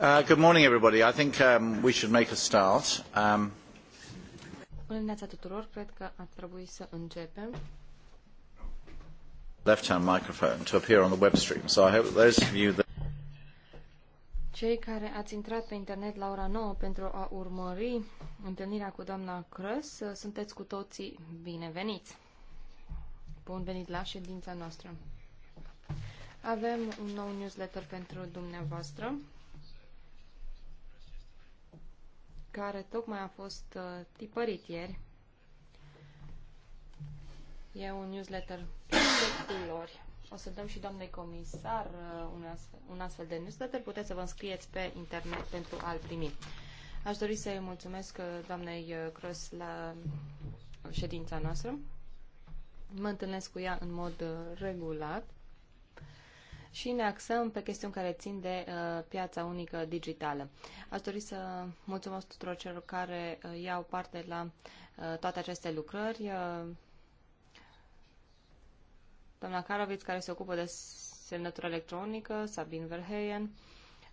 Uh, good morning, everybody. I think um, we should make a start. Um... tuturor. Cred că ar să Left-hand microphone to appear on the web stream. So I hope those of you that cei care ați intrat pe internet la ora 9 pentru a urmări întâlnirea cu doamna Crăs, uh, sunteți cu toții bineveniți. Bun venit la ședința noastră. Avem un nou newsletter pentru dumneavoastră care tocmai a fost uh, tipărit ieri. E un newsletter de culori. O să dăm și doamnei comisar uh, un astfel, un astfel de newsletter. Puteți să vă înscrieți pe internet pentru a-l primi. Aș dori să-i mulțumesc uh, doamnei Cross la ședința noastră. Mă întâlnesc cu ea în mod regulat și ne axăm pe chestiuni care țin de uh, piața unică digitală. Aș dori să mulțumesc tuturor celor care uh, iau parte la uh, toate aceste lucrări. Uh, doamna Karovic, care se ocupă de semnătură electronică, Sabin Verheyen,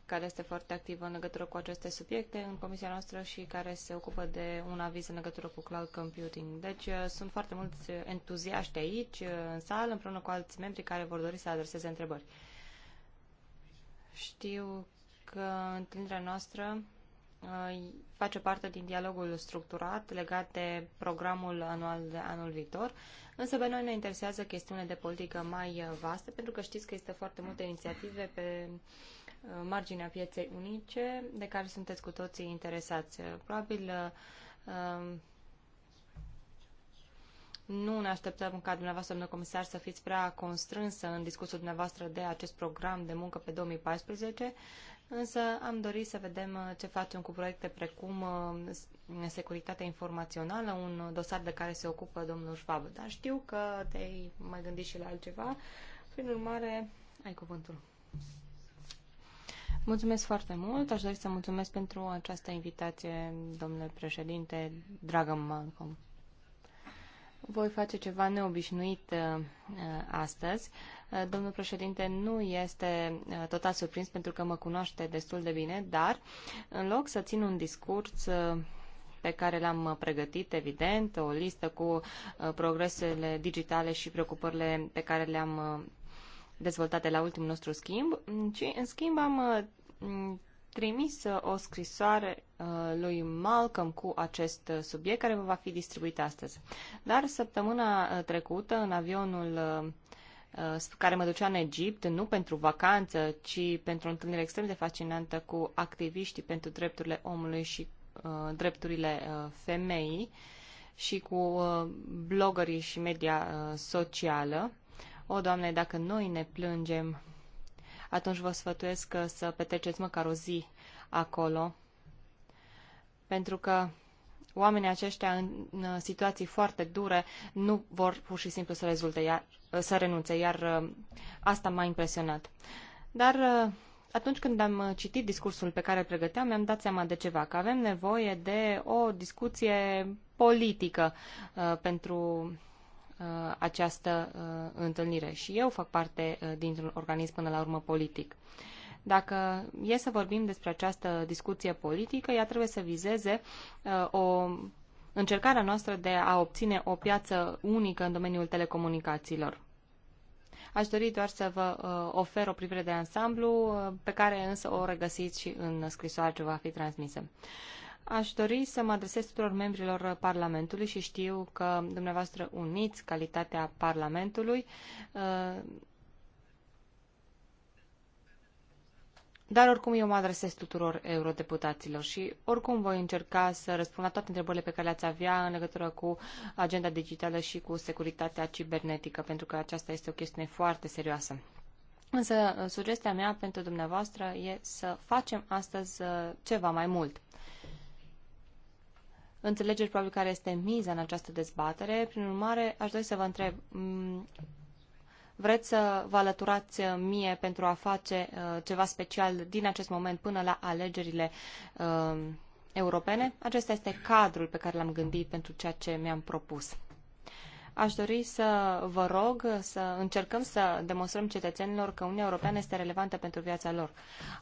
care este foarte activă în legătură cu aceste subiecte în comisia noastră și care se ocupă de un aviz în legătură cu cloud computing. Deci uh, sunt foarte mulți uh, entuziaști aici, uh, în sală, împreună cu alți membri care vor dori să adreseze întrebări. Știu că întâlnirea noastră uh, face parte din dialogul structurat legat de programul anual de anul viitor, însă pe noi ne interesează chestiune de politică mai uh, vaste, pentru că știți că este foarte multe inițiative pe uh, marginea pieței unice de care sunteți cu toții interesați. Probabil nu ne așteptăm ca dumneavoastră, domnule comisar, să fiți prea constrânsă în discursul dumneavoastră de acest program de muncă pe 2014, însă am dorit să vedem uh, ce facem cu proiecte precum uh, securitatea informațională, un dosar de care se ocupă domnul Schwab. Dar știu că te-ai mai gândit și la altceva. Prin urmare, ai cuvântul. Mulțumesc foarte mult. Aș dori să mulțumesc pentru această invitație, domnule președinte, dragă Malcolm. Voi face ceva neobișnuit uh, uh, astăzi. Uh, domnul președinte nu este total surprins pentru că mă cunoaște destul de bine, dar în loc să țin un discurs pe care l-am pregătit, evident, o listă cu progresele digitale și preocupările pe care le-am dezvoltate la ultimul nostru schimb, ci în schimb am trimis o scrisoare uh, lui Malcolm cu acest uh, subiect care vă va fi distribuit astăzi. Dar săptămâna uh, trecută, în avionul care mă ducea în Egipt, nu pentru vacanță, ci pentru o întâlnire extrem de fascinantă cu activiștii pentru drepturile omului și drepturile femeii și cu blogării și media socială. O, Doamne, dacă noi ne plângem atunci vă sfătuiesc uh, să petreceți măcar o zi acolo, pentru că oamenii aceștia în uh, situații foarte dure nu vor pur și simplu să, rezulte, iar, uh, să renunțe, iar asta m-a impresionat. Dar atunci când am citit discursul pe care îl pregăteam, mi-am dat seama de ceva, că avem nevoie de o discuție politică pentru Uh, această uh, întâlnire și eu fac parte uh, dintr-un organism până la urmă politic. Dacă e să vorbim despre această discuție politică, ea trebuie să vizeze o încercarea noastră de a obține o piață unică în domeniul telecomunicațiilor. Aș dori doar să vă ofer o privire de ansamblu, pe care însă o regăsiți și în scrisoare ce va fi transmisă. Aș dori să mă adresez tuturor membrilor Parlamentului și știu că dumneavoastră uniți calitatea Parlamentului. Uh, dar oricum eu mă adresez tuturor eurodeputaților și oricum voi încerca să răspund la toate întrebările pe care le-ați avea în legătură cu agenda digitală și cu securitatea cibernetică, pentru că aceasta este o chestiune foarte serioasă. Însă uh, sugestia mea pentru dumneavoastră e să facem astăzi uh, ceva mai mult înțelegeți probabil care este miza în această dezbatere. Prin urmare, aș dori să vă întreb, vreți să vă alăturați mie pentru a face uh, ceva special din acest moment până la alegerile uh, europene? Acesta este cadrul pe care l-am gândit pentru ceea ce mi-am propus. Aș dori să vă rog să încercăm să demonstrăm cetățenilor că Uniunea Europeană este relevantă pentru viața lor.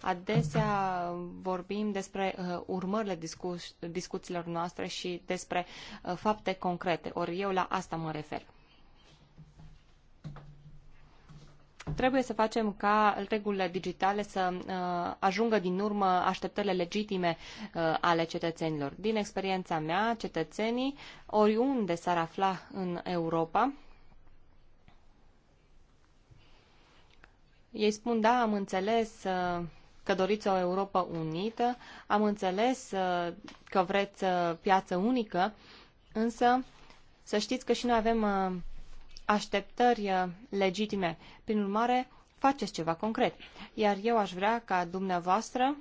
Adesea vorbim despre uh, urmările discu- discuțiilor noastre și despre uh, fapte concrete, ori eu la asta mă refer. Trebuie să facem ca regulile digitale să uh, ajungă din urmă așteptările legitime uh, ale cetățenilor. Din experiența mea, cetățenii, oriunde s-ar afla în Europa, ei spun, da, am înțeles uh, că doriți o Europa unită, am înțeles că vreți piață unică, însă să știți că și noi avem așteptări uh, legitime. Prin urmare, faceți ceva concret. Iar eu aș vrea ca dumneavoastră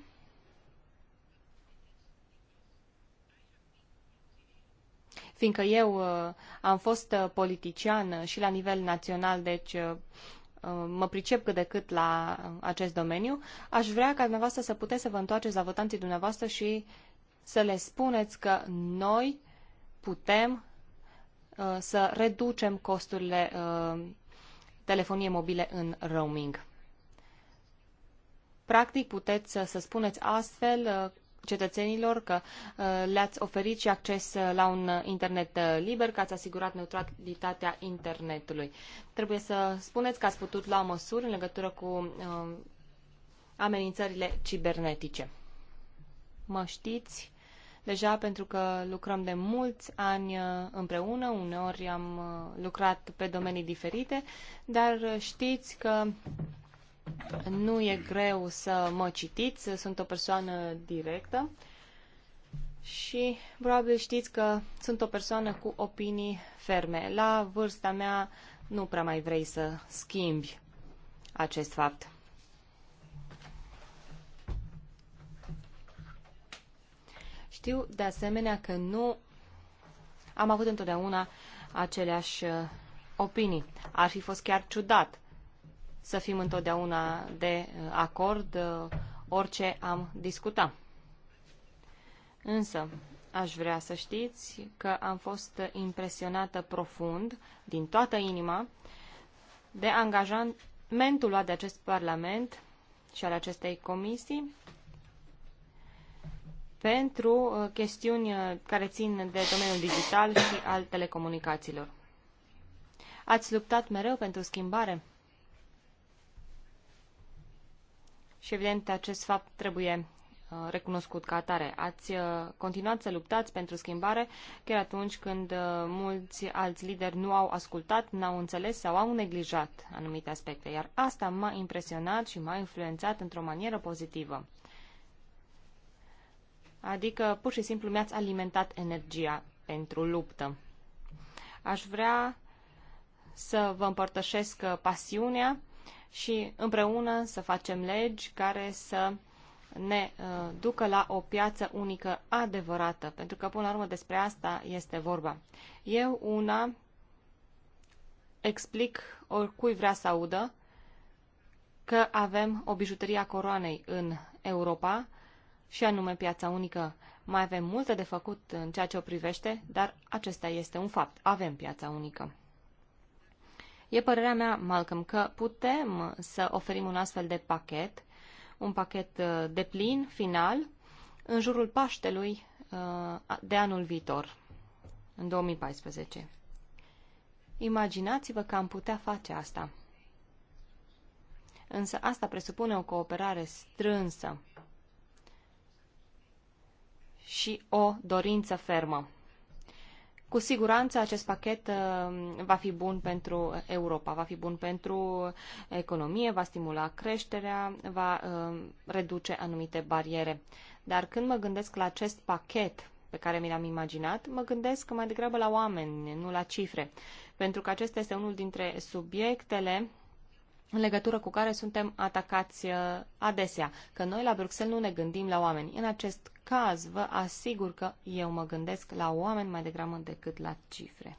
fiindcă eu uh, am fost uh, politician și la nivel național, deci mă pricep cât de cât la acest domeniu, aș vrea ca dumneavoastră să puteți să vă întoarceți la votanții dumneavoastră și să le spuneți că noi putem Uh, să reducem costurile uh, telefoniei mobile în roaming. Practic puteți uh, să spuneți astfel cetățenilor că le-ați oferit și acces la un internet liber, că ați asigurat neutralitatea internetului. Trebuie să spuneți că ați putut lua măsuri în legătură cu amenințările cibernetice. Mă știți deja pentru că lucrăm de mulți ani uh, împreună, uneori am uh, lucrat pe domenii diferite, dar uh, știți că nu e greu să mă citiți, sunt o persoană directă și probabil știți că sunt o persoană cu opinii ferme. La vârsta mea nu prea mai vrei să schimbi acest fapt. Știu, de asemenea, că nu am avut întotdeauna aceleași uh, opinii. Ar fi fost chiar ciudat să fim întotdeauna de uh, acord uh, orice am discutat. Însă, aș vrea să știți că am fost impresionată profund, din toată inima, de angajamentul luat de acest Parlament și al acestei comisii pentru uh, chestiuni uh, care țin de domeniul digital și al telecomunicațiilor. Ați luptat mereu pentru schimbare? Și evident, acest fapt trebuie uh, recunoscut ca atare. Ați continuat să luptați pentru schimbare chiar atunci când mulți alți lideri nu au ascultat, n-au înțeles sau au neglijat anumite aspecte, iar asta m-a impresionat și m-a influențat într-o manieră pozitivă. Adică pur și simplu mi-ați alimentat energia pentru luptă. Aș vrea să vă împărtășesc uh, pasiunea și împreună să facem legi care să ne uh, ducă la o piață unică adevărată, pentru că până la urmă despre asta este vorba. Eu una explic oricui vrea să audă că avem o bijuterie a coroanei în Europa și anume piața unică. Mai avem multe de făcut în ceea ce o privește, dar acesta este un fapt. Avem piața unică. E părerea mea, Malcolm, că putem să oferim un astfel de pachet, un pachet uh, de plin, final, în jurul Paștelui uh, de anul viitor, în 2014. Imaginați-vă că am putea face asta. Însă asta presupune o cooperare strânsă și o dorință fermă. Cu siguranță acest pachet uh, va fi bun pentru Europa, va fi bun pentru economie, va stimula creșterea, va uh, reduce anumite bariere. Dar când mă gândesc la acest pachet pe care mi l-am imaginat, mă gândesc mai degrabă la oameni, nu la cifre, pentru că acesta este unul dintre subiectele în legătură cu care suntem atacați uh, adesea, că noi la Bruxelles nu ne gândim la oameni. În acest caz, vă asigur că eu mă gândesc la oameni mai degrabă decât la cifre.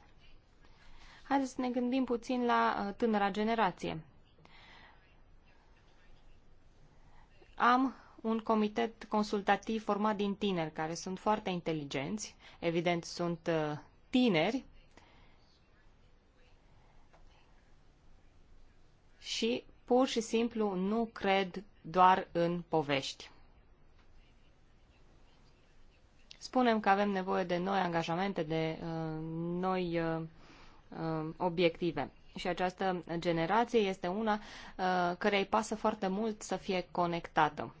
Haideți să ne gândim puțin la uh, tânăra generație. Am un comitet consultativ format din tineri care sunt foarte inteligenți, evident sunt uh, tineri, și pur și simplu nu cred doar în povești. Spunem că avem nevoie de noi angajamente, de uh, noi uh, uh obiective. Și această generație este una uh, care îi pasă foarte mult să fie conectată.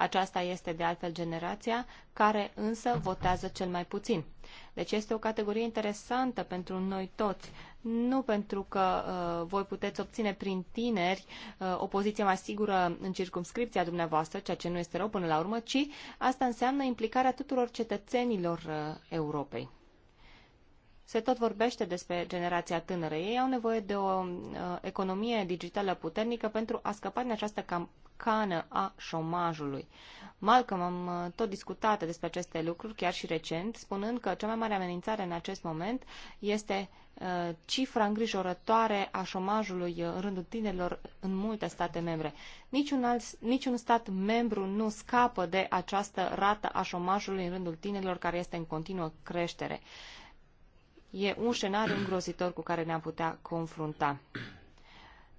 Aceasta este de altfel generația care însă votează cel mai puțin. Deci este o categorie interesantă pentru noi toți, nu pentru că uh, voi puteți obține prin tineri uh, o poziție mai sigură în circumscripția dumneavoastră, ceea ce nu este rău până la urmă, ci asta înseamnă implicarea tuturor cetățenilor uh, Europei. Se tot vorbește despre generația tânără. Ei au nevoie de o uh, economie digitală puternică pentru a scăpa din această cam- americană a șomajului. Malcolm, am uh, tot discutat despre aceste lucruri, chiar și recent, spunând că cea mai mare amenințare în acest moment este uh, cifra îngrijorătoare a șomajului uh, în rândul tinerilor în multe state membre. Niciun, alt, niciun stat membru nu scapă de această rată a șomajului în rândul tinerilor care este în continuă creștere. E un scenariu îngrozitor cu care ne-am putea confrunta.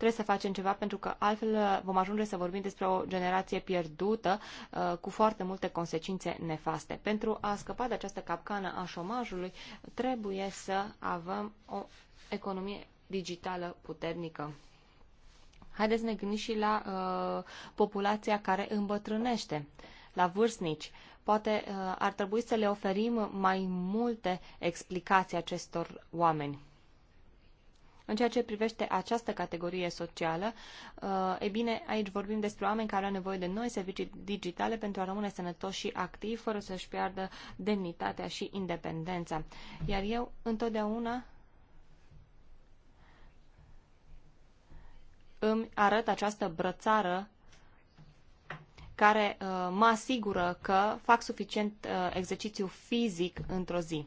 Trebuie să facem ceva pentru că altfel uh, vom ajunge să vorbim despre o generație pierdută uh, cu foarte multe consecințe nefaste. Pentru a scăpa de această capcană a șomajului, trebuie să avem o economie digitală puternică. Haideți să ne gândim și la uh, populația care îmbătrânește, la vârstnici. Poate uh, ar trebui să le oferim mai multe explicații acestor oameni. În ceea ce privește această categorie socială, uh, e bine, aici vorbim despre oameni care au nevoie de noi servicii digitale pentru a rămâne sănătoși și activi, fără să-și piardă demnitatea și independența. Iar eu întotdeauna îmi arăt această brățară care uh, mă asigură că fac suficient uh, exercițiu fizic într-o zi.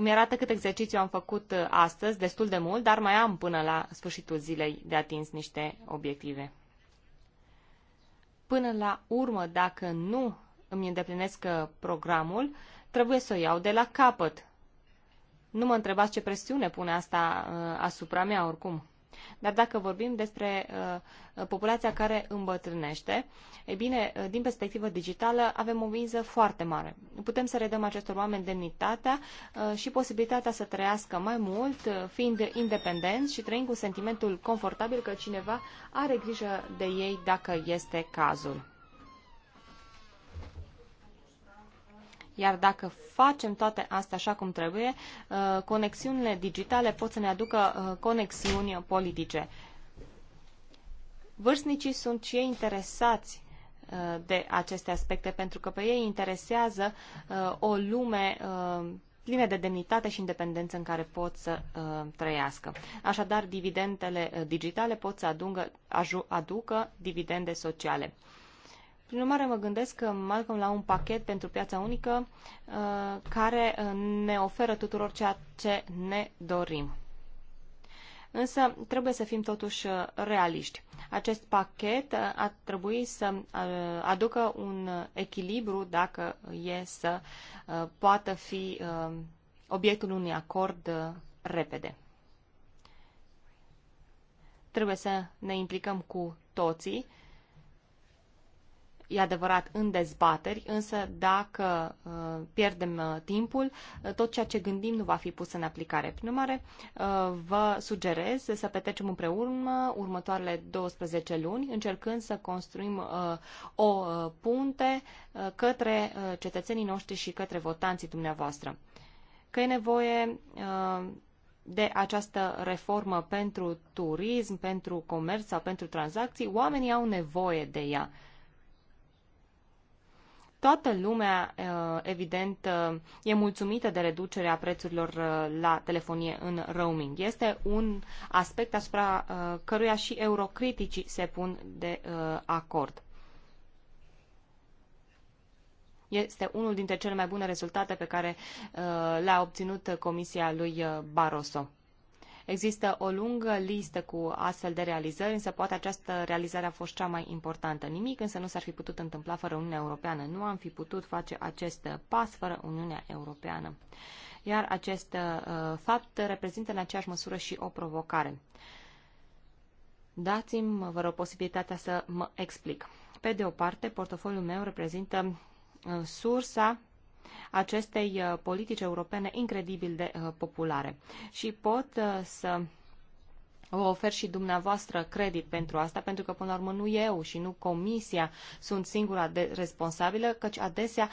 Îmi arată cât exercițiu am făcut uh, astăzi, destul de mult, dar mai am până la sfârșitul zilei de atins niște obiective. Până la urmă, dacă nu îmi îndeplinesc uh, programul, trebuie să o iau de la capăt. Nu mă întrebați ce presiune pune asta uh, asupra mea oricum. Dar dacă vorbim despre uh, populația care îmbătrânește, e bine, uh, din perspectivă digitală avem o viză foarte mare. Putem să redăm acestor oameni demnitatea uh, și posibilitatea să trăiască mai mult, fiind independenți și trăind cu sentimentul confortabil că cineva are grijă de ei dacă este cazul. Iar dacă facem toate astea așa cum trebuie, uh, conexiunile digitale pot să ne aducă uh, conexiuni politice. Vârstnicii sunt cei interesați uh, de aceste aspecte, pentru că pe ei interesează o lume pline de demnitate și independență în care pot să uh, trăiască. Așadar, dividendele digitale pot să adungă, aju, aducă dividende sociale. Prin urmare, mă gândesc că marcăm la un pachet pentru piața unică uh, care uh, ne oferă tuturor ceea ce ne dorim. Însă trebuie să fim totuși uh, realiști. Acest pachet ar trebui să aducă un echilibru dacă e să poată fi obiectul unui acord repede. Trebuie să ne implicăm cu toții e adevărat, în dezbateri, însă dacă uh, pierdem uh, timpul, uh, tot ceea ce gândim nu va fi pus în aplicare. Prin urmare, vă sugerez să petrecem împreună următoarele 12 luni, încercând să construim o punte către cetățenii noștri și către votanții dumneavoastră. Că e nevoie de această reformă pentru turism, pentru comerț sau pentru tranzacții, oamenii au nevoie de ea. Toată lumea, uh, evident, uh, e mulțumită de reducerea prețurilor uh, la telefonie în roaming. Este un aspect asupra căruia și eurocriticii se pun de acord. Este unul dintre cele mai bune rezultate pe care le-a obținut Comisia lui Barroso. Există o lungă listă cu astfel de realizări, însă poate această realizare a fost cea mai importantă. Nimic însă nu s-ar fi putut întâmpla fără Uniunea Europeană. Nu am fi putut face acest pas fără Uniunea Europeană. Iar acest uh, fapt reprezintă în aceeași măsură și o provocare. Dați-mi, vă rog, posibilitatea să mă explic. Pe de o parte, portofoliul meu reprezintă uh, sursa acestei uh, politici europene incredibil de uh, populare. Și pot uh, să vă ofer și dumneavoastră credit pentru asta, pentru că până la urmă nu eu și nu comisia sunt singura de responsabilă, căci adesea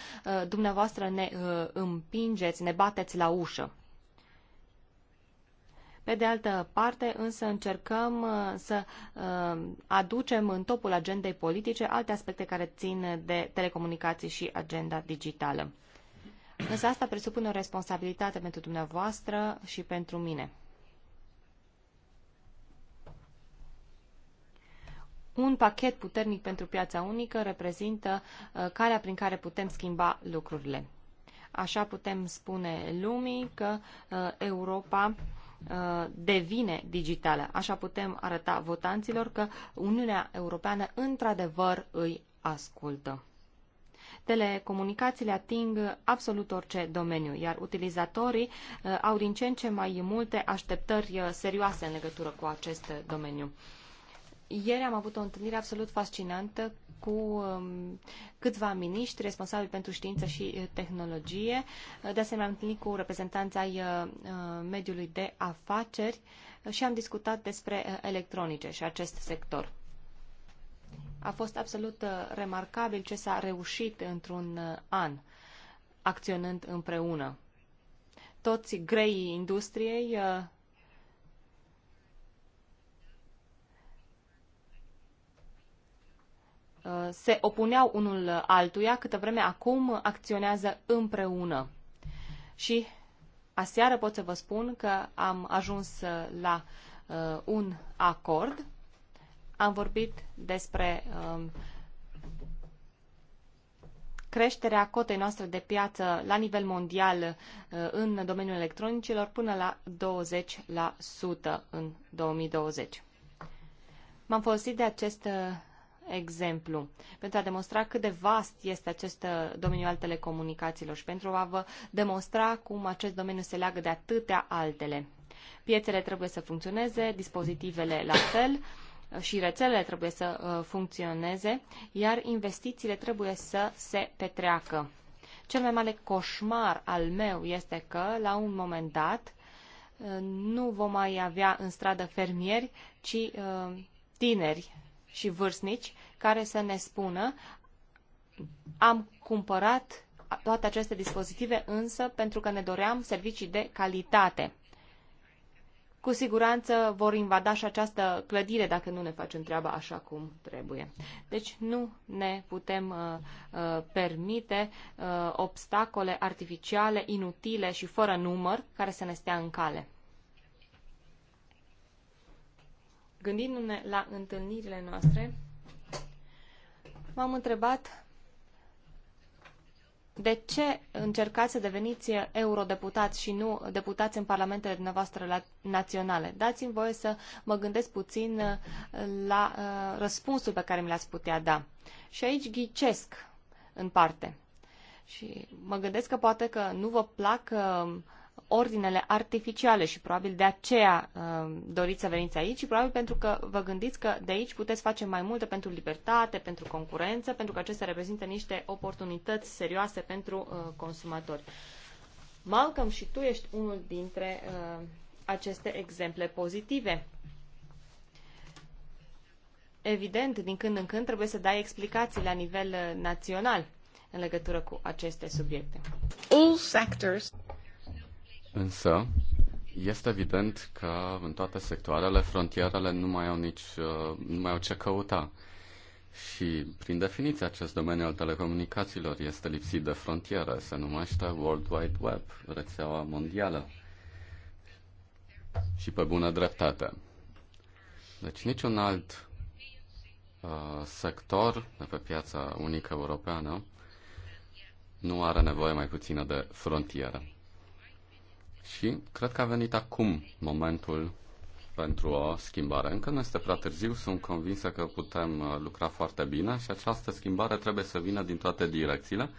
dumneavoastră ne împingeți, ne bateți la ușă. Pe de altă parte, însă încercăm să aducem în topul agendei politice alte aspecte care țin de telecomunicații și agenda digitală. Însă asta presupune o responsabilitate pentru dumneavoastră și pentru mine. Un pachet puternic pentru piața unică reprezintă uh, calea prin care putem schimba lucrurile. Așa putem spune lumii că uh, Europa uh, devine digitală. Așa putem arăta votanților că Uniunea Europeană într-adevăr îi ascultă telecomunicațiile ating absolut orice domeniu, iar utilizatorii uh, au din ce în ce mai multe așteptări uh, serioase în legătură cu acest domeniu. Ieri am avut o întâlnire absolut fascinantă cu um, câțiva miniștri responsabili pentru știință și uh, tehnologie. De asemenea, am întâlnit cu reprezentanța ai mediului de afaceri și am discutat despre electronice și acest sector. A fost absolut uh, remarcabil ce s-a reușit într-un uh, an, acționând împreună. Toți greii industriei uh, se opuneau unul altuia, câtă vreme acum acționează împreună. Și aseară pot să vă spun că am ajuns la un acord am vorbit despre um, creșterea cotei noastre de piață la nivel mondial uh, în domeniul electronicilor până la 20% în 2020. M-am folosit de acest uh, exemplu pentru a demonstra cât de vast este acest uh, domeniu al telecomunicațiilor și pentru a vă demonstra cum acest domeniu se leagă de atâtea altele. Piețele trebuie să funcționeze, dispozitivele la fel și rețelele trebuie să uh, funcționeze, iar investițiile trebuie să se petreacă. Cel mai mare coșmar al meu este că, la un moment dat, uh, nu vom mai avea în stradă fermieri, ci uh, tineri și vârstnici care să ne spună am cumpărat toate aceste dispozitive, însă pentru că ne doream servicii de calitate cu siguranță vor invada și această clădire dacă nu ne facem treaba așa cum trebuie. Deci nu ne putem uh, uh, permite uh, obstacole artificiale, inutile și fără număr care să ne stea în cale. Gândindu-ne la întâlnirile noastre, m-am întrebat de ce încercați să deveniți eurodeputați și nu deputați în parlamentele dumneavoastră naționale? Dați-mi voie să mă gândesc puțin uh, la uh, răspunsul pe care mi l-ați putea da. Și aici ghicesc în parte. Și mă gândesc că poate că nu vă plac uh, ordinele artificiale și probabil de aceea uh, doriți să veniți aici și probabil pentru că vă gândiți că de aici puteți face mai multe pentru libertate, pentru concurență, pentru că acestea reprezintă niște oportunități serioase pentru uh, consumatori. Malcolm, și tu ești unul dintre uh, aceste exemple pozitive. Evident, din când în când trebuie să dai explicații la nivel național în legătură cu aceste subiecte. All sectors Însă, este evident că în toate sectoarele frontierele nu mai au nici uh, nu mai au ce căuta. Și, prin definiție, acest domeniu al telecomunicațiilor este lipsit de frontiere. Se numește World Wide Web, rețeaua mondială. Și pe bună dreptate. Deci niciun alt uh, sector de pe piața unică europeană nu are nevoie mai puțină de frontieră. Și cred că a venit acum momentul pentru o schimbare. Încă nu este prea târziu, sunt convinsă că putem uh, lucra foarte bine și această schimbare trebuie să vină din toate direcțiile.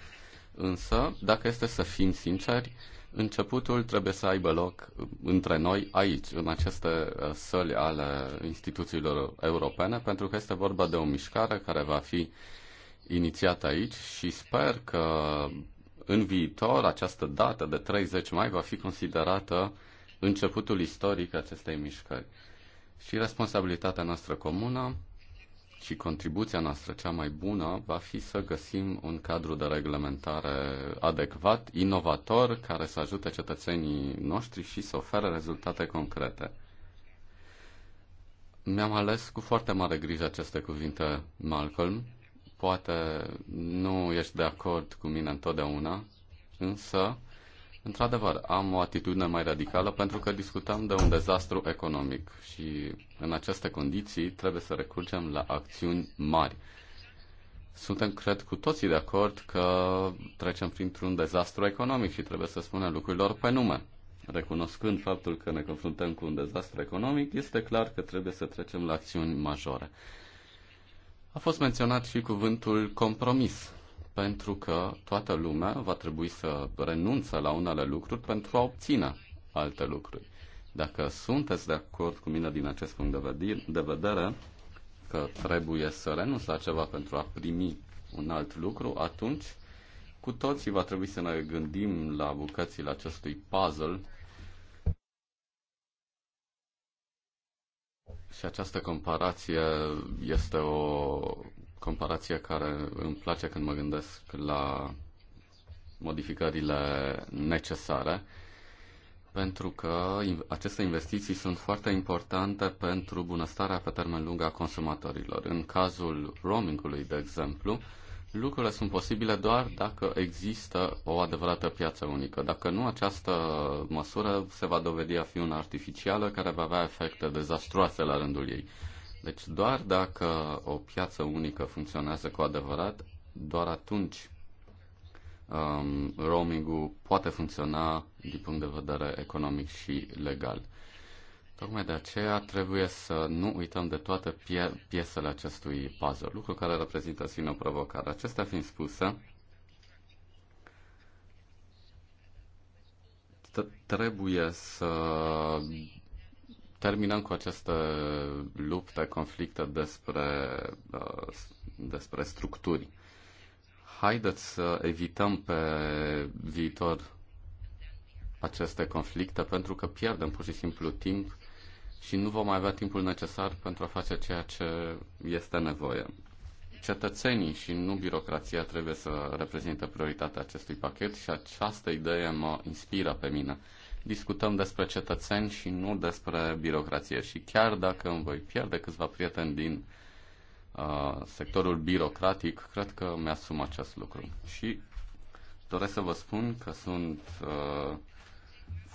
Însă, dacă este să fim sinceri, începutul trebuie să aibă loc uh, între noi aici, în aceste uh, săli ale instituțiilor europene, pentru că este vorba de o mișcare care va fi inițiată aici și sper că în viitor această dată de 30 mai va fi considerată începutul istoric acestei mișcări. Și responsabilitatea noastră comună și contribuția noastră cea mai bună va fi să găsim un cadru de reglementare adecvat, inovator, care să ajute cetățenii noștri și să ofere rezultate concrete. Mi-am ales cu foarte mare grijă aceste cuvinte, Malcolm, poate nu ești de acord cu mine întotdeauna, însă, într-adevăr, am o atitudine mai radicală pentru că discutăm de un dezastru economic și în aceste condiții trebuie să recurgem la acțiuni mari. Suntem, cred, cu toții de acord că trecem printr-un dezastru economic și trebuie să spunem lucrurilor pe nume. Recunoscând faptul că ne confruntăm cu un dezastru economic, este clar că trebuie să trecem la acțiuni majore. A fost menționat și cuvântul compromis, pentru că toată lumea va trebui să renunțe la unele lucruri pentru a obține alte lucruri. Dacă sunteți de acord cu mine din acest punct de vedere, că trebuie să renunț la ceva pentru a primi un alt lucru, atunci cu toții va trebui să ne gândim la bucățile acestui puzzle Și această comparație este o comparație care îmi place când mă gândesc la modificările necesare, pentru că aceste investiții sunt foarte importante pentru bunăstarea pe termen lung a consumatorilor. În cazul roamingului, de exemplu, Lucrurile sunt posibile doar dacă există o adevărată piață unică. Dacă nu, această măsură se va dovedi a fi una artificială care va avea efecte dezastroase la rândul ei. Deci doar dacă o piață unică funcționează cu adevărat, doar atunci um, roaming-ul poate funcționa din punct de vedere economic și legal. Tocmai de aceea trebuie să nu uităm de toate pie- piesele acestui puzzle, lucru care reprezintă sine o provocare. Acestea fiind spuse, trebuie să terminăm cu aceste lupte, conflicte despre, uh, despre structuri. Haideți să evităm pe viitor aceste conflicte pentru că pierdem pur și simplu timp și nu vom mai avea timpul necesar pentru a face ceea ce este nevoie. Cetățenii și nu birocrația trebuie să reprezintă prioritatea acestui pachet și această idee mă inspiră pe mine. Discutăm despre cetățeni și nu despre birocrație și chiar dacă îmi voi pierde câțiva prieteni din uh, sectorul birocratic, cred că mi-asum acest lucru. Și doresc să vă spun că sunt uh,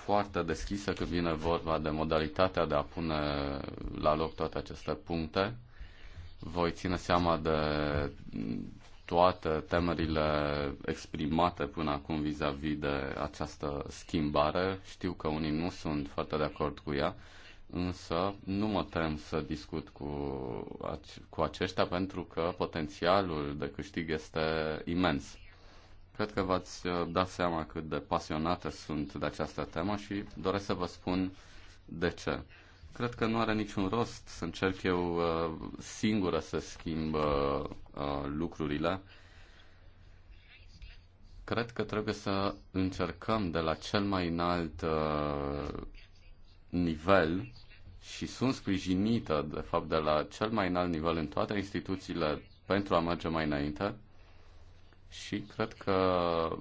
foarte deschisă când vine vorba de modalitatea de a pune la loc toate aceste puncte. Voi ține seama de toate temerile exprimate până acum vis-a-vis -vis de această schimbare. Știu că unii nu sunt foarte de acord cu ea, însă nu mă tem să discut cu, cu aceștia pentru că potențialul de câștig este imens. Cred că v-ați uh, dat seama cât de pasionate sunt de această temă și doresc să vă spun de ce. Cred că nu are niciun rost să încerc eu uh, singură să schimb uh, lucrurile. Cred că trebuie să încercăm de la cel mai înalt nivel și sunt sprijinită, de fapt, de la cel mai înalt nivel în toate instituțiile pentru a merge mai înainte și cred că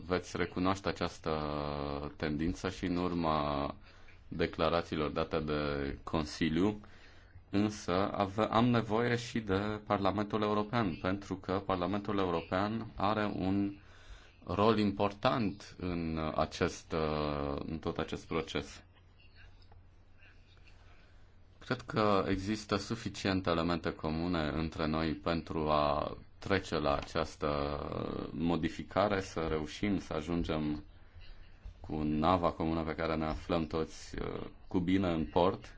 veți recunoaște această tendință și în urma declarațiilor date de Consiliu, însă ave- am nevoie și de Parlamentul European, pentru că Parlamentul European are un rol important în, acest, în tot acest proces. Cred că există suficiente elemente comune între noi pentru a trece la această modificare, să reușim să ajungem cu nava comună pe care ne aflăm toți uh, cu bine în port.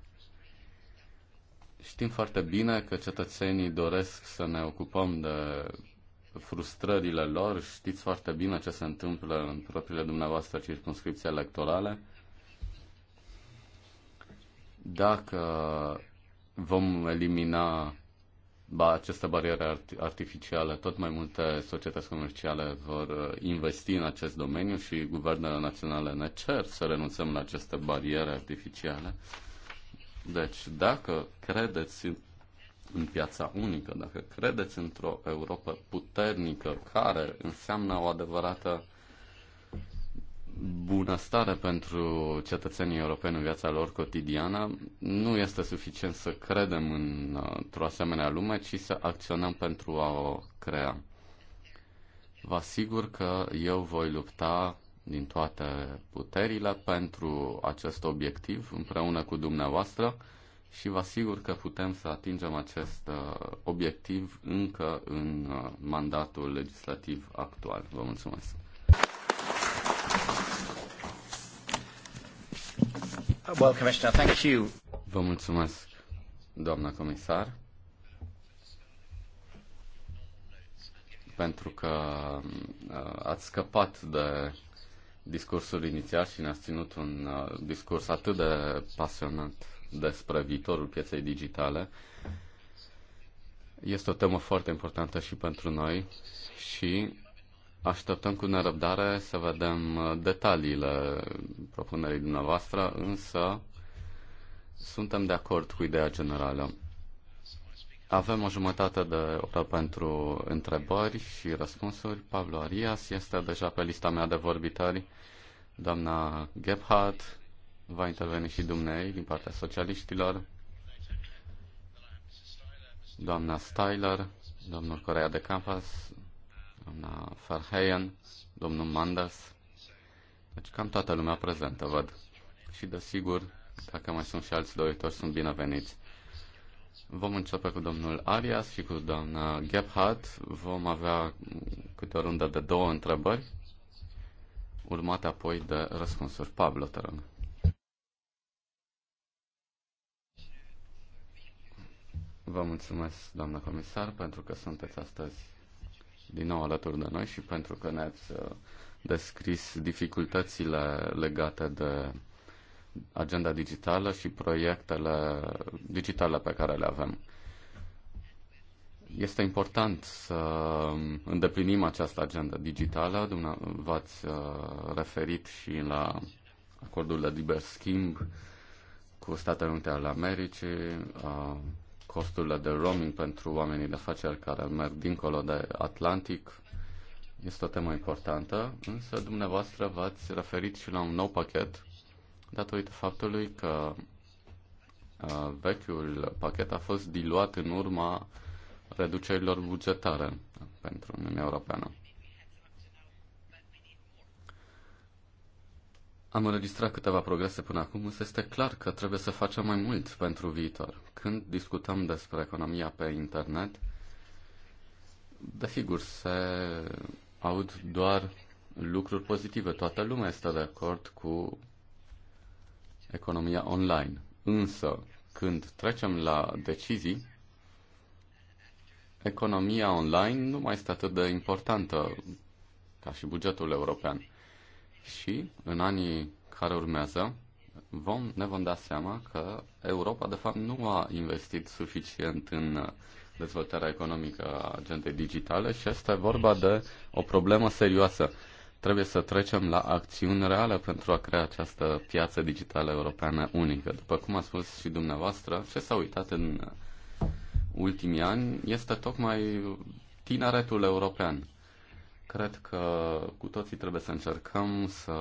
Știm foarte bine că cetățenii doresc să ne ocupăm de frustrările lor, știți foarte bine ce se întâmplă în propriile dumneavoastră circunscripții electorale. Dacă vom elimina ba, barieră art- artificială tot mai multe societăți comerciale vor uh, investi în acest domeniu și guvernele naționale ne cer să renunțăm la aceste bariere artificiale. Deci, dacă credeți în piața unică, dacă credeți într-o Europa puternică, care înseamnă o adevărată bunăstare pentru cetățenii europeni în viața lor cotidiană, nu este suficient să credem în, într-o asemenea lume, ci să acționăm pentru a o crea. Vă asigur că eu voi lupta din toate puterile pentru acest obiectiv împreună cu dumneavoastră și vă asigur că putem să atingem acest uh, obiectiv încă în uh, mandatul legislativ actual. Vă mulțumesc! Vă mulțumesc, doamna comisar, pentru că uh, ați scăpat de discursul inițial și ne-ați ținut un uh, discurs atât de pasionat despre viitorul pieței digitale. Este o temă foarte importantă și pentru noi și Așteptăm cu nerăbdare să vedem uh, detaliile propunerii dumneavoastră, însă suntem de acord cu ideea generală. Avem o jumătate de oră pentru întrebări și răspunsuri. Pablo Arias este deja pe lista mea de vorbitori. Doamna Gebhardt va interveni și dumnei din partea socialiștilor. Doamna Styler, domnul Corea de Campas, doamna Farheyan, domnul Mandas. Deci cam toată lumea prezentă, văd. Și desigur, dacă mai sunt și alți doritori, sunt bineveniți. Vom începe cu domnul Arias și cu doamna Gebhardt. Vom avea câte o rundă de două întrebări, urmate apoi de răspunsuri. Pablo, te rog. Vă mulțumesc, doamna comisar, pentru că sunteți astăzi din nou alături de noi și pentru că ne-ați uh, descris dificultățile legate de agenda digitală și proiectele digitale pe care le avem. Este important să îndeplinim această agenda digitală. V-ați uh, referit și la acordul de liber schimb cu Statele Unite ale Americii, uh, costurile de roaming pentru oamenii de afaceri care merg dincolo de Atlantic. Este o temă importantă, însă dumneavoastră v-ați referit și la un nou pachet datorită faptului că vechiul pachet a fost diluat în urma reducerilor bugetare pentru Uniunea Europeană. Am înregistrat câteva progrese până acum, însă este clar că trebuie să facem mai mult pentru viitor când discutăm despre economia pe internet, desigur, se aud doar lucruri pozitive. Toată lumea este de acord cu economia online. Însă, când trecem la decizii, economia online nu mai este atât de importantă ca și bugetul european. Și, în anii care urmează, vom, ne vom da seama că Europa, de fapt, nu a investit suficient în dezvoltarea economică a agentei digitale și este vorba de o problemă serioasă. Trebuie să trecem la acțiuni reale pentru a crea această piață digitală europeană unică. După cum a spus și dumneavoastră, ce s-a uitat în ultimii ani este tocmai tineretul european. Cred că cu toții trebuie să încercăm să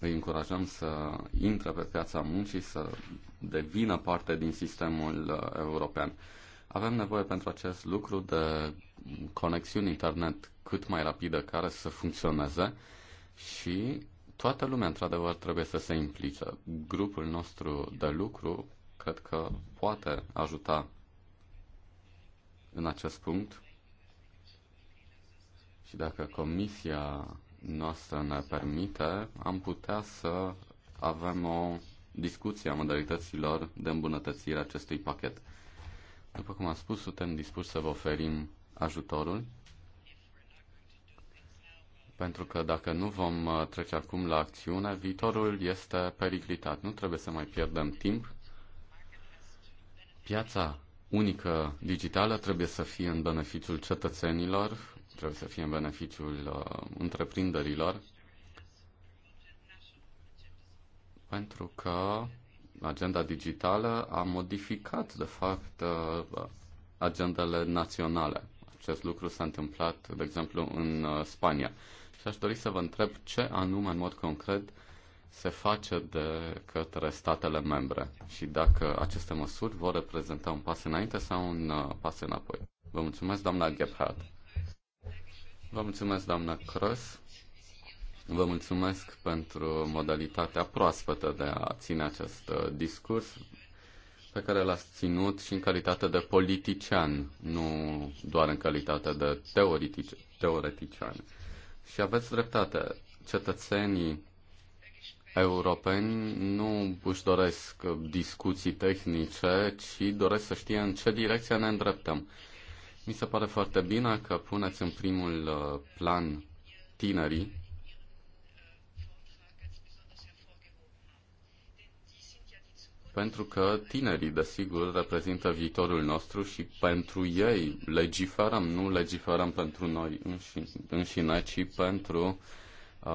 îi încurajăm să intre pe piața muncii, să devină parte din sistemul uh, european. Avem nevoie pentru acest lucru de conexiuni internet cât mai rapidă care să funcționeze și toată lumea, într-adevăr, trebuie să se implice. Grupul nostru de lucru cred că poate ajuta în acest punct și dacă Comisia noastră ne permite, am putea să avem o discuție a modalităților de îmbunătățire a acestui pachet. După cum am spus, suntem dispuși să vă oferim ajutorul, pentru că dacă nu vom uh, trece acum la acțiune, viitorul este periclitat. Nu trebuie să mai pierdem timp. Piața unică digitală trebuie să fie în beneficiul cetățenilor, trebuie să fie în beneficiul uh, întreprinderilor, pentru că agenda digitală a modificat, de fapt, uh, agendele naționale. Acest lucru s-a întâmplat, de exemplu, în uh, Spania. Și aș dori să vă întreb ce anume, în mod concret, se face de către statele membre și dacă aceste măsuri vor reprezenta un pas înainte sau un pas înapoi. Vă mulțumesc, doamna Gebhardt. Vă mulțumesc, doamna Cross. Vă mulțumesc pentru modalitatea proaspătă de a ține acest uh, discurs pe care l-ați ținut și în calitate de politician, nu doar în calitate de teoretic, teoretician. Și aveți dreptate, cetățenii europeni nu își doresc discuții tehnice, ci doresc să știe în ce direcție ne îndreptăm. Mi se pare foarte bine că puneți în primul uh, plan tinerii pentru că tinerii, desigur, reprezintă viitorul nostru și pentru ei legiferăm, nu legiferăm pentru noi înșine, ci pentru uh,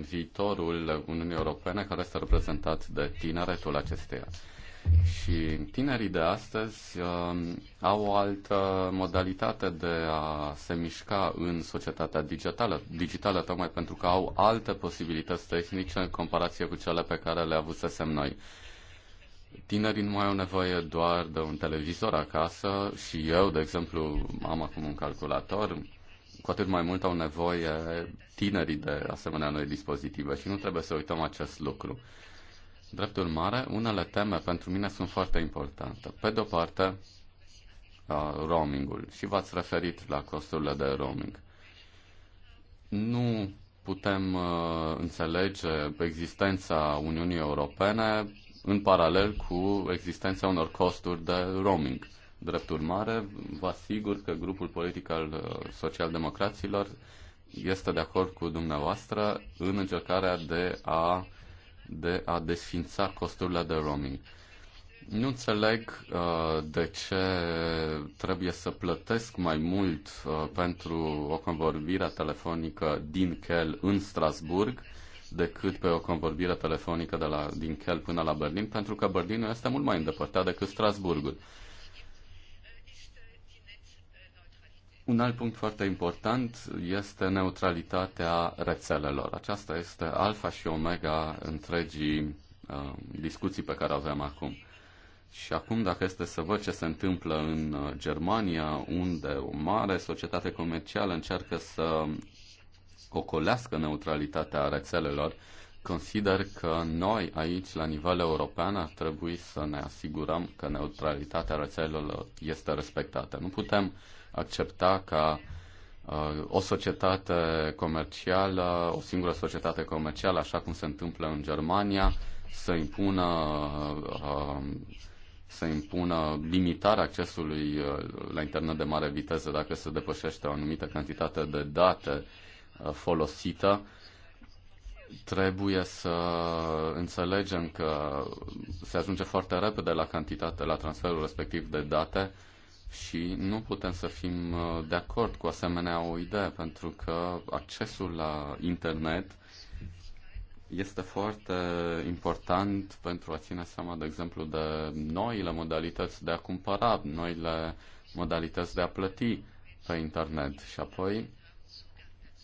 viitorul Uniunii Europene care este reprezentat de tineretul acesteia. Și tinerii de astăzi uh, au o altă modalitate de a se mișca în societatea digitală, digitală tocmai pentru că au alte posibilități tehnice în comparație cu cele pe care le avusesem noi. Tinerii nu mai au nevoie doar de un televizor acasă și eu, de exemplu, am acum un calculator, cu atât mai mult au nevoie tinerii de asemenea noi dispozitive și nu trebuie să uităm acest lucru. Drept urmare, unele teme pentru mine sunt foarte importante. Pe de-o parte, uh, roamingul și v-ați referit la costurile de roaming. Nu putem uh, înțelege existența Uniunii Europene în paralel cu existența unor costuri de roaming. Drept urmare, vă asigur că grupul politic al uh, socialdemocraților este de acord cu dumneavoastră în încercarea de a de a desfința costurile de roaming. Nu înțeleg uh, de ce trebuie să plătesc mai mult uh, pentru o convorbire telefonică din Kel în Strasburg decât pe o convorbire telefonică de la, din Kel până la Berlin, pentru că Berlinul este mult mai îndepărtat decât Strasburgul. Un alt punct foarte important este neutralitatea rețelelor. Aceasta este alfa și omega întregii uh, discuții pe care avem acum. Și acum, dacă este să văd ce se întâmplă în uh, Germania, unde o mare societate comercială încearcă să ocolească neutralitatea rețelelor, consider că noi aici, la nivel european, ar trebui să ne asigurăm că neutralitatea rețelelor este respectată. Nu putem uh, accepta ca uh, o societate comercială, o singură societate comercială, așa cum se întâmplă în Germania, să impună, uh, să impună limitarea accesului uh, la internet de mare viteză dacă se depășește o anumită cantitate de date folosită, trebuie să înțelegem că se ajunge foarte repede la cantitate, la transferul respectiv de date, și nu putem să fim uh, de acord cu asemenea o idee, pentru că accesul la internet este foarte important pentru a ține seama, de exemplu, de noile modalități de a cumpăra, noile modalități de a plăti pe internet și apoi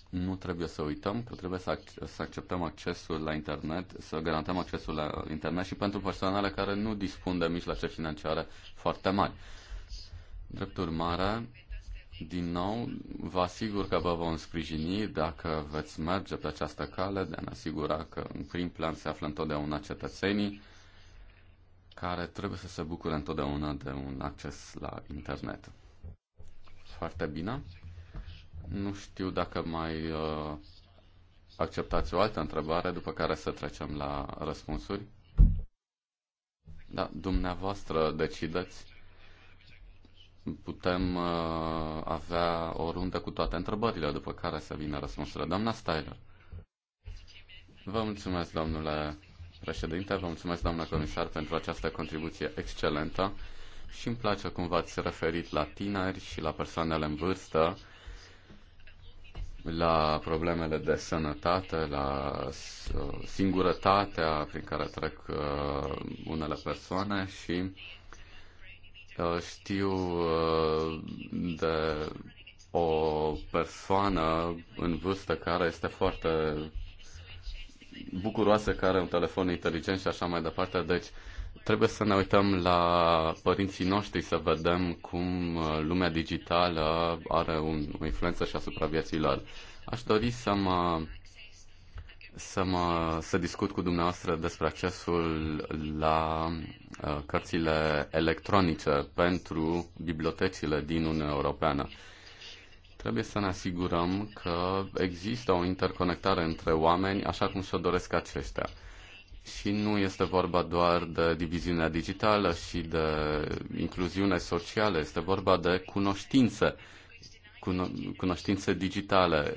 nu trebuie să uităm că trebuie să, ac- să acceptăm accesul la internet, să garantăm accesul la internet și pentru persoanele care nu dispun de mijloace financiare foarte mari. Drept urmare, din nou, vă asigur că vă vom sprijini dacă veți merge pe această cale de a ne asigura că în prim plan se află întotdeauna cetățenii care trebuie să se bucure întotdeauna de un acces la internet. Foarte bine. Nu știu dacă mai uh, acceptați o altă întrebare, după care să trecem la răspunsuri. Da, dumneavoastră decideți putem uh, avea o rundă cu toate întrebările, după care să vină răspunsurile. Doamna Styler. Vă mulțumesc, domnule președinte, vă mulțumesc, doamna comisar, pentru această contribuție excelentă și îmi place cum v-ați referit la tineri și la persoanele în vârstă, la problemele de sănătate, la uh, singurătatea prin care trec uh, unele persoane și Uh, știu uh, de o persoană în vârstă care este foarte bucuroasă că are un telefon inteligent și așa mai departe. Deci trebuie să ne uităm la părinții noștri să vedem cum uh, lumea digitală are un, o influență și asupra vieții lor. Aș dori să mă să, mă, să discut cu dumneavoastră despre accesul la Uh, cărțile electronice pentru bibliotecile din Uniunea Europeană. Trebuie să ne asigurăm că există o interconectare între oameni așa cum se o doresc aceștia. Și nu este vorba doar de diviziunea digitală și de incluziune socială, este vorba de cunoștințe, cuno- cunoștințe digitale.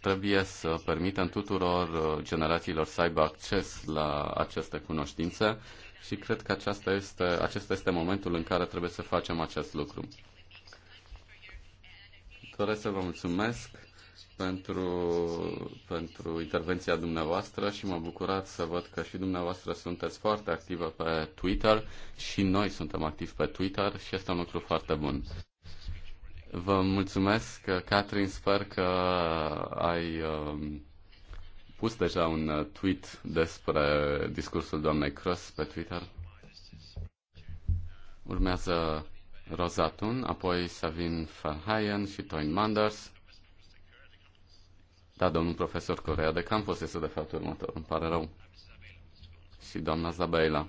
Trebuie să permitem tuturor uh, generațiilor să aibă acces la aceste cunoștințe și cred că aceasta este, acesta este momentul în care trebuie să facem acest lucru. Doresc să vă mulțumesc pentru, pentru intervenția dumneavoastră și mă bucurat să văd că și dumneavoastră sunteți foarte activă pe Twitter și noi suntem activi pe Twitter și este un lucru foarte bun. Vă mulțumesc, Catherine, sper că ai Uh, pus deja un uh, tweet despre discursul doamnei Cross pe Twitter. Urmează Rosatun, apoi Savin Verheyen și Toin Manders. Da, domnul profesor Corea de Campos este de fapt următor, îmi pare rău. Și doamna Zabela.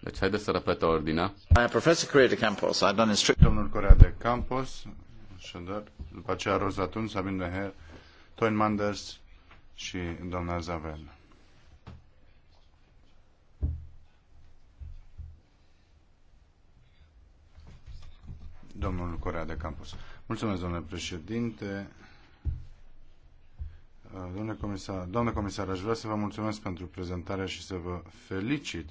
Deci haide să repet ordinea. Uh, Professor Corea de Campos, I've done instruct... Domnul Corea de Campos, așadar, după aceea Rosatun, Savin Meher, Toin Manders și doamna Zavel. Domnul Corea de Campus. Mulțumesc, domnule președinte. Uh, domnule comisar, doamne comisar, aș vrea să vă mulțumesc pentru prezentarea și să vă felicit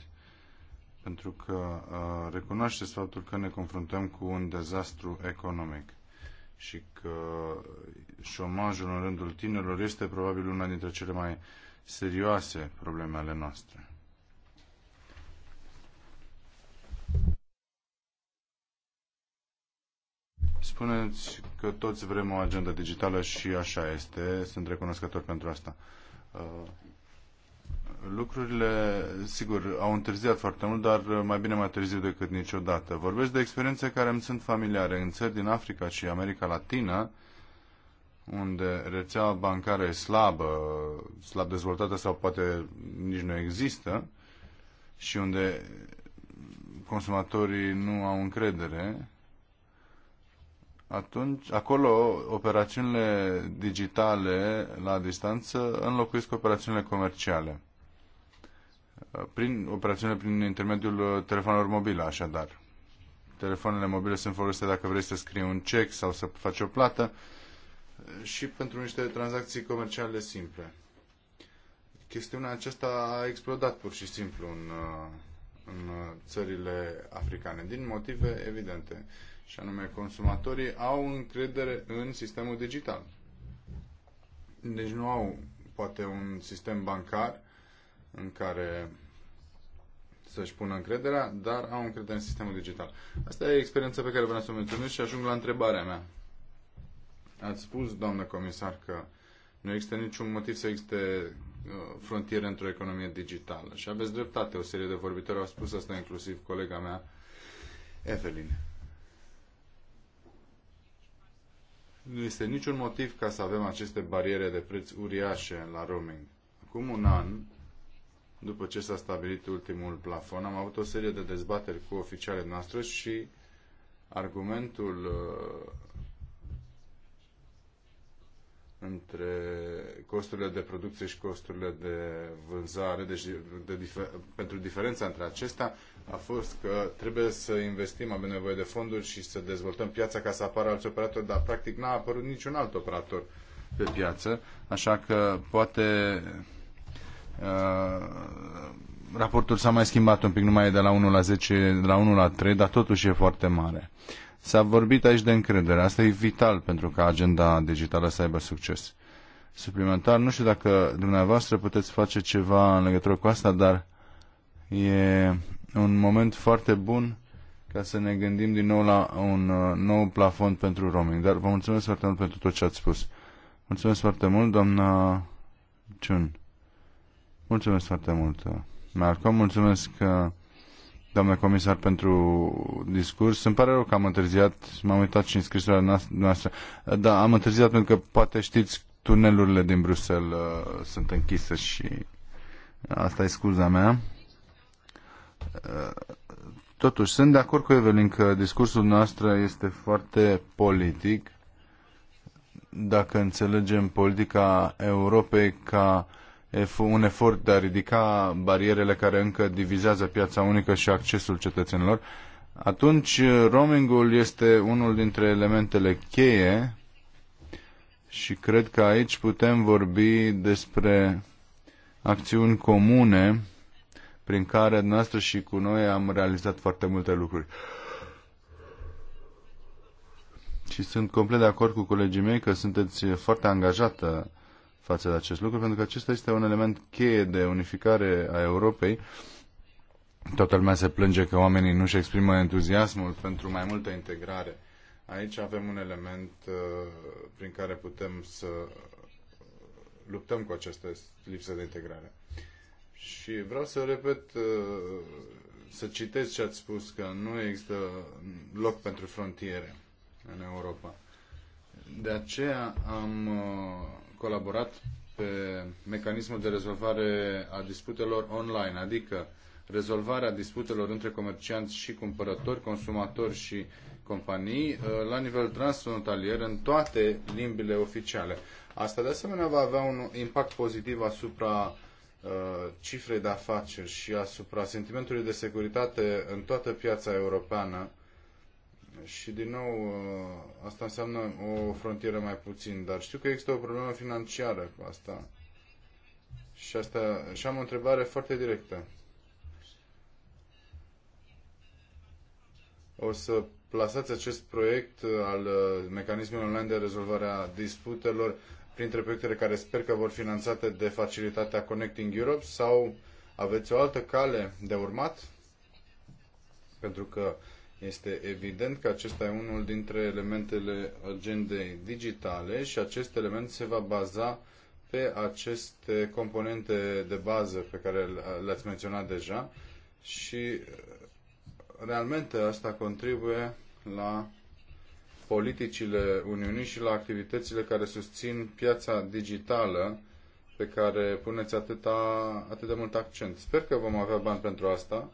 pentru că uh, recunoașteți faptul că ne confruntăm cu un dezastru economic și că șomajul în rândul tinerilor este probabil una dintre cele mai serioase probleme ale noastre. Spuneți că toți vrem o agenda digitală și așa este. Sunt recunoscător pentru asta. Uh, lucrurile, sigur, au întârziat foarte mult, dar mai bine mai târziu decât niciodată. Vorbesc de experiențe care îmi sunt familiare în țări din Africa și America Latină, unde rețeaua bancară e slabă, slab dezvoltată sau poate nici nu există și unde consumatorii nu au încredere, atunci acolo operațiunile digitale la distanță înlocuiesc operațiunile comerciale prin operațiune prin intermediul uh, telefonelor mobile, așadar. Telefoanele mobile sunt folosite dacă vrei să scrii un cec sau să faci o plată uh, și pentru niște tranzacții comerciale simple. Chestiunea aceasta a explodat pur și simplu în, uh, în țările africane, din motive evidente, și anume consumatorii au încredere în sistemul digital. Deci nu au poate un sistem bancar în care să-și pună încrederea, dar au încredere în sistemul digital. Asta e experiența pe care vreau să o menționez și ajung la întrebarea mea. Ați spus, doamnă comisar, că nu există niciun motiv să existe uh, frontiere într-o economie digitală. Și aveți dreptate, o serie de vorbitori au spus asta, inclusiv colega mea, Evelyn. Nu este niciun motiv ca să avem aceste bariere de preț uriașe la roaming. Acum un an, după ce s-a stabilit ultimul plafon. Am avut o serie de dezbateri cu oficiale noastre și argumentul uh, între costurile de producție și costurile de vânzare, deci de difer- pentru diferența între acestea, a fost că trebuie să investim, avem nevoie de fonduri și să dezvoltăm piața ca să apară alți operatori, dar practic n-a apărut niciun alt operator pe piață, așa că poate Uh, raportul s-a mai schimbat un pic, nu mai e de la 1 la 10, de la 1 la 3, dar totuși e foarte mare. S-a vorbit aici de încredere. Asta e vital pentru ca agenda digitală să aibă succes. Suplimentar, nu știu dacă dumneavoastră puteți face ceva în legătură cu asta, dar e un moment foarte bun ca să ne gândim din nou la un uh, nou plafon pentru roaming. Dar vă mulțumesc foarte mult pentru tot ce ați spus. Mulțumesc foarte mult, doamna Ciun. Mulțumesc foarte mult, Marco. Mulțumesc, uh, doamne comisar, pentru discurs. Îmi pare rău că am întârziat. M-am uitat și în scrisoarea noastră. Uh, da, am întârziat pentru că, poate știți, tunelurile din Bruxelles uh, sunt închise și asta e scuza mea. totuși, sunt de acord cu Evelyn că discursul nostru este foarte politic. Dacă înțelegem politica Europei ca uh, un efort de a ridica barierele care încă divizează piața unică și accesul cetățenilor, atunci eh, roamingul este unul dintre elementele cheie și cred că aici putem vorbi despre acțiuni comune prin care noastră și cu noi am realizat foarte multe lucruri. Și sunt complet de acord cu colegii mei că sunteți foarte angajată față de acest lucru, pentru că acesta este un element cheie de unificare a Europei. Toată lumea se plânge că oamenii nu-și exprimă entuziasmul pentru mai multă integrare. Aici avem un element uh, prin care putem să luptăm cu această lipsă de integrare. Și vreau să repet, uh, să citesc ce ați spus, că nu există loc pentru frontiere în Europa. De aceea am uh, colaborat pe mecanismul de rezolvare a disputelor online, adică rezolvarea disputelor între comercianți și cumpărători, consumatori și companii uh, la nivel transfrontalier în toate limbile oficiale. Asta de asemenea va avea un impact pozitiv asupra uh, cifrei de afaceri și asupra sentimentului de securitate în toată piața europeană și din nou ă, asta înseamnă o frontieră mai puțin, dar știu că există o problemă financiară cu asta. Și, asta, și am o întrebare foarte directă. O să plasați acest proiect al ă, mecanismului online de rezolvare a disputelor printre proiectele care sper că vor finanțate de facilitatea Connecting Europe sau aveți o altă cale de urmat? Pentru că este evident că acesta e unul dintre elementele agendei digitale și acest element se va baza pe aceste componente de bază pe care le-ați menționat deja și realmente asta contribuie la politicile Uniunii și la activitățile care susțin piața digitală pe care puneți atâta, atât de mult accent. Sper că vom avea bani pentru asta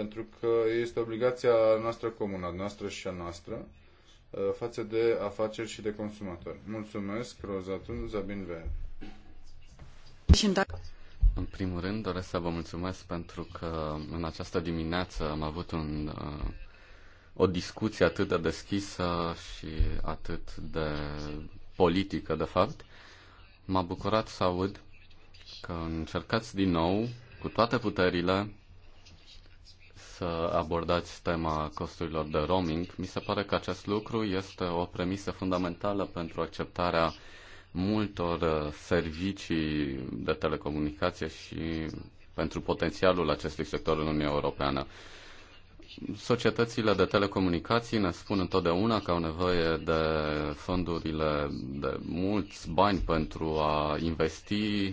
pentru că este obligația noastră comună, noastră și a noastră, uh, față de afaceri și de consumatori. Mulțumesc, Rozatun Zabin Vea. În primul rând, doresc să vă mulțumesc pentru că în această dimineață am avut un, uh, o discuție atât de deschisă și atât de politică, de fapt. M-a bucurat să aud că încercați din nou, cu toate puterile, să abordați tema costurilor de roaming. Mi se pare că acest lucru este o premisă fundamentală pentru acceptarea multor uh, servicii de telecomunicație și pentru potențialul acestui sector în Uniunea Europeană. Societățile de telecomunicații ne spun întotdeauna că au nevoie de fondurile de mulți bani pentru a investi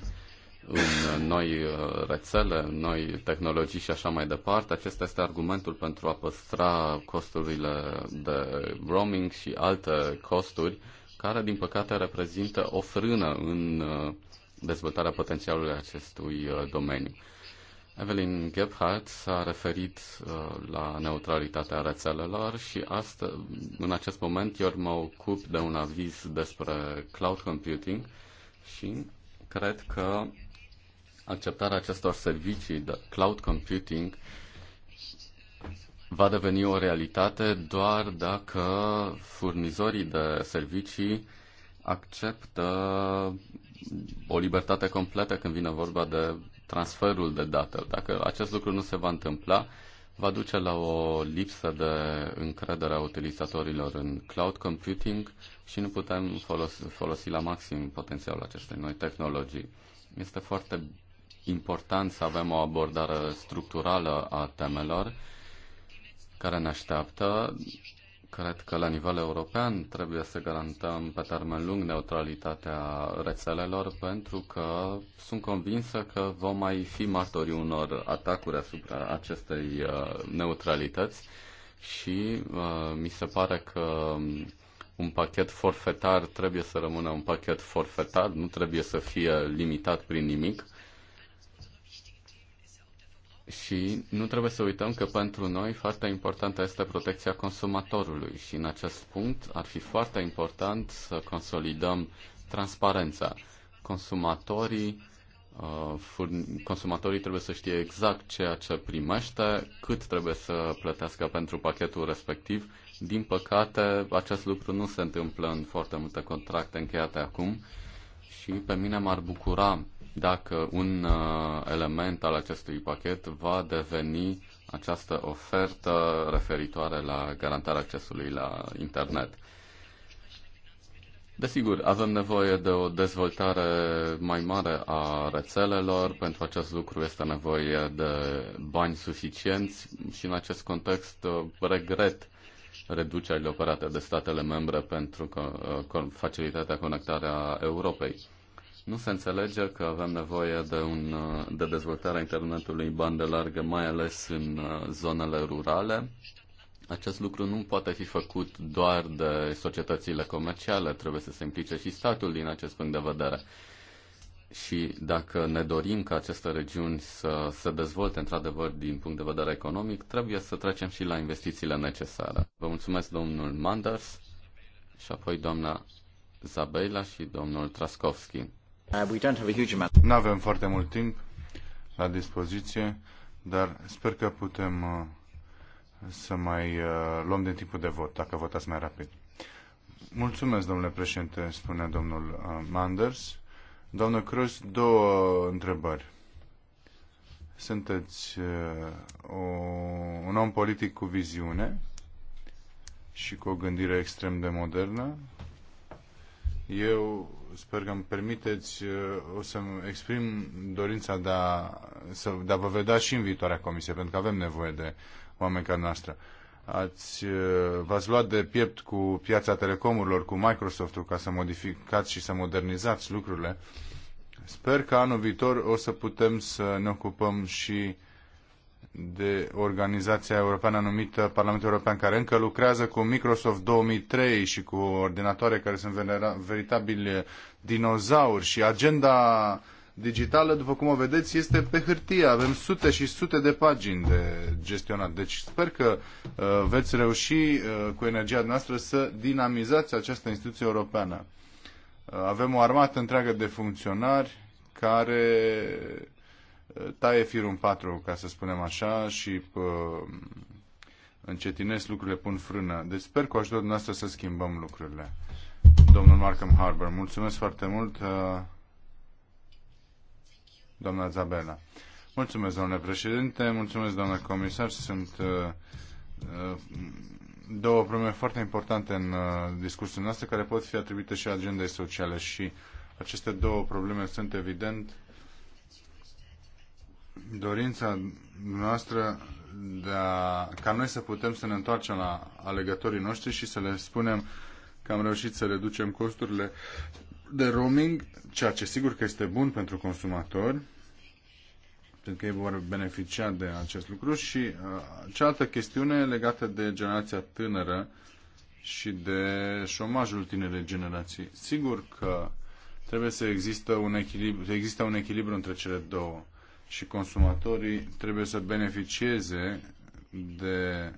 în noi uh, rețele, în noi tehnologii și așa mai departe. Acesta este argumentul pentru a păstra costurile de roaming și alte costuri care, din păcate, reprezintă o frână în uh, dezvoltarea potențialului acestui uh, domeniu. Evelyn Gebhardt s-a referit uh, la neutralitatea rețelelor și astă, în acest moment eu mă ocup de un aviz despre cloud computing și cred că acceptarea acestor servicii de cloud computing va deveni o realitate doar dacă furnizorii de servicii acceptă o libertate completă când vine vorba de transferul de date. Dacă acest lucru nu se va întâmpla, va duce la o lipsă de încredere a utilizatorilor în cloud computing și nu putem folosi, folosi la maxim potențialul acestei noi tehnologii. Este foarte important să avem o abordare structurală a temelor care ne așteaptă. Cred că la nivel european trebuie să garantăm pe termen lung neutralitatea rețelelor pentru că sunt convinsă că vom mai fi martorii unor atacuri asupra acestei uh, neutralități și uh, mi se pare că un pachet forfetar trebuie să rămână un pachet forfetar, nu trebuie să fie limitat prin nimic și nu trebuie să uităm că pentru noi foarte importantă este protecția consumatorului și în acest punct ar fi foarte important să consolidăm transparența. Consumatorii, uh, consumatorii trebuie să știe exact ceea ce primește, cât trebuie să plătească pentru pachetul respectiv. Din păcate, acest lucru nu se întâmplă în foarte multe contracte încheiate acum și pe mine m-ar bucura dacă un uh, element al acestui pachet va deveni această ofertă referitoare la garantarea accesului la internet. Desigur, avem nevoie de o dezvoltare mai mare a rețelelor. Pentru acest lucru este nevoie de bani suficienți și în acest context uh, regret reducerile operate de statele membre pentru uh, facilitatea conectarea Europei. Nu se înțelege că avem nevoie de, un, de dezvoltarea internetului bandă largă, mai ales în uh, zonele rurale. Acest lucru nu poate fi făcut doar de societățile comerciale, trebuie să se implice și statul din acest punct de vedere. Și dacă ne dorim ca aceste regiuni să se dezvolte într-adevăr din punct de vedere economic, trebuie să trecem și la investițiile necesare. Vă mulțumesc domnul Manders și apoi doamna Zabela și domnul Traskovski. Uh, nu avem foarte mult timp la dispoziție, dar sper că putem uh, să mai uh, luăm din timpul de vot, dacă votați mai rapid. Mulțumesc, domnule președinte, spune domnul Manders. Doamnă Cruz, două întrebări. Sunteți o, un om politic cu viziune și cu o gândire extrem de modernă. Eu sper că îmi permiteți, uh, o să-mi exprim dorința de a, să, de a vă vedea și în viitoarea comisie, pentru că avem nevoie de oameni ca noastră. Ați, uh, v-ați luat de piept cu piața telecomurilor, cu Microsoft-ul, ca să modificați și să modernizați lucrurile. Sper că anul viitor o să putem să ne ocupăm și de organizația europeană numită Parlamentul European, care încă lucrează cu Microsoft 2003 și cu ordinatoare care sunt veritabili dinozauri și agenda digitală, după cum o vedeți, este pe hârtie. Avem sute și sute de pagini de gestionat. Deci sper că uh, veți reuși uh, cu energia noastră să dinamizați această instituție europeană. Uh, avem o armată întreagă de funcționari care taie firul în patru, ca să spunem așa, și încetinesc lucrurile, pun frână. Deci sper cu ajutorul noastră să schimbăm lucrurile. Domnul Markham Harbour, mulțumesc foarte mult, uh, doamna Zabela. Mulțumesc, domnule președinte, mulțumesc, domnule comisar. Sunt uh, uh, două probleme foarte importante în discursul nostru, care pot fi atribuite și agendei sociale și aceste două probleme sunt evident dorința noastră de a, ca noi să putem să ne întoarcem la alegătorii noștri și să le spunem că am reușit să reducem costurile de roaming, ceea ce sigur că este bun pentru consumatori, pentru că ei vor beneficia de acest lucru și uh, cealaltă chestiune legată de generația tânără și de șomajul tinerei generații. Sigur că trebuie să există un echilibru, există un echilibru între cele două și consumatorii trebuie să beneficieze de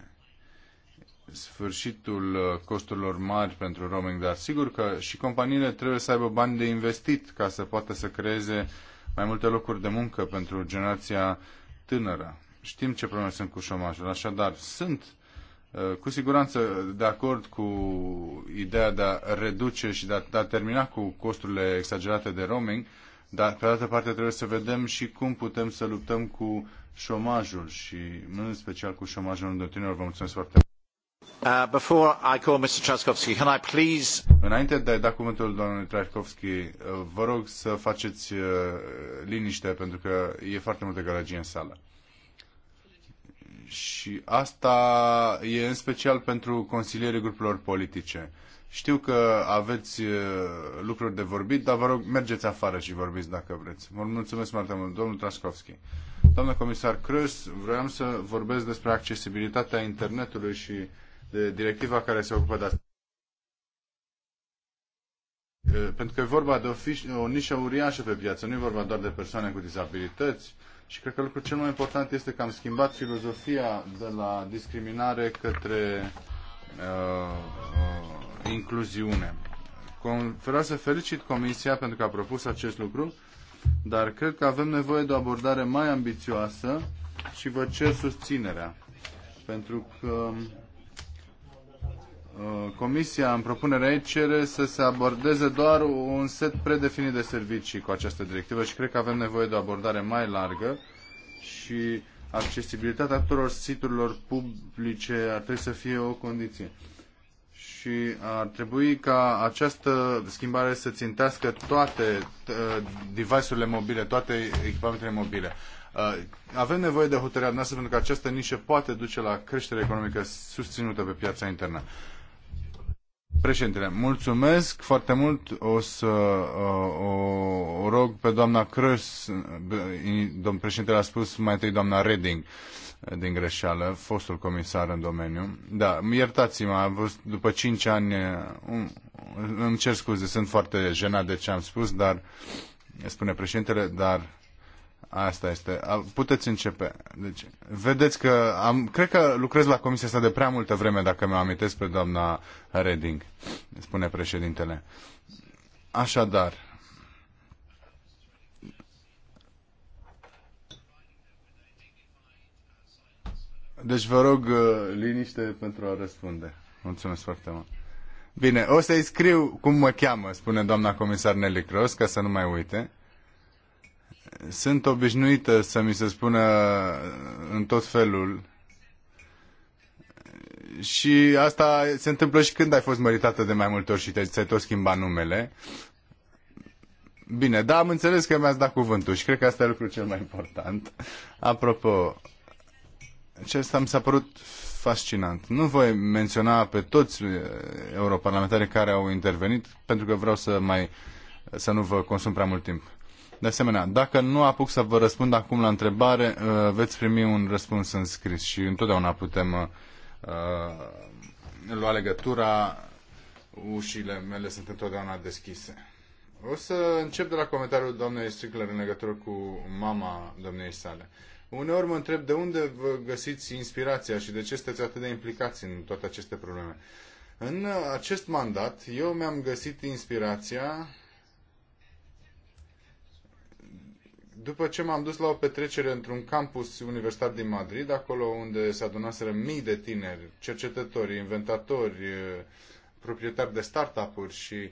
sfârșitul uh, costurilor mari pentru roaming, dar sigur că și companiile trebuie să aibă bani de investit ca să poată să creeze mai multe locuri de muncă pentru generația tânără. Știm ce probleme sunt cu șomajul, așadar sunt uh, cu siguranță de acord cu ideea de a reduce și de a, de a termina cu costurile exagerate de roaming, dar, pe altă parte, trebuie să vedem și cum putem să luptăm cu șomajul și, în special, cu șomajul în tinerilor. Vă mulțumesc foarte mult. Uh, before I call Mr. Trzaskowski, can I please... Înainte de a da cuvântul domnului Trzaskowski, uh, vă rog să faceți uh, liniște, pentru că e foarte multe gălăgie în sală. Și asta e în special pentru consilierii grupurilor politice știu că aveți uh, lucruri de vorbit, dar vă rog, mergeți afară și vorbiți dacă vreți. Vă mulțumesc foarte mult, domnul Traskovski. Doamna comisar Crăs, vreau să vorbesc despre accesibilitatea internetului și de directiva care se ocupă de asta. Uh, pentru că e vorba de o, fiș- o nișă uriașă pe piață, nu e vorba doar de persoane cu dizabilități și cred că lucrul cel mai important este că am schimbat filozofia de la discriminare către uh, incluziune. Vreau să felicit Comisia pentru că a propus acest lucru, dar cred că avem nevoie de o abordare mai ambițioasă și vă cer susținerea. Pentru că uh, Comisia, în propunerea ei, cere să se abordeze doar un set predefinit de servicii cu această directivă și cred că avem nevoie de o abordare mai largă și accesibilitatea tuturor siturilor publice ar trebui să fie o condiție. Și ar trebui ca această schimbare să țintească toate ă, device-urile mobile, toate echipamentele mobile. Ă, avem nevoie de hotărârea noastră pentru că această nișă poate duce la creștere economică susținută pe piața internă. Președintele, mulțumesc foarte mult. O să uh, o, o rog pe doamna Crăs, uh, domn președinte a spus mai întâi doamna Reding uh, din greșeală, fostul comisar în domeniu. Da, iertați-mă, am văzut după 5 ani, îmi cer scuze, sunt foarte jenat de ce am spus, dar spune președintele, dar Asta este. Puteți începe. Deci, vedeți că am, cred că lucrez la comisia asta de prea multă vreme, dacă mi-o amintesc pe doamna Reding, spune președintele. Așadar, Deci vă rog uh, liniște pentru a răspunde. Mulțumesc foarte mult. Bine, o să-i scriu cum mă cheamă, spune doamna comisar Nelly Cross, ca să nu mai uite. Sunt obișnuită să mi se spună în tot felul și asta se întâmplă și când ai fost măritată de mai multe ori și ți-ai tot schimbat numele. Bine, da, am înțeles că mi-ați dat cuvântul și cred că asta e lucrul cel mai important. Apropo, acesta mi s-a părut fascinant. Nu voi menționa pe toți eh, europarlamentarii care au intervenit, pentru că vreau să mai să nu vă consum prea mult timp. De asemenea, dacă nu apuc să vă răspund acum la întrebare, uh, veți primi un răspuns în scris și întotdeauna putem uh, lua legătura. Ușile mele sunt întotdeauna deschise. O să încep de la comentariul doamnei Strickler în legătură cu mama domnei sale. Uneori mă întreb de unde vă găsiți inspirația și de ce sunteți atât de implicați în toate aceste probleme. În acest mandat, eu mi-am găsit inspirația După ce m-am dus la o petrecere într-un campus universitar din Madrid, acolo unde se adunaseră mii de tineri, cercetători, inventatori, eh, proprietari de startup-uri și eh,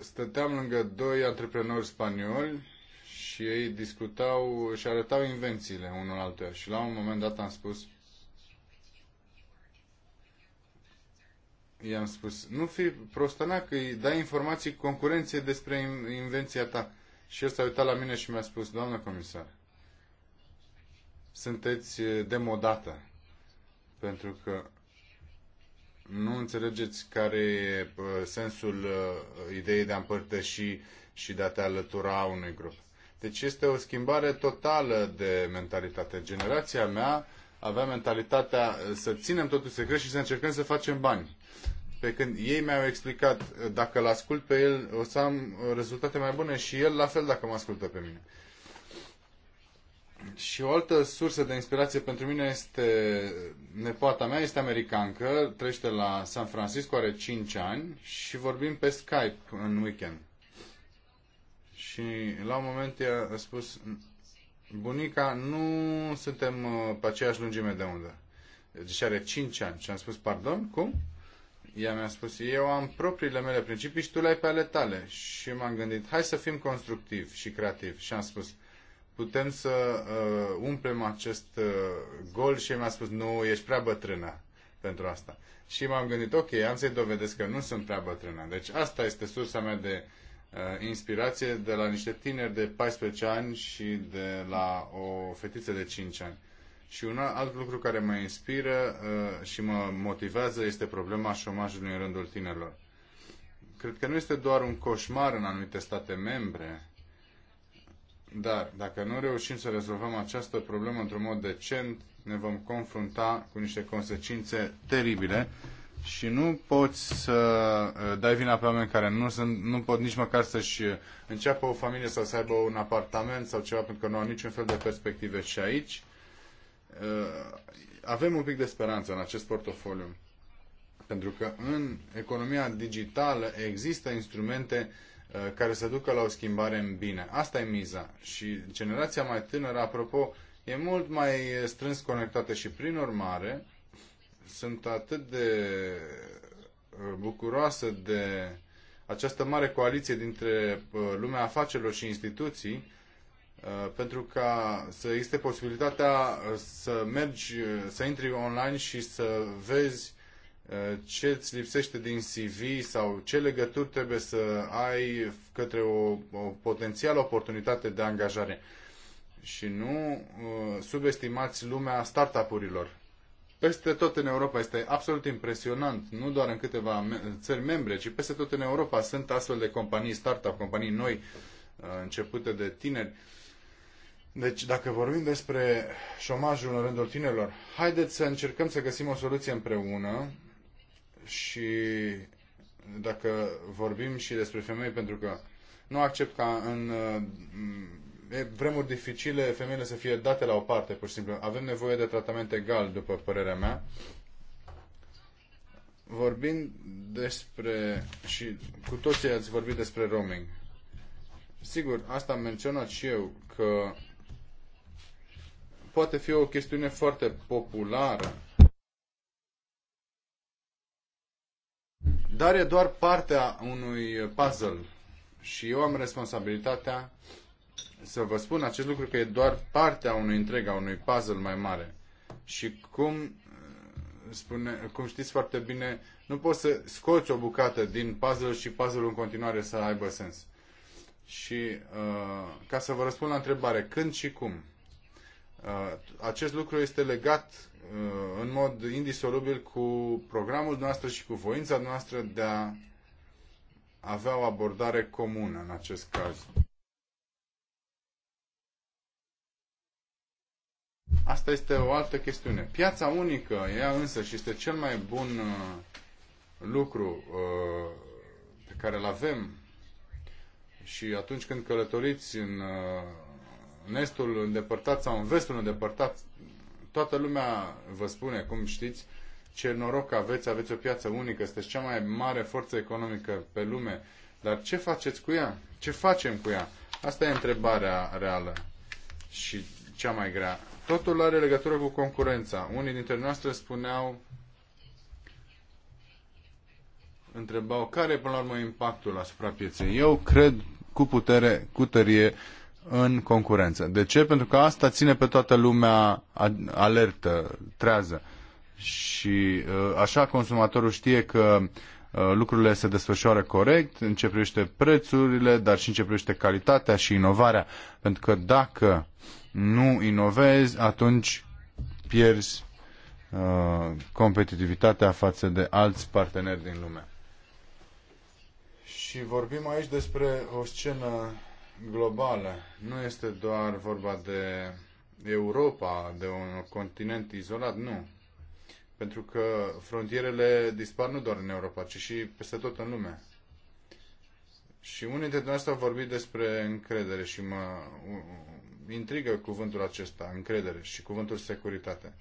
stăteam lângă doi antreprenori spanioli și ei discutau și arătau invențiile unul altuia. Și la un moment dat am spus, i-am spus, nu fi prostăna că îi dai informații concurenței despre invenția ta. Și el s-a uitat la mine și mi-a spus, doamnă comisar, sunteți demodată, pentru că nu înțelegeți care e sensul ideii de a împărtăși și de a te alătura unui grup. Deci este o schimbare totală de mentalitate. Generația mea avea mentalitatea să ținem totul secret și să încercăm să facem bani. Pe când ei mi-au explicat, dacă îl ascult pe el, o să am rezultate mai bune și el la fel dacă mă ascultă pe mine. Și o altă sursă de inspirație pentru mine este nepoata mea, este americancă, trăiește la San Francisco, are 5 ani și vorbim pe Skype în weekend. Și la un moment i a spus, bunica, nu suntem uh, pe aceeași lungime de undă. Deci are 5 ani. Și am spus, pardon, cum? ea mi-a spus, eu am propriile mele principii și tu le ai pe ale tale. Și m-am gândit, hai să fim constructivi și creativi. Și am spus, putem să uh, umplem acest uh, gol și mi-a spus, nu, ești prea bătrână pentru asta. Și m-am gândit, ok, am să-i dovedesc că nu sunt prea bătrână. Deci asta este sursa mea de uh, inspirație de la niște tineri de 14 ani și de la o fetiță de 5 ani. Și un alt lucru care mă inspiră uh, și mă motivează este problema șomajului în rândul tinerilor. Cred că nu este doar un coșmar în anumite state membre, dar dacă nu reușim să rezolvăm această problemă într-un mod decent, ne vom confrunta cu niște consecințe teribile și nu poți să uh, dai vina pe oameni care nu, sunt, nu pot nici măcar să-și înceapă o familie sau să aibă un apartament sau ceva pentru că nu au niciun fel de perspective. Și aici Uh, avem un pic de speranță în acest portofoliu. Pentru că în economia digitală există instrumente uh, care să ducă la o schimbare în bine. Asta e miza. Și generația mai tânără, apropo, e mult mai strâns conectată și prin urmare sunt atât de uh, bucuroasă de această mare coaliție dintre lumea afacerilor și instituții Uh, pentru ca să existe posibilitatea uh, să mergi, uh, să intri online și să vezi ce îți lipsește din CV sau ce legături trebuie să ai către o, o potențială oportunitate de angajare. Și nu subestimați lumea startup-urilor. Peste tot în Europa este absolut impresionant, nu doar în câteva țări membre, ci peste tot în Europa sunt astfel de companii, startup, companii noi, începute de tineri deci, dacă vorbim despre șomajul în rândul tinerilor, haideți să încercăm să găsim o soluție împreună și dacă vorbim și despre femei, pentru că nu accept ca în uh, vremuri dificile femeile să fie date la o parte, pur și simplu. Avem nevoie de tratament egal, după părerea mea. Vorbim despre, și cu toții ați vorbit despre roaming. Sigur, asta am menționat și eu, că poate fi o chestiune foarte populară. Dar e doar partea unui puzzle. Și eu am responsabilitatea să vă spun acest lucru că e doar partea unui întreg, a unui puzzle mai mare. Și cum, uh, spune, cum știți foarte bine, nu poți să scoți o bucată din puzzle și puzzle-ul în continuare să aibă sens. Și uh, ca să vă răspund la întrebare, când și cum? Uh, acest lucru este legat uh, în mod indisolubil cu programul noastră și cu voința noastră de a avea o abordare comună în acest caz. Asta este o altă chestiune. Piața unică, ea însă, și este cel mai bun uh, lucru pe care îl avem și atunci când călătoriți în în estul îndepărtat sau în vestul îndepărtat, toată lumea vă spune, cum știți, ce noroc aveți, aveți o piață unică, sunteți cea mai mare forță economică pe lume, dar ce faceți cu ea? Ce facem cu ea? Asta e întrebarea reală și cea mai grea. Totul are legătură cu concurența. Unii dintre noastre spuneau, întrebau, care e până la urmă impactul asupra pieței? Eu cred cu putere, cu tărie, în concurență. De ce? Pentru că asta ține pe toată lumea alertă, trează. Și uh, așa consumatorul știe că uh, lucrurile se desfășoară corect în ce privește prețurile, dar și în ce privește calitatea și inovarea. Pentru că dacă nu inovezi, atunci pierzi uh, competitivitatea față de alți parteneri din lume. Și vorbim aici despre o scenă globală. Nu este doar vorba de Europa, de un continent izolat, nu. Pentru că frontierele dispar nu doar în Europa, ci și peste tot în lume. Și unii dintre noi au vorbit despre încredere și mă intrigă cuvântul acesta, încredere și cuvântul securitate.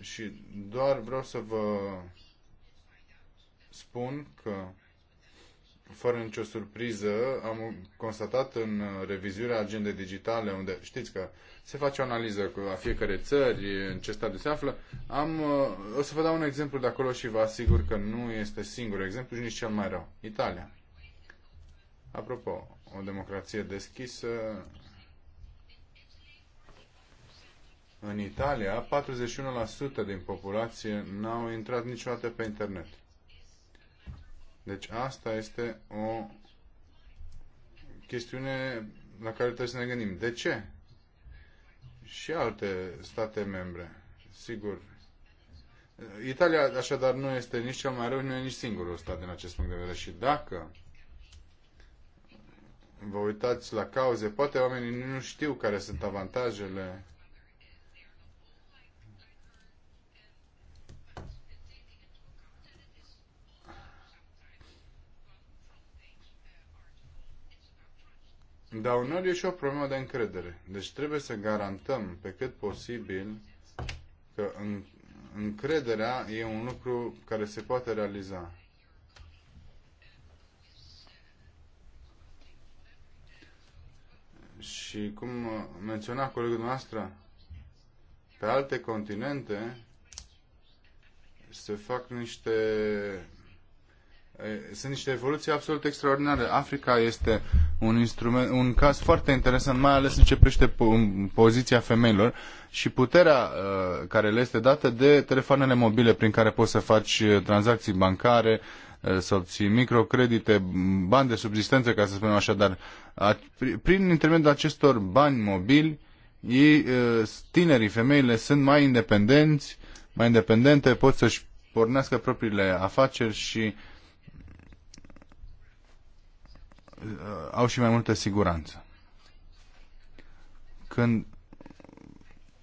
Și doar vreau să vă spun că fără nicio surpriză, am constatat în uh, revizuirea agendei digitale, unde știți că se face o analiză a fiecare țări, în ce stadiu se află, am, uh, o să vă dau un exemplu de acolo și vă asigur că nu este singur exemplu și nici cel mai rău. Italia. Apropo, o democrație deschisă. În Italia, 41% din populație n-au intrat niciodată pe internet. Deci asta este o chestiune la care trebuie să ne gândim. De ce? Și alte state membre, sigur. Italia, așadar, nu este nici cel mai rău, nu e nici singurul stat din acest punct de vedere. Și dacă vă uitați la cauze, poate oamenii nu știu care sunt avantajele Dar uneori e și o problemă de încredere. Deci trebuie să garantăm pe cât posibil că în, încrederea e un lucru care se poate realiza. Și cum menționa colegul noastră, pe alte continente se fac niște sunt niște evoluții absolut extraordinare. Africa este un, instrument, un caz foarte interesant, mai ales în ce privește poziția femeilor și puterea care le este dată de telefoanele mobile prin care poți să faci tranzacții bancare, să obții microcredite, bani de subsistență, ca să spunem așa, dar prin intermediul acestor bani mobili, ei, tinerii, femeile sunt mai independenți, mai independente, pot să-și pornească propriile afaceri și uh, Uh, au și mai multă siguranță. Când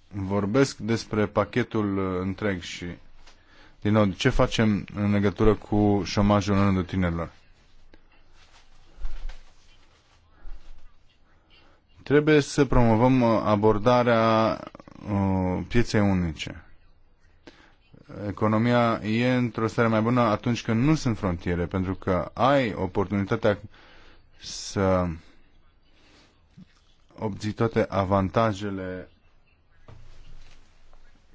vorbesc despre pachetul uh, întreg și, din nou, ce facem în legătură cu șomajul în rândul tinerilor? Trebuie să promovăm uh, abordarea pieței unice. Economia e într-o stare mai bună atunci când nu sunt frontiere, pentru că ai oportunitatea să obții toate avantajele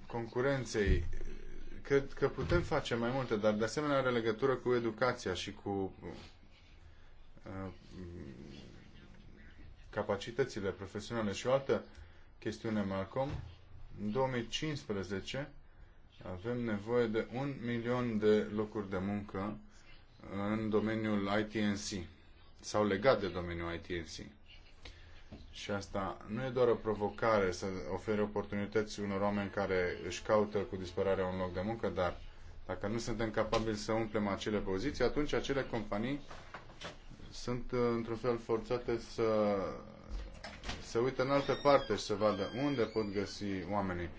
concurenței. Cred că putem face mai multe, dar de asemenea are legătură cu educația și cu uh, capacitățile profesionale. Și o altă chestiune, Malcolm, în 2015 avem nevoie de un milion de locuri de muncă în domeniul ITNC sau legat de domeniul ITFC. Și asta nu e doar o provocare să ofere oportunități unor oameni care își caută cu disperare un loc de muncă, dar dacă nu suntem capabili să umplem acele poziții, atunci acele companii sunt uh, într-un fel forțate să se uită în altă parte și să vadă unde pot găsi oamenii.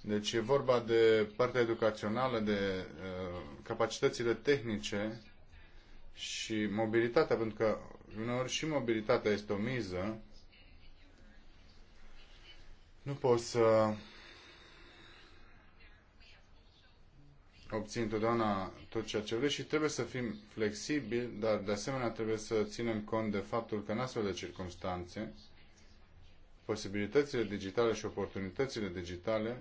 Deci e vorba de partea educațională, de uh, capacitățile tehnice și mobilitatea, pentru că uneori și mobilitatea este o miză. Nu poți să obții întotdeauna tot ceea ce vrei și trebuie să fim flexibili, dar de asemenea trebuie să ținem cont de faptul că în astfel de circunstanțe posibilitățile digitale și oportunitățile digitale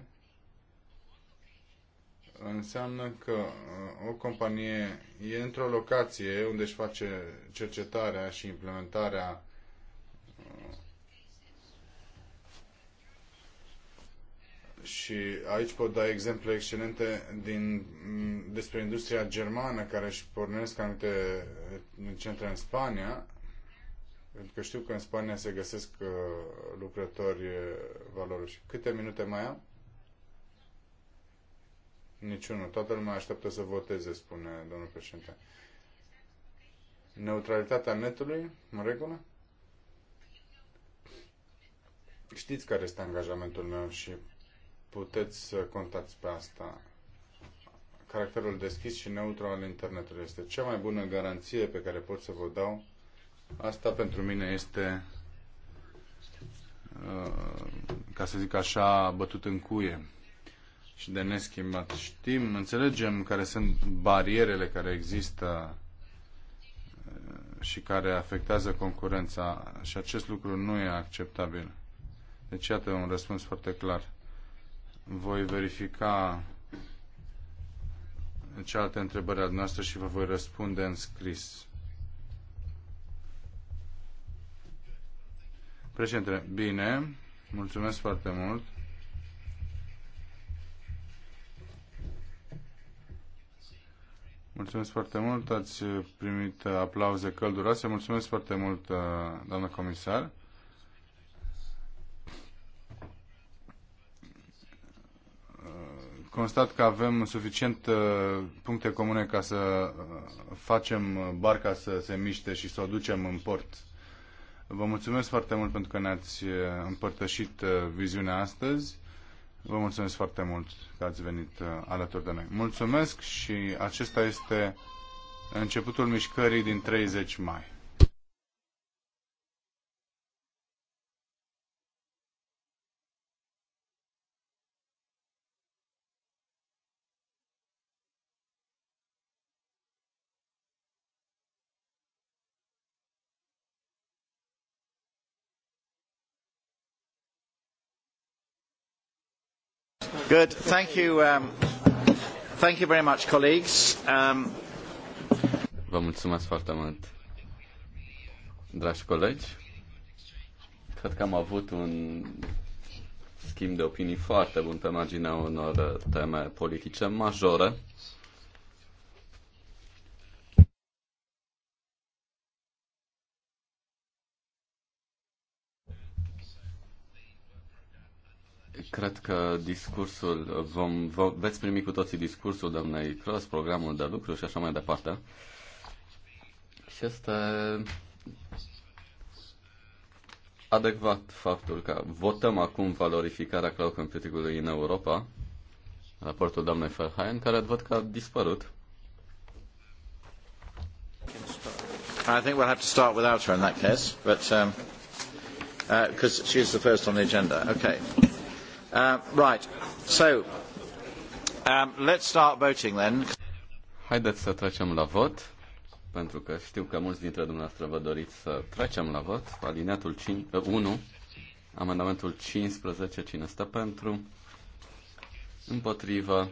înseamnă că uh, o companie e într-o locație unde își face cercetarea și implementarea uh, și aici pot da exemple excelente din, mm, despre industria germană care își pornesc anumite uh, centre în Spania, pentru că știu că în Spania se găsesc lucrători valoroși. Câte minute mai am? Niciunul. Toată lumea așteaptă să voteze, spune domnul președinte. Neutralitatea netului, în regulă? Știți care este angajamentul meu și puteți să contați pe asta. Caracterul deschis și neutru al internetului este cea mai bună garanție pe care pot să vă dau. Asta pentru mine este, uh, ca să zic așa, bătut în cuie și de neschimbat. Știm, înțelegem care sunt barierele care există uh, și care afectează concurența și acest lucru nu e acceptabil. Deci iată un răspuns foarte clar. Voi verifica cealaltă întrebări al noastră și vă voi răspunde în scris. Președinte, bine, mulțumesc foarte mult. Mulțumesc foarte mult, ați primit aplauze călduroase. Mulțumesc foarte mult, uh, doamnă comisar. Uh, constat că avem suficient uh, puncte comune ca să facem barca să se miște și să o ducem în port. Vă mulțumesc foarte mult pentru că ne-ați împărtășit viziunea astăzi. Vă mulțumesc foarte mult că ați venit uh, alături de noi. Mulțumesc și acesta este începutul mișcării din 30 mai. Good. Thank you. Um, thank you very much, colleagues. Um... Vă mulțumesc foarte mult, dragi colegi. Cred că am avut un schimb de opinii foarte bun pe marginea unor teme politice majore. Cred că discursul, vom, vom, veți primi cu toții discursul doamnei Cross, programul de lucru și așa mai departe. Și este adecvat faptul că votăm acum valorificarea cloud computing-ului în Europa, raportul doamnei Ferhain, care văd că a dispărut. I think we'll have to start without her in that case, but because um, uh, she is the first on the agenda. Okay. Uh, right. So, um, let's start voting then. Haideți să trecem la vot, pentru că știu că mulți dintre dumneavoastră vă doriți să trecem la vot. Alineatul 5, 1, uh, amendamentul 15, cine stă pentru, împotrivă,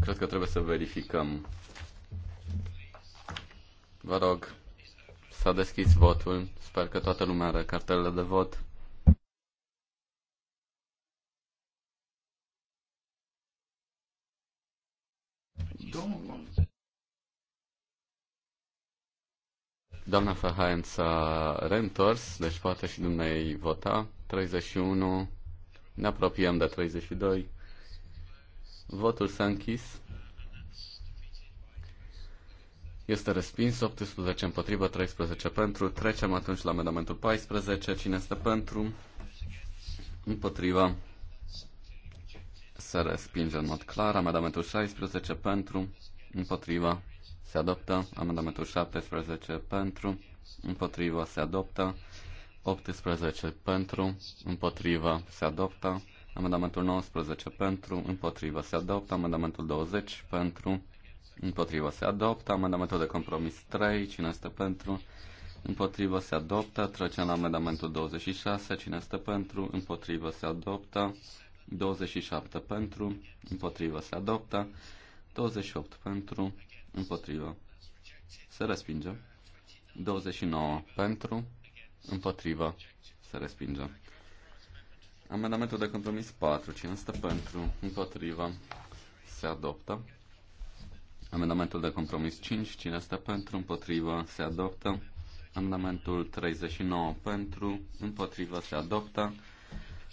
cred că trebuie să verificăm. Vă rog, s-a deschis votul, sper că toată lumea are cartelele de vot. Domnul. Doamna Fahain s-a reîntors, deci poate și dumnei vota. 31, ne apropiem de 32. Votul s-a închis. Este respins 18 împotrivă, 13 pentru. Trecem atunci la amendamentul 14. Cine este pentru? Împotriva se respinge în mod clar. Amendamentul 16 pentru, împotriva, se adoptă. Amendamentul 17 pentru, împotriva, se adoptă. 18 pentru, împotriva, se adoptă. Amendamentul 19 pentru, împotriva, se adoptă. Amendamentul 20 pentru, împotriva, se adoptă. Amendamentul de compromis 3, cine este pentru? împotriva se adoptă. Trecem la amendamentul 26. Cine este pentru? împotriva se adoptă. 27 pentru, împotrivă se adoptă, 28 pentru, împotrivă se respinge, 29 pentru, împotrivă se respinge. Amendamentul de compromis 4, cine pentru, împotrivă se adoptă. Amendamentul de compromis 5, cine pentru, împotrivă se adoptă. Amendamentul 39 pentru, împotrivă se adoptă.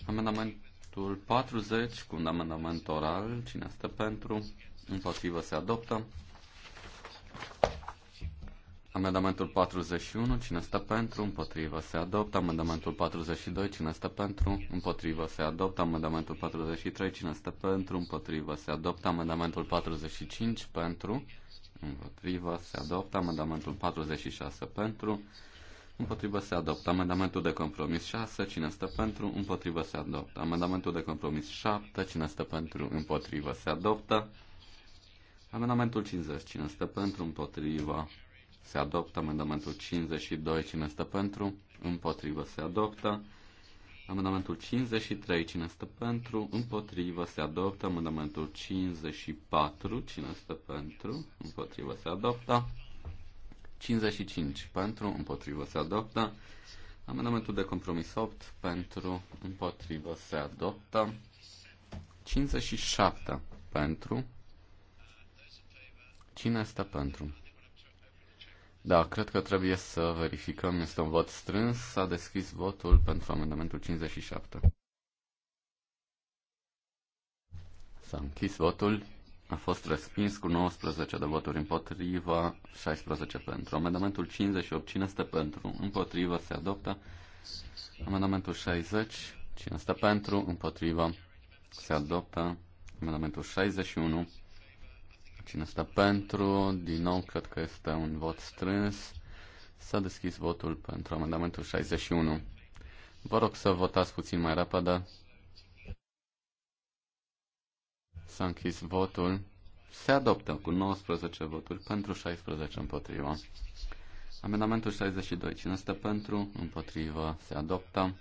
Amendamentul textul 40 cu un amendament oral. Cine este pentru? Împotrivă se adoptă. Amendamentul 41, cine stă pentru, împotrivă, se adoptă. Amendamentul 42, cine stă pentru, împotrivă, se adoptă. Amendamentul 43, cine stă pentru, împotrivă, se adoptă. Amendamentul 45, pentru, împotrivă, se adoptă. Amendamentul 46, pentru, Împotrivă se adoptă. Amendamentul de compromis 6. Cine stă pentru? Împotrivă se adoptă. Amendamentul de compromis 7. Cine stă pentru? Împotrivă se adoptă. Amendamentul 50. Cine stă pentru? Împotrivă se adoptă. Amendamentul 52. Cine stă pentru? Împotrivă se adoptă. Amendamentul 53, cine stă pentru, împotrivă se adoptă. Amendamentul 54, cine stă pentru, împotrivă se adoptă. 55 pentru, împotrivă se adoptă. Amendamentul de compromis 8 pentru, împotrivă se adoptă. 57 pentru. Cine este pentru? Da, cred că trebuie să verificăm. Este un vot strâns. S-a deschis votul pentru amendamentul 57. S-a închis votul a fost respins cu 19 de voturi împotriva, 16 pentru. Amendamentul 58, cine este pentru? Împotriva se adoptă. Amendamentul 60, cine este pentru? Împotriva se adoptă. Amendamentul 61, cine este pentru? Din nou, cred că este un vot strâns. S-a deschis votul pentru amendamentul 61. Vă rog să votați puțin mai repede. S-a închis votul. Se adoptă cu 19 voturi pentru 16 împotriva. Amendamentul 62. Cine stă pentru? Împotrivă. Se adoptă.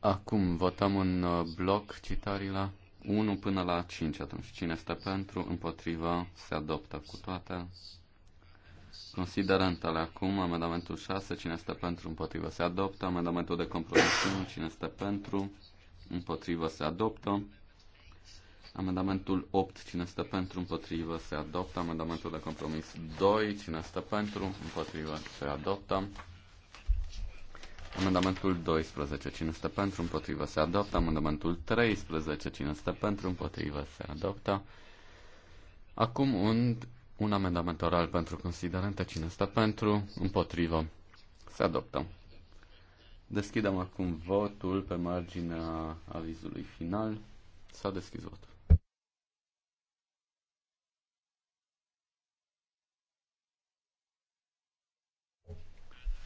Acum votăm în uh, bloc citarile 1 până la 5 atunci. Cine stă pentru? Împotrivă. Se adoptă cu toate. Considerentele acum, amendamentul 6, cine stă pentru, împotrivă se adoptă, amendamentul de compromis cine stă pentru, împotrivă se adoptă. Amendamentul 8, cine stă pentru, împotrivă, se adoptă. Amendamentul de compromis 2, cine stă pentru, împotrivă, se adoptă. Amendamentul 12, cine stă pentru, împotrivă, se adoptă. Amendamentul 13, cine stă pentru, împotrivă, se adoptă. Acum un, un amendament oral pentru considerente, cine stă pentru, împotrivă, se adoptă. Deschidem acum votul pe marginea avizului final. S-a deschis votul.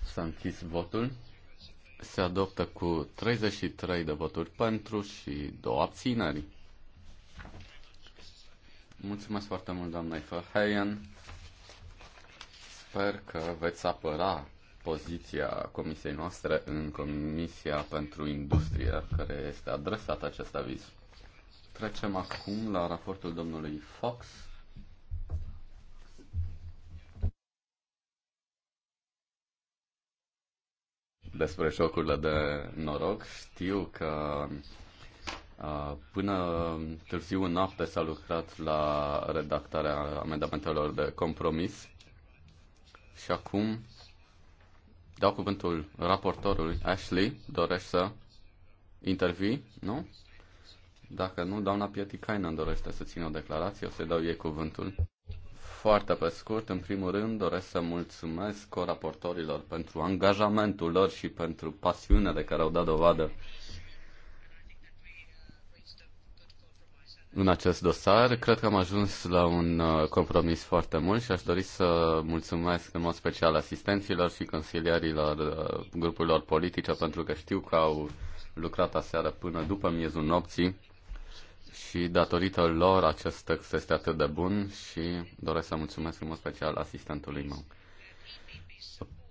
S-a închis votul. Se adoptă cu 33 de voturi pentru și două abțineri. Mulțumesc foarte mult, doamna Eiffel Sper că veți apăra poziția comisiei noastre în Comisia pentru Industrie, care este adresat acest aviz. Trecem acum la raportul domnului Fox. Despre șocurile de noroc, știu că Până târziu în noapte s-a lucrat la redactarea amendamentelor de compromis și acum Dau cuvântul raportorului Ashley. Dorești să intervii? Nu? Dacă nu, doamna Pietikainen dorește să țină o declarație, o să-i dau ei cuvântul. Foarte pe scurt, în primul rând, doresc să mulțumesc coraportorilor pentru angajamentul lor și pentru pasiunea de care au dat dovadă în acest dosar. Cred că am ajuns la un uh, compromis foarte mult și aș dori să mulțumesc în mod special asistenților și consilierilor uh, grupurilor politice pentru că știu că au lucrat aseară până după miezul nopții și datorită lor acest text este atât de bun și doresc să mulțumesc în mod special asistentului meu.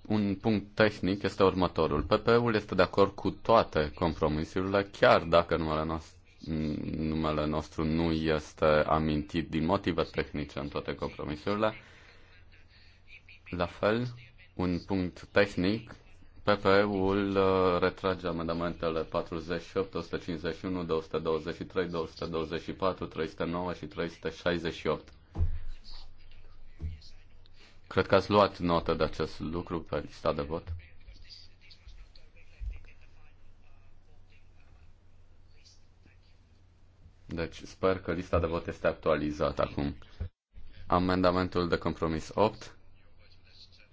Un punct tehnic este următorul. PP-ul este de acord cu toate compromisurile, chiar dacă numele noastră numele nostru nu este amintit din motive tehnice în toate compromisurile. La fel, un punct tehnic, PPE-ul uh, retrage amendamentele 48, 151, 223, 224, 309 și 368. Cred că ați luat notă de acest lucru pe lista de vot. Deci sper că lista de vot este actualizată acum. Amendamentul de compromis 8.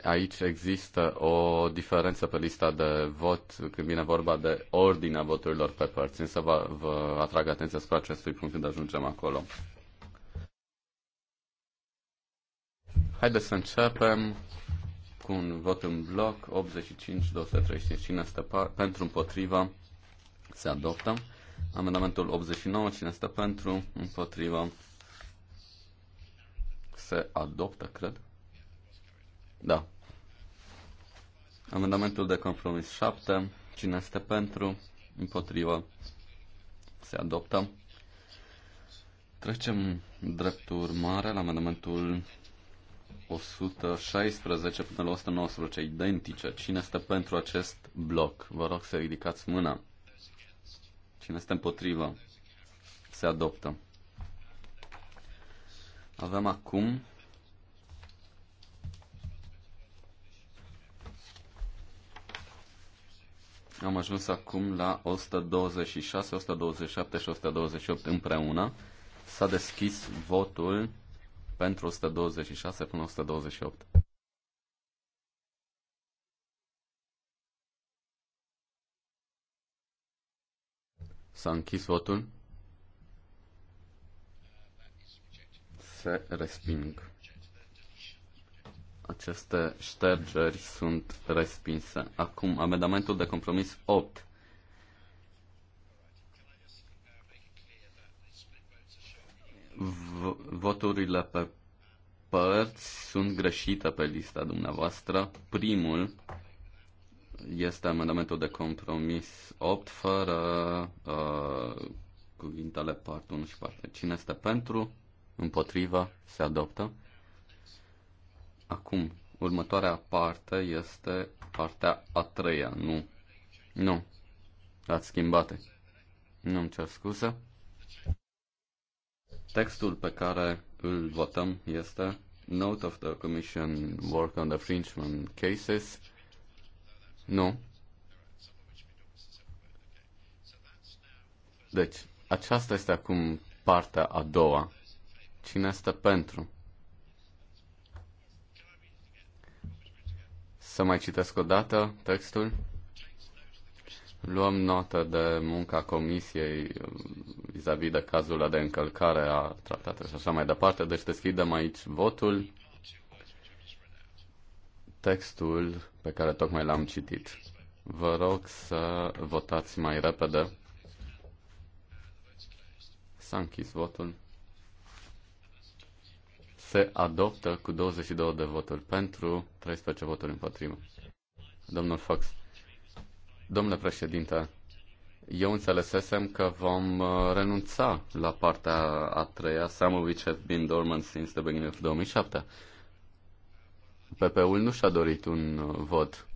Aici există o diferență pe lista de vot când vine vorba de ordinea voturilor pe părți, însă vă, vă atrag atenția spre acestui punct când ajungem acolo. Haideți să începem cu un vot în bloc 85-235 pentru împotriva se adoptă. Amendamentul 89, cine stă pentru, împotriva, se adoptă, cred. Da. Amendamentul de compromis 7, cine este pentru, împotriva, se adoptă. Trecem drept urmare la amendamentul 116 până la 119, identice. Cine este pentru acest bloc? Vă rog să ridicați mâna. Cine este împotrivă? Se adoptă. Avem acum Am ajuns acum la 126, 127 și 128 împreună. S-a deschis votul pentru 126 până 128. S-a închis votul. Se resping. Aceste ștergeri sunt respinse. Acum, amendamentul de compromis 8. V- voturile pe părți sunt greșite pe lista dumneavoastră. Primul este amendamentul de compromis 8 fără uh, cuvintele part 1 și parte. Cine este pentru? Împotriva? Se adoptă? Acum, următoarea parte este partea a treia, nu? Nu. Ați schimbat nu îmi cer scuze. Textul pe care îl votăm este Note of the Commission Work on the Frenchman Cases – nu. Deci, aceasta este acum partea a doua. Cine stă pentru? Să mai citesc o dată textul. Luăm notă de munca comisiei um, vis-a-vis -vis de cazul de încălcare a tratatelor și așa mai departe. Deci deschidem aici votul textul pe care tocmai l-am citit. Vă rog să votați mai repede. S-a închis votul. Se adoptă cu 22 de voturi pentru, 13 voturi împotrivă. Domnul Fox. Domnule președinte, eu înțelesesem că vom uh, renunța la partea a treia, Some of which have been dormant since the beginning of 2007. PP-ul nu și-a dorit un uh, vot.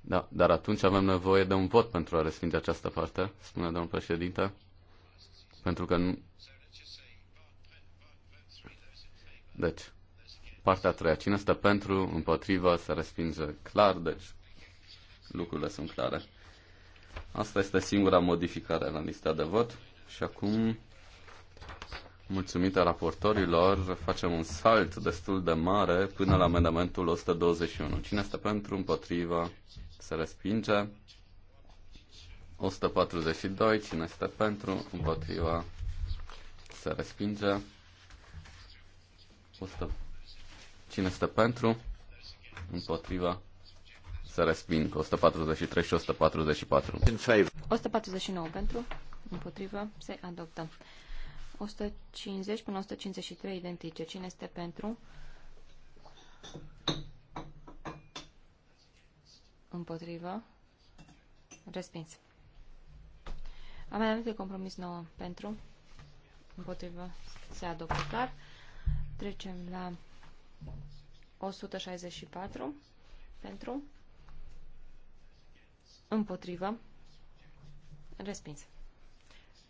Da, dar atunci avem nevoie de un vot pentru a respinge această parte, spune domnul președinte, pentru că nu... Deci, partea a treia. Cine stă pentru, împotriva, se respinge clar, deci lucrurile sunt clare. Asta este singura modificare la lista de vot și acum mulțumită raportorilor, facem un salt destul de mare până la amendamentul 121. Cine este pentru, împotriva, se respinge. 142, cine este pentru, împotriva, se respinge. 100. Cine este pentru, împotriva, se resping. 143 și 144. 149 pentru, împotriva, se adoptă. 150 până 153 identice. Cine este pentru? Împotrivă. Respins. Amendament de compromis 9 pentru. Împotrivă. Se adoptă clar. Trecem la 164 pentru. Împotrivă. Respins.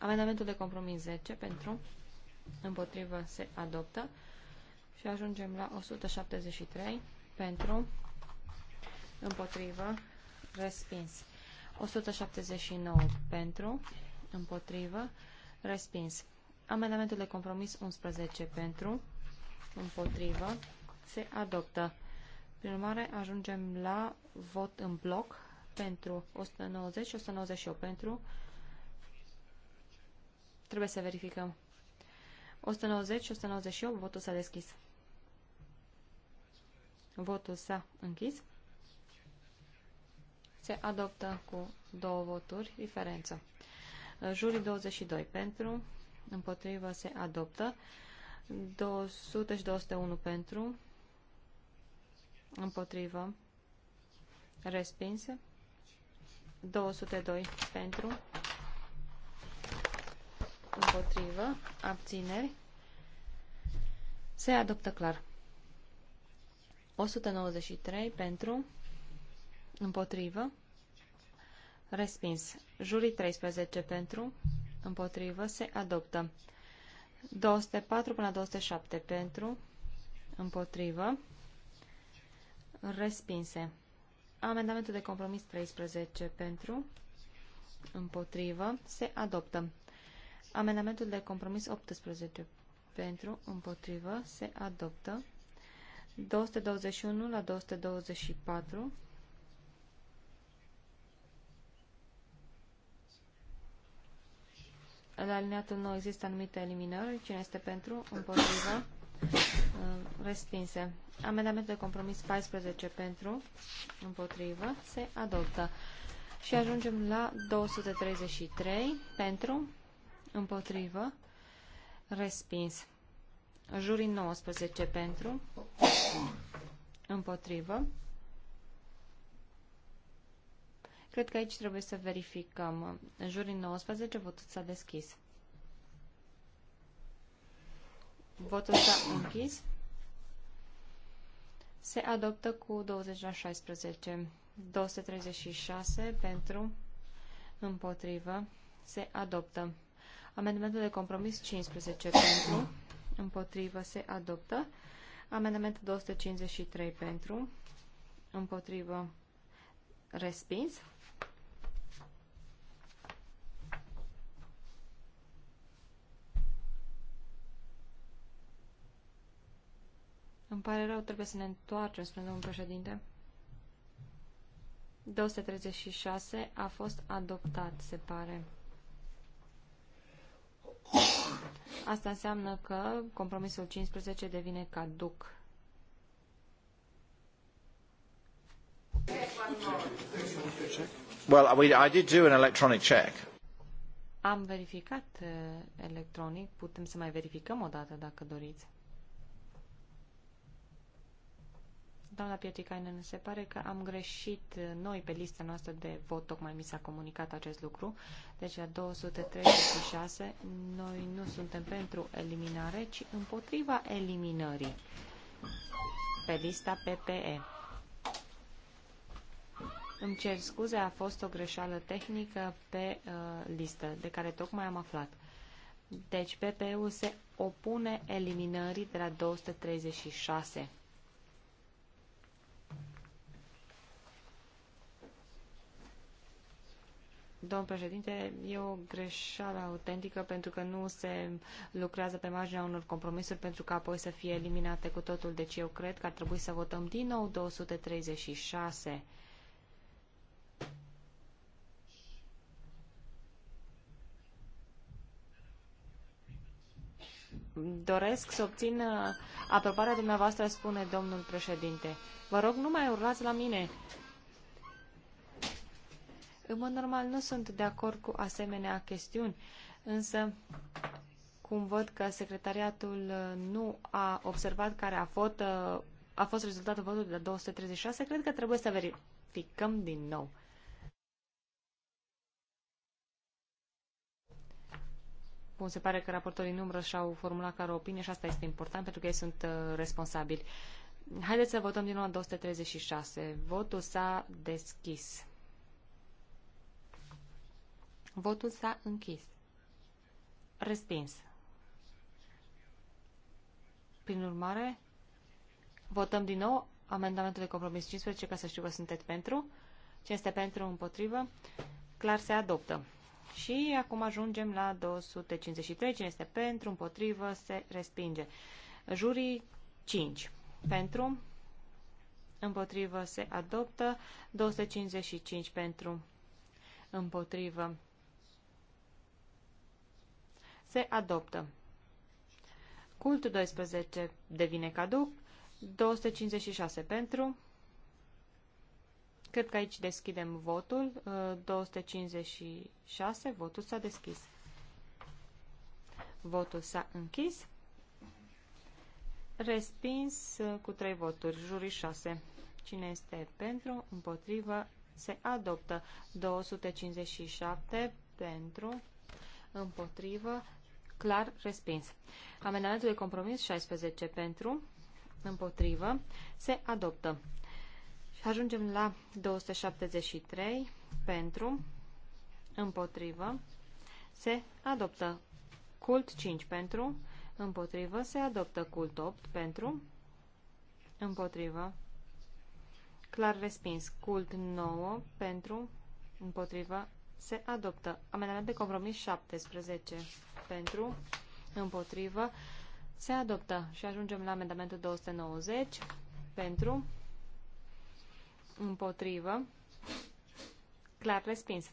Amendamentul de compromis 10 pentru, împotrivă, se adoptă. Și ajungem la 173 pentru, împotrivă, respins. 179 pentru, împotrivă, respins. Amendamentul de compromis 11 pentru, împotrivă, se adoptă. Prin urmare, ajungem la vot în bloc pentru 190 și 198 pentru, Trebuie să verificăm. 190 și 198, votul s-a deschis. Votul s-a închis. Se adoptă cu două voturi diferență. Jurii 22 pentru, împotrivă se adoptă. 200 și 201 pentru, împotrivă, respinse. 202 pentru, Împotrivă. Abțineri. Se adoptă clar. 193 pentru. Împotrivă. Respins. Jurii 13 pentru. Împotrivă. Se adoptă. 204 până 207 pentru. Împotrivă. Respinse. Amendamentul de compromis 13 pentru. Împotrivă. Se adoptă. Amendamentul de compromis 18 pentru, împotrivă, se adoptă. 221 la 224. La alineatul nou există anumite eliminări. Cine este pentru? Împotrivă. Uh, respinse. Amendamentul de compromis 14 pentru, împotrivă, se adoptă. Și ajungem la 233 pentru, împotrivă, respins. Jurii 19 pentru, împotrivă. Cred că aici trebuie să verificăm. Jurii 19, votul s-a deschis. Votul s-a închis. Se adoptă cu 20 la 16. 236 pentru, împotrivă, se adoptă. Amendamentul de compromis 15 pentru, împotrivă, se adoptă. Amendamentul 253 pentru, împotrivă, respins. Îmi pare rău, trebuie să ne întoarcem, spune domnul președinte. 236 a fost adoptat, se pare. Asta înseamnă că compromisul 15 devine caduc. Well, I did do an electronic check. Am verificat uh, electronic, putem să mai verificăm o dată dacă doriți. doamna Pietikainen, se pare că am greșit uh, noi pe lista noastră de vot, tocmai mi s-a comunicat acest lucru. Deci la 236 noi nu suntem pentru eliminare, ci împotriva eliminării pe lista PPE. Îmi cer scuze, a fost o greșeală tehnică pe uh, listă, de care tocmai am aflat. Deci PPE-ul se opune eliminării de la 236. Domn președinte, e o greșeală autentică pentru că nu se lucrează pe marginea unor compromisuri pentru că apoi să fie eliminate cu totul. Deci eu cred că ar trebui să votăm din nou 236. Doresc să obțin uh, aprobarea dumneavoastră, spune domnul președinte. Vă rog, nu mai urlați la mine. În mod normal nu sunt de acord cu asemenea chestiuni, însă cum văd că secretariatul uh, nu a observat care a fost, uh, a fost rezultatul votului de 236, cred că trebuie să verificăm din nou. Cum se pare că raportorii numără și-au formulat care opinie și asta este important pentru că ei sunt uh, responsabili. Haideți să votăm din nou la 236. Votul s-a deschis. Votul s-a închis. Respins. Prin urmare, votăm din nou amendamentul de compromis 15 ca să știu că sunteți pentru. Ce este pentru împotrivă? Clar se adoptă. Și acum ajungem la 253. Cine este pentru, împotrivă, se respinge. Jurii 5. Pentru, împotrivă, se adoptă. 255 pentru, împotrivă, se adoptă. Cultul 12 devine caduc. 256 pentru. Cred că aici deschidem votul. 256. Votul s-a deschis. Votul s-a închis. Respins cu 3 voturi. jurii 6. Cine este pentru? Împotrivă. Se adoptă. 257 pentru. Împotrivă clar respins. Amendamentul de compromis 16 pentru, împotrivă, se adoptă. Și ajungem la 273 pentru, împotrivă, se adoptă. Cult 5 pentru, împotrivă, se adoptă. Cult 8 pentru, împotrivă, clar respins. Cult 9 pentru, împotrivă, se adoptă. Amendament de compromis 17 pentru, împotrivă, se adoptă. Și ajungem la amendamentul 290 pentru, împotrivă, clar respins.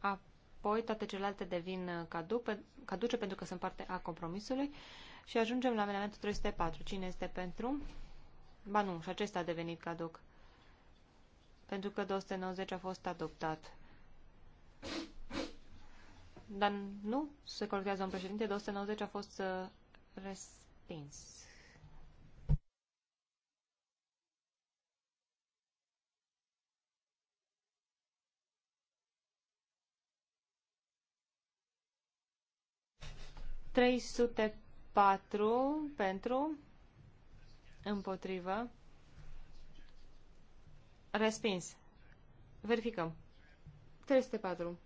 Apoi toate celelalte devin caduce, caduce pentru că sunt parte a compromisului și ajungem la amendamentul 304. Cine este pentru? Ba nu, și acesta a devenit caduc. Pentru că 290 a fost adoptat. Dar nu se corectează un președinte. 290 a fost uh, respins. Trei sute patru pentru împotrivă respins verificăm 304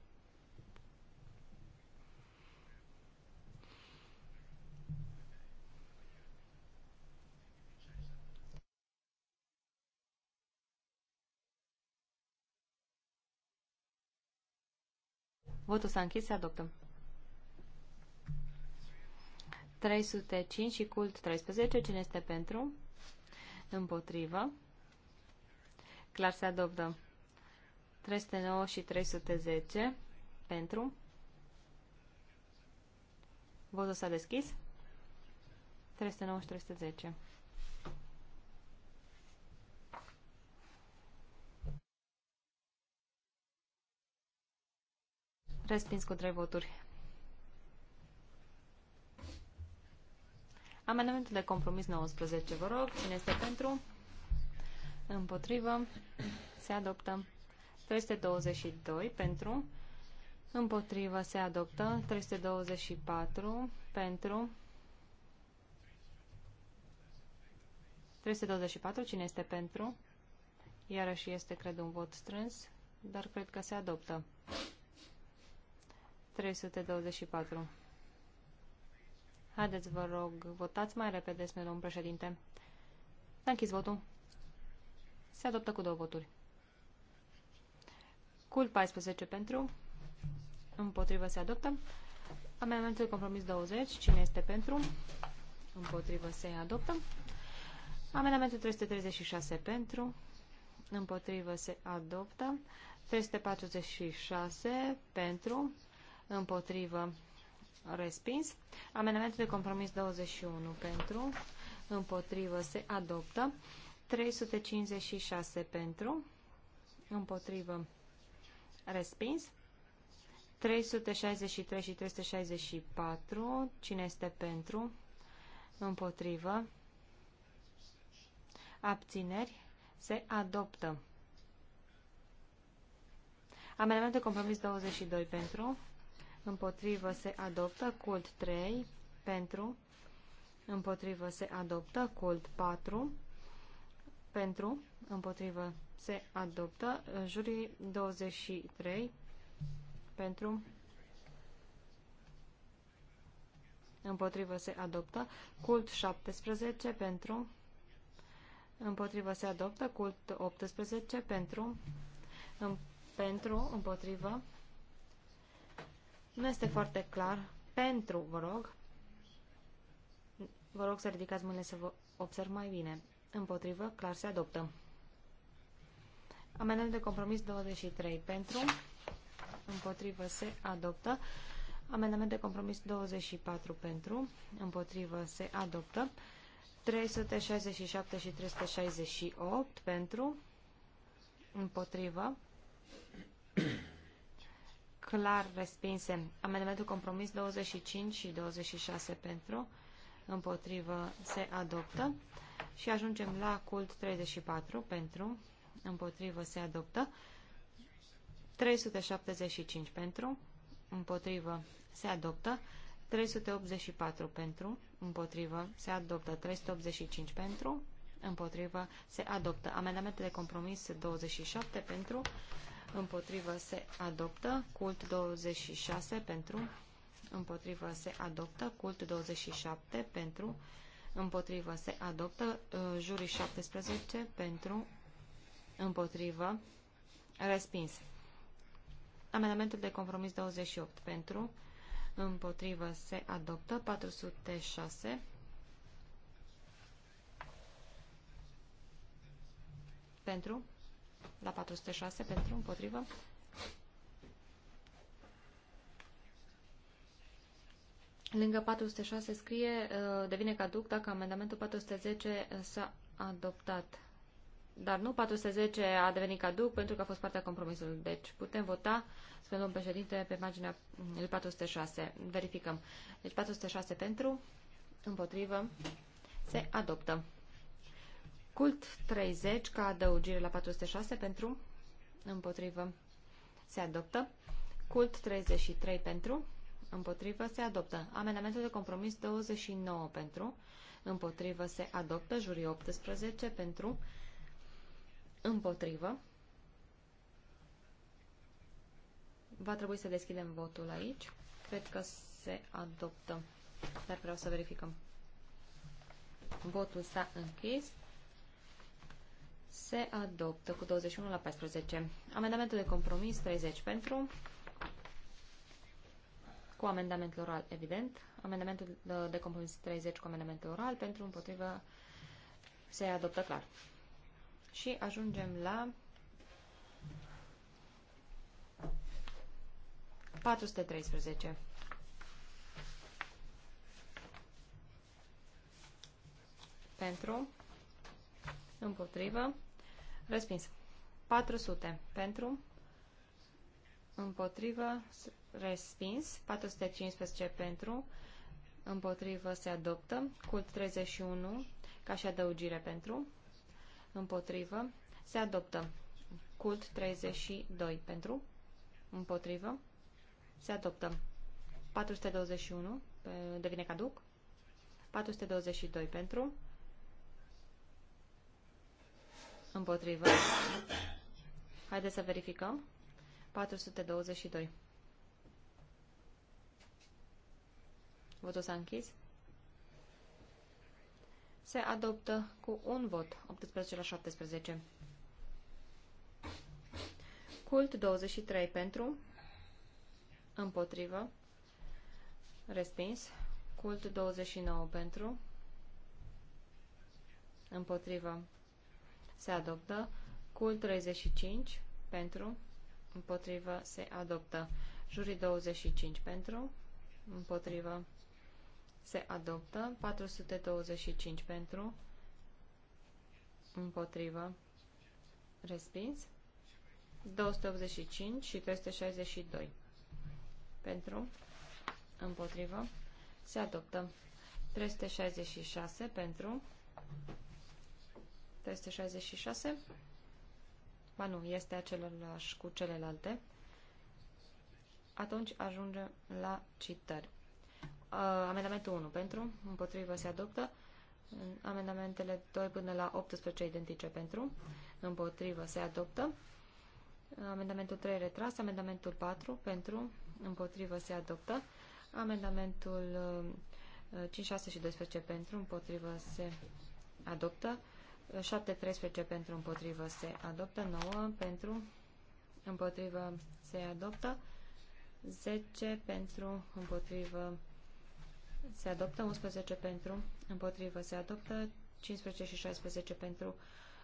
Votul s-a închis, se adoptă. 305 și cult 13. Cine este pentru? Împotrivă. Clar se adoptă. 309 și 310 pentru. Votul s-a deschis. 309 și 310. Respins cu trei voturi. Amendamentul de compromis 19, vă rog. Cine este pentru? Împotrivă. Se adoptă. 322 pentru. Împotrivă se adoptă. 324 pentru. 324, cine este pentru? Iarăși este, cred, un vot strâns, dar cred că se adoptă. 324. Haideți, vă rog, votați mai repede, spune domnul președinte. S-a închis votul. Se adoptă cu două voturi. Cul 14 pentru. Împotrivă se adoptă. Amendamentul compromis 20. Cine este pentru? Împotrivă se adoptă. Amendamentul 336 pentru. Împotrivă se adoptă. 346 pentru împotrivă, respins. Amendamentul de compromis 21 pentru, împotrivă, se adoptă. 356 pentru, împotrivă, respins. 363 și 364, cine este pentru, împotrivă, abțineri, se adoptă. Amendamentul de compromis 22 pentru, împotrivă se adoptă, cult 3 pentru, împotrivă se adoptă, cult 4 pentru, împotrivă se adoptă, jurii 23 pentru, împotrivă se adoptă, cult 17 pentru, împotrivă se adoptă, cult 18 pentru, în, pentru, împotrivă nu este foarte clar. Pentru, vă rog. Vă rog să ridicați mâinile să vă observ mai bine. Împotrivă, clar se adoptă. Amendament de compromis 23. Pentru, împotrivă, se adoptă. Amendament de compromis 24 pentru, împotrivă se adoptă. 367 și 368 pentru, împotrivă, clar respinse. Amendamentul compromis 25 și 26 pentru, împotrivă, se adoptă. Și ajungem la cult 34 pentru, împotrivă, se adoptă. 375 pentru, împotrivă, se adoptă. 384 pentru, împotrivă, se adoptă. 385 pentru, împotrivă, se adoptă. amendamentul de compromis 27 pentru, împotrivă se adoptă, cult 26 pentru, împotrivă se adoptă, cult 27 pentru, împotrivă se adoptă, uh, jurii 17 pentru, împotrivă, respins. Amendamentul de compromis 28 pentru, împotrivă se adoptă, 406 pentru, la 406 pentru, împotrivă. Lângă 406 scrie, uh, devine caduc dacă amendamentul 410 uh, s-a adoptat. Dar nu 410 a devenit caduc pentru că a fost partea compromisului. Deci putem vota, spune domnul președinte, pe marginea 406. Mm, Verificăm. Deci 406 pentru, împotrivă, se adoptă. Cult 30 ca adăugire la 406 pentru împotrivă se adoptă. Cult 33 pentru împotrivă se adoptă. Amendamentul de compromis 29 pentru împotrivă se adoptă. Jurii 18 pentru împotrivă. Va trebui să deschidem votul aici. Cred că se adoptă, dar vreau să verificăm. Votul s-a închis se adoptă cu 21 la 14. Amendamentul de compromis 30 pentru, cu amendamentul oral, evident. Amendamentul uh, de compromis 30 cu amendamentul oral pentru împotrivă se adoptă clar. Și ajungem la 413. Pentru Împotrivă. Respins. 400 pentru. Împotrivă. Respins. 415 pentru. Împotrivă se adoptă. Cult 31 ca și adăugire pentru. Împotrivă. Se adoptă. Cult 32 pentru. Împotrivă. Se adoptă. 421 devine caduc. 422 pentru. Împotrivă. Haideți să verificăm. 422. Votul s-a închis. Se adoptă cu un vot, 18 la 17. Cult 23 pentru, împotrivă, respins. Cult 29 pentru, împotrivă, se adoptă. Cul 35 pentru, împotrivă, se adoptă. Jurii 25 pentru, împotrivă, se adoptă. 425 pentru, împotrivă, respins. 285 și 362 pentru, împotrivă, se adoptă. 366 pentru, 366. Ba nu, este același cu celelalte. Atunci ajungem la citări. Uh, amendamentul 1 pentru, împotrivă se adoptă. Amendamentele 2 până la 18 identice pentru, împotrivă se adoptă. Amendamentul 3 retras, amendamentul 4 pentru, împotrivă se adoptă. Amendamentul 5, uh, 6 și 12 pentru, împotrivă se adoptă. 7-13 pentru împotrivă se adoptă, 9 pentru împotrivă se adoptă, 10 pentru împotrivă se adoptă, 11 pentru împotrivă se adoptă, 15 și 16 pentru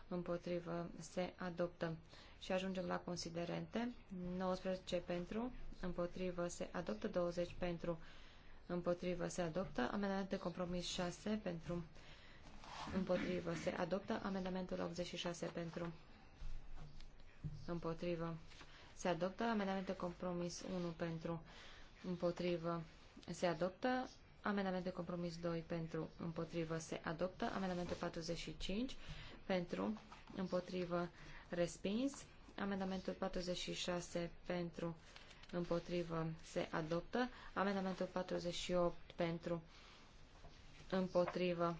împotrivă se adoptă. Și ajungem la considerente. 19 pentru împotrivă se adoptă, 20 pentru împotrivă se adoptă, amendament compromis 6 pentru împotrivă Împotrivă. Se adoptă amendamentul 86 pentru. Împotrivă. Se adoptă amendamentul compromis 1 pentru. Împotrivă. Se adoptă amendamentul compromis 2 pentru. Împotrivă. Se adoptă amendamentul 45 pentru. Împotrivă. Respins. Amendamentul 46 pentru. Împotrivă. Se adoptă. Amendamentul 48 pentru. Împotrivă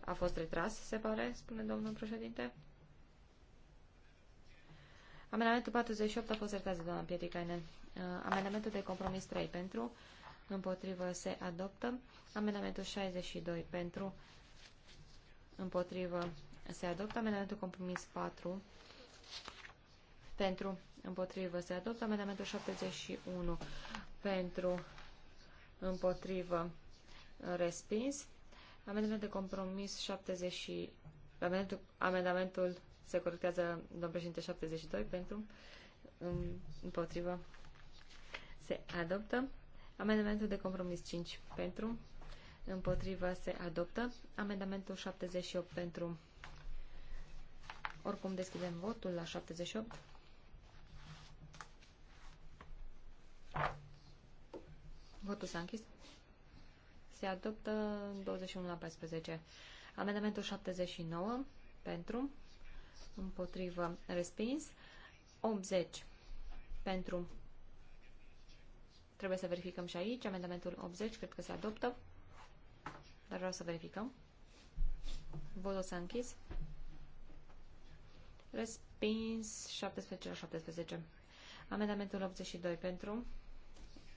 a fost retras, se pare, spune domnul președinte. Amendamentul 48 a fost retras de doamna Pietricainen. Uh, amendamentul de compromis 3 pentru, împotrivă se adoptă. Amendamentul 62 pentru, împotrivă se adoptă. Amendamentul compromis 4 pentru, împotrivă se adoptă. Amendamentul 71 pentru, împotrivă respins. Amendamentul de compromis 70 și... Amendamentul, amendamentul se corectează, domn președinte, 72 pentru, împotrivă, se adoptă. Amendamentul de compromis 5 pentru, împotrivă, se adoptă. Amendamentul 78 pentru, oricum deschidem votul la 78. Votul s-a închis se adoptă 21 la 14. Amendamentul 79 pentru, împotrivă, respins. 80 pentru, trebuie să verificăm și aici, amendamentul 80 cred că se adoptă, dar vreau să verificăm. Votul s-a închis. Respins 17 la 17. Amendamentul 82 pentru,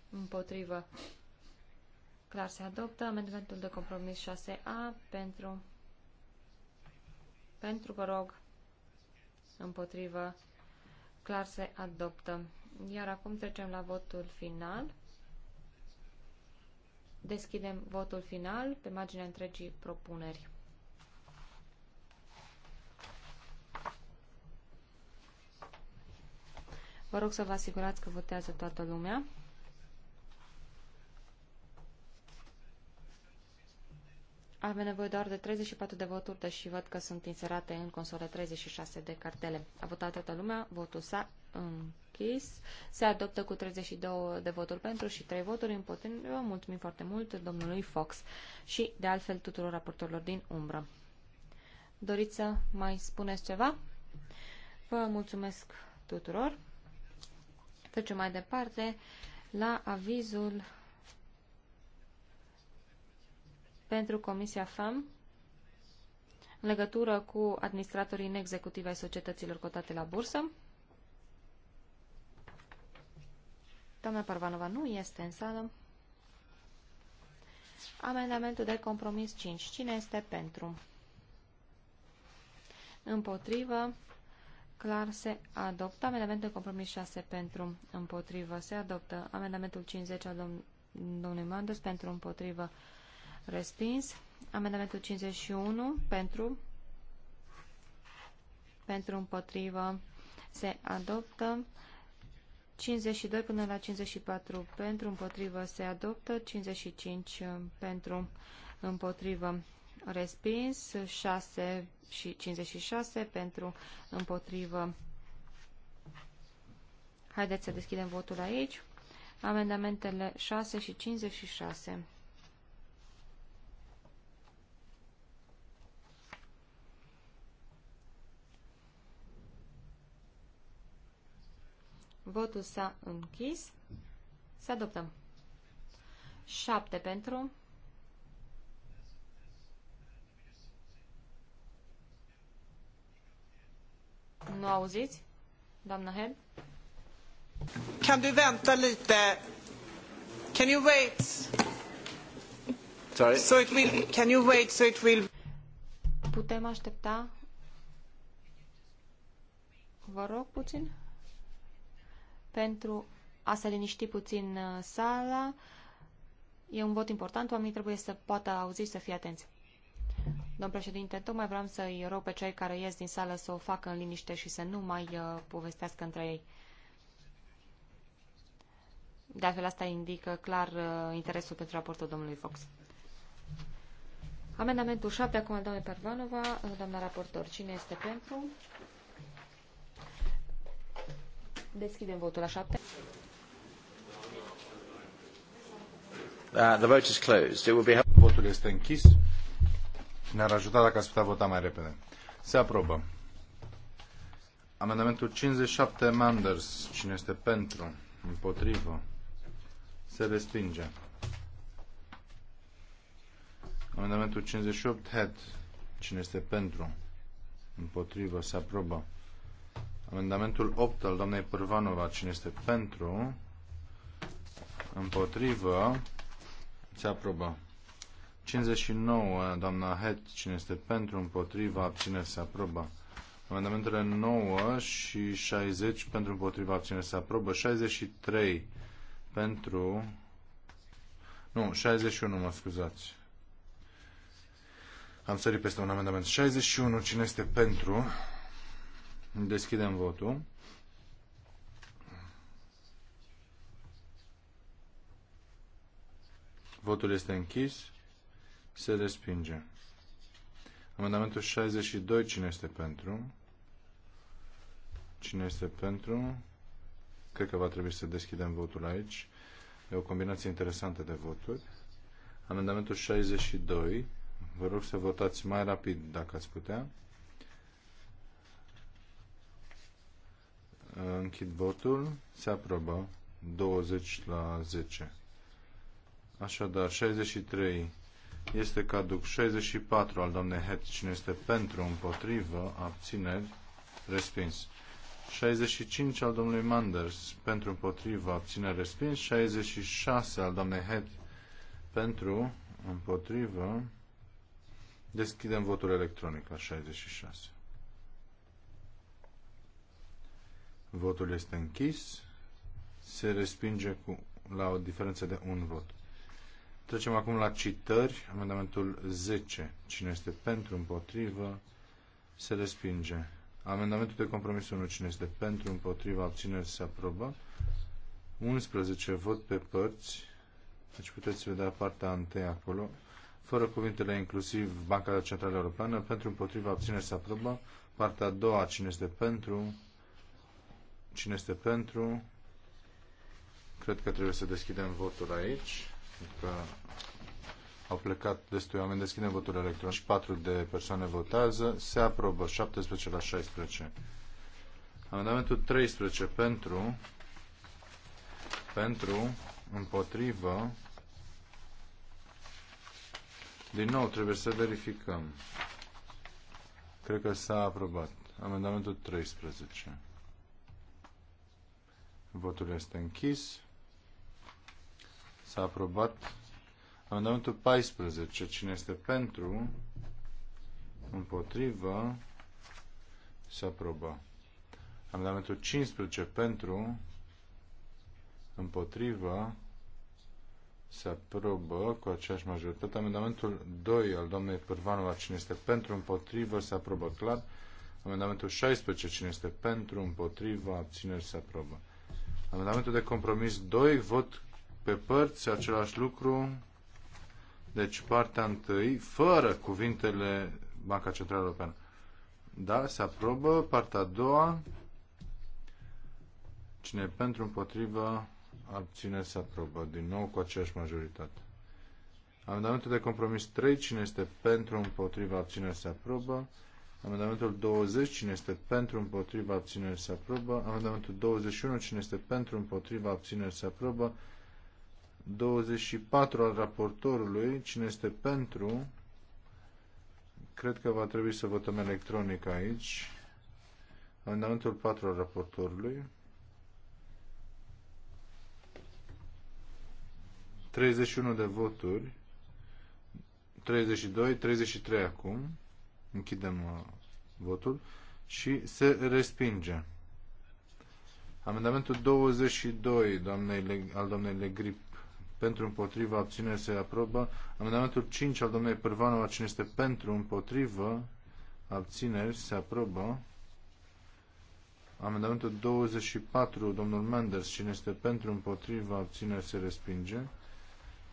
împotrivă, Clar se adoptă. Amendamentul de compromis 6A pentru, pentru vă rog, împotrivă. Clar se adoptă. Iar acum trecem la votul final. Deschidem votul final pe marginea întregii propuneri. Vă rog să vă asigurați că votează toată lumea. Avem nevoie doar de 34 de voturi, deși văd că sunt inserate în console 36 de cartele. A votat toată lumea, votul s-a închis. Se adoptă cu 32 de voturi pentru și 3 voturi împotriva. Mulțumim foarte mult domnului Fox și de altfel tuturor raportorilor din umbră. Doriți să mai spuneți ceva? Vă mulțumesc tuturor. Trecem mai departe la avizul pentru Comisia FAM în legătură cu administratorii inexecutivi ai societăților cotate la bursă. Doamna Parvanova nu este în sală. Amendamentul de compromis 5. Cine este pentru? Împotrivă. Clar se adoptă. Amendamentul de compromis 6 pentru împotrivă se adoptă. Amendamentul 50 al domnului Mandus pentru împotrivă Respins. Amendamentul 51 pentru pentru împotrivă se adoptă. 52 până la 54 pentru împotrivă se adoptă. 55 pentru împotrivă respins. 6 și 56 pentru împotrivă. Haideți să deschidem votul aici. Amendamentele 6 și 56. Votul s-a închis. Să adoptăm. 7 pentru. Nu auziți, doamna Head? Can du vänta lite? Can you wait? Sorry. So it will, can you wait so it will... Putem aștepta? Vă rog puțin pentru a se liniști puțin uh, sala. E un vot important, oamenii trebuie să poată auzi și să fie atenți. Domn președinte, tocmai vreau să-i rog pe cei care ies din sală să o facă în liniște și să nu mai uh, povestească între ei. De altfel, asta indică clar uh, interesul pentru raportul domnului Fox. Amendamentul 7, acum doamne Pervanova, uh, doamna raportor, cine este pentru? Deschidem votul la șapte. Uh, the vote is closed. It will be... Votul este închis. Ne-ar ajuta dacă ați putea vota mai repede. Se aprobă. Amendamentul 57 Manders. Cine este pentru? Împotrivă. Se respinge. Amendamentul 58 Head. Cine este pentru? Împotrivă. Se aprobă. Amendamentul 8 al doamnei Pârvanova, cine este pentru, împotrivă, se aprobă. 59, doamna Het, cine este pentru, împotrivă, abține, se aprobă. Amendamentele 9 și 60 pentru împotrivă, abține se aprobă. 63 pentru... Nu, 61, mă scuzați. Am sărit peste un amendament. 61, cine este pentru? Deschidem votul. Votul este închis. Se respinge. Amendamentul 62. Cine este pentru? Cine este pentru? Cred că va trebui să deschidem votul aici. E o combinație interesantă de voturi. Amendamentul 62. Vă rog să votați mai rapid dacă ați putea. Închid votul. Se aprobă 20 la 10. Așadar, 63 este caduc 64 al doamnei Het. Cine este pentru, împotrivă, abțineri, respins. 65 al domnului Manders, pentru, împotrivă, abțineri, respins. 66 al doamnei Het, pentru, împotrivă. Deschidem votul electronic la 66. Votul este închis. Se respinge cu, la o diferență de un vot. Trecem acum la citări. Amendamentul 10. Cine este pentru, împotrivă, se respinge. Amendamentul de compromis 1. Cine este pentru, împotrivă, abțineri, se aprobă. 11. Vot pe părți. Deci puteți vedea partea întâi acolo. Fără cuvintele inclusiv Banca Centrală Europeană. Pentru, împotrivă, abțineri, se aprobă. Partea a doua. Cine este pentru, Cine este pentru? Cred că trebuie să deschidem votul aici. Că au plecat destui oameni. Deschidem votul electronic. 4 de persoane votează. Se aprobă 17 la 16. Amendamentul 13 pentru pentru împotrivă din nou trebuie să verificăm. Cred că s-a aprobat. Amendamentul 13. Votul este închis. S-a aprobat amendamentul 14. Cine este pentru? Împotrivă? Se aprobă. Amendamentul 15 pentru? Împotrivă? Se aprobă cu aceeași majoritate. Amendamentul 2 al doamnei Pârvanova. Cine este pentru? Împotrivă? Se aprobă clar. Amendamentul 16. Cine este pentru? Împotrivă? Abțineri? Se aprobă. Amendamentul de compromis 2, vot pe părți, același lucru. Deci partea întâi, fără cuvintele Banca Centrală Europeană. Da, se aprobă. Partea a doua, cine pentru, împotrivă, abține, se aprobă. Din nou cu aceeași majoritate. Amendamentul de compromis 3, cine este pentru, împotrivă, abține, se aprobă. Amendamentul 20, cine este pentru, împotriva, abținere se aprobă. Amendamentul 21, cine este pentru, împotriva, abținere se aprobă. 24 al raportorului, cine este pentru, cred că va trebui să votăm electronic aici. Amendamentul 4 al raportorului. 31 de voturi. 32, 33 acum. Închidem uh, votul și se respinge. Amendamentul 22 doamnei, al doamnei Legrip pentru împotrivă, abține se aprobă. Amendamentul 5 al doamnei Pârvanova, cine este pentru împotrivă, abțineri se aprobă. Amendamentul 24, domnul Menders, cine este pentru împotrivă, abțineri se respinge.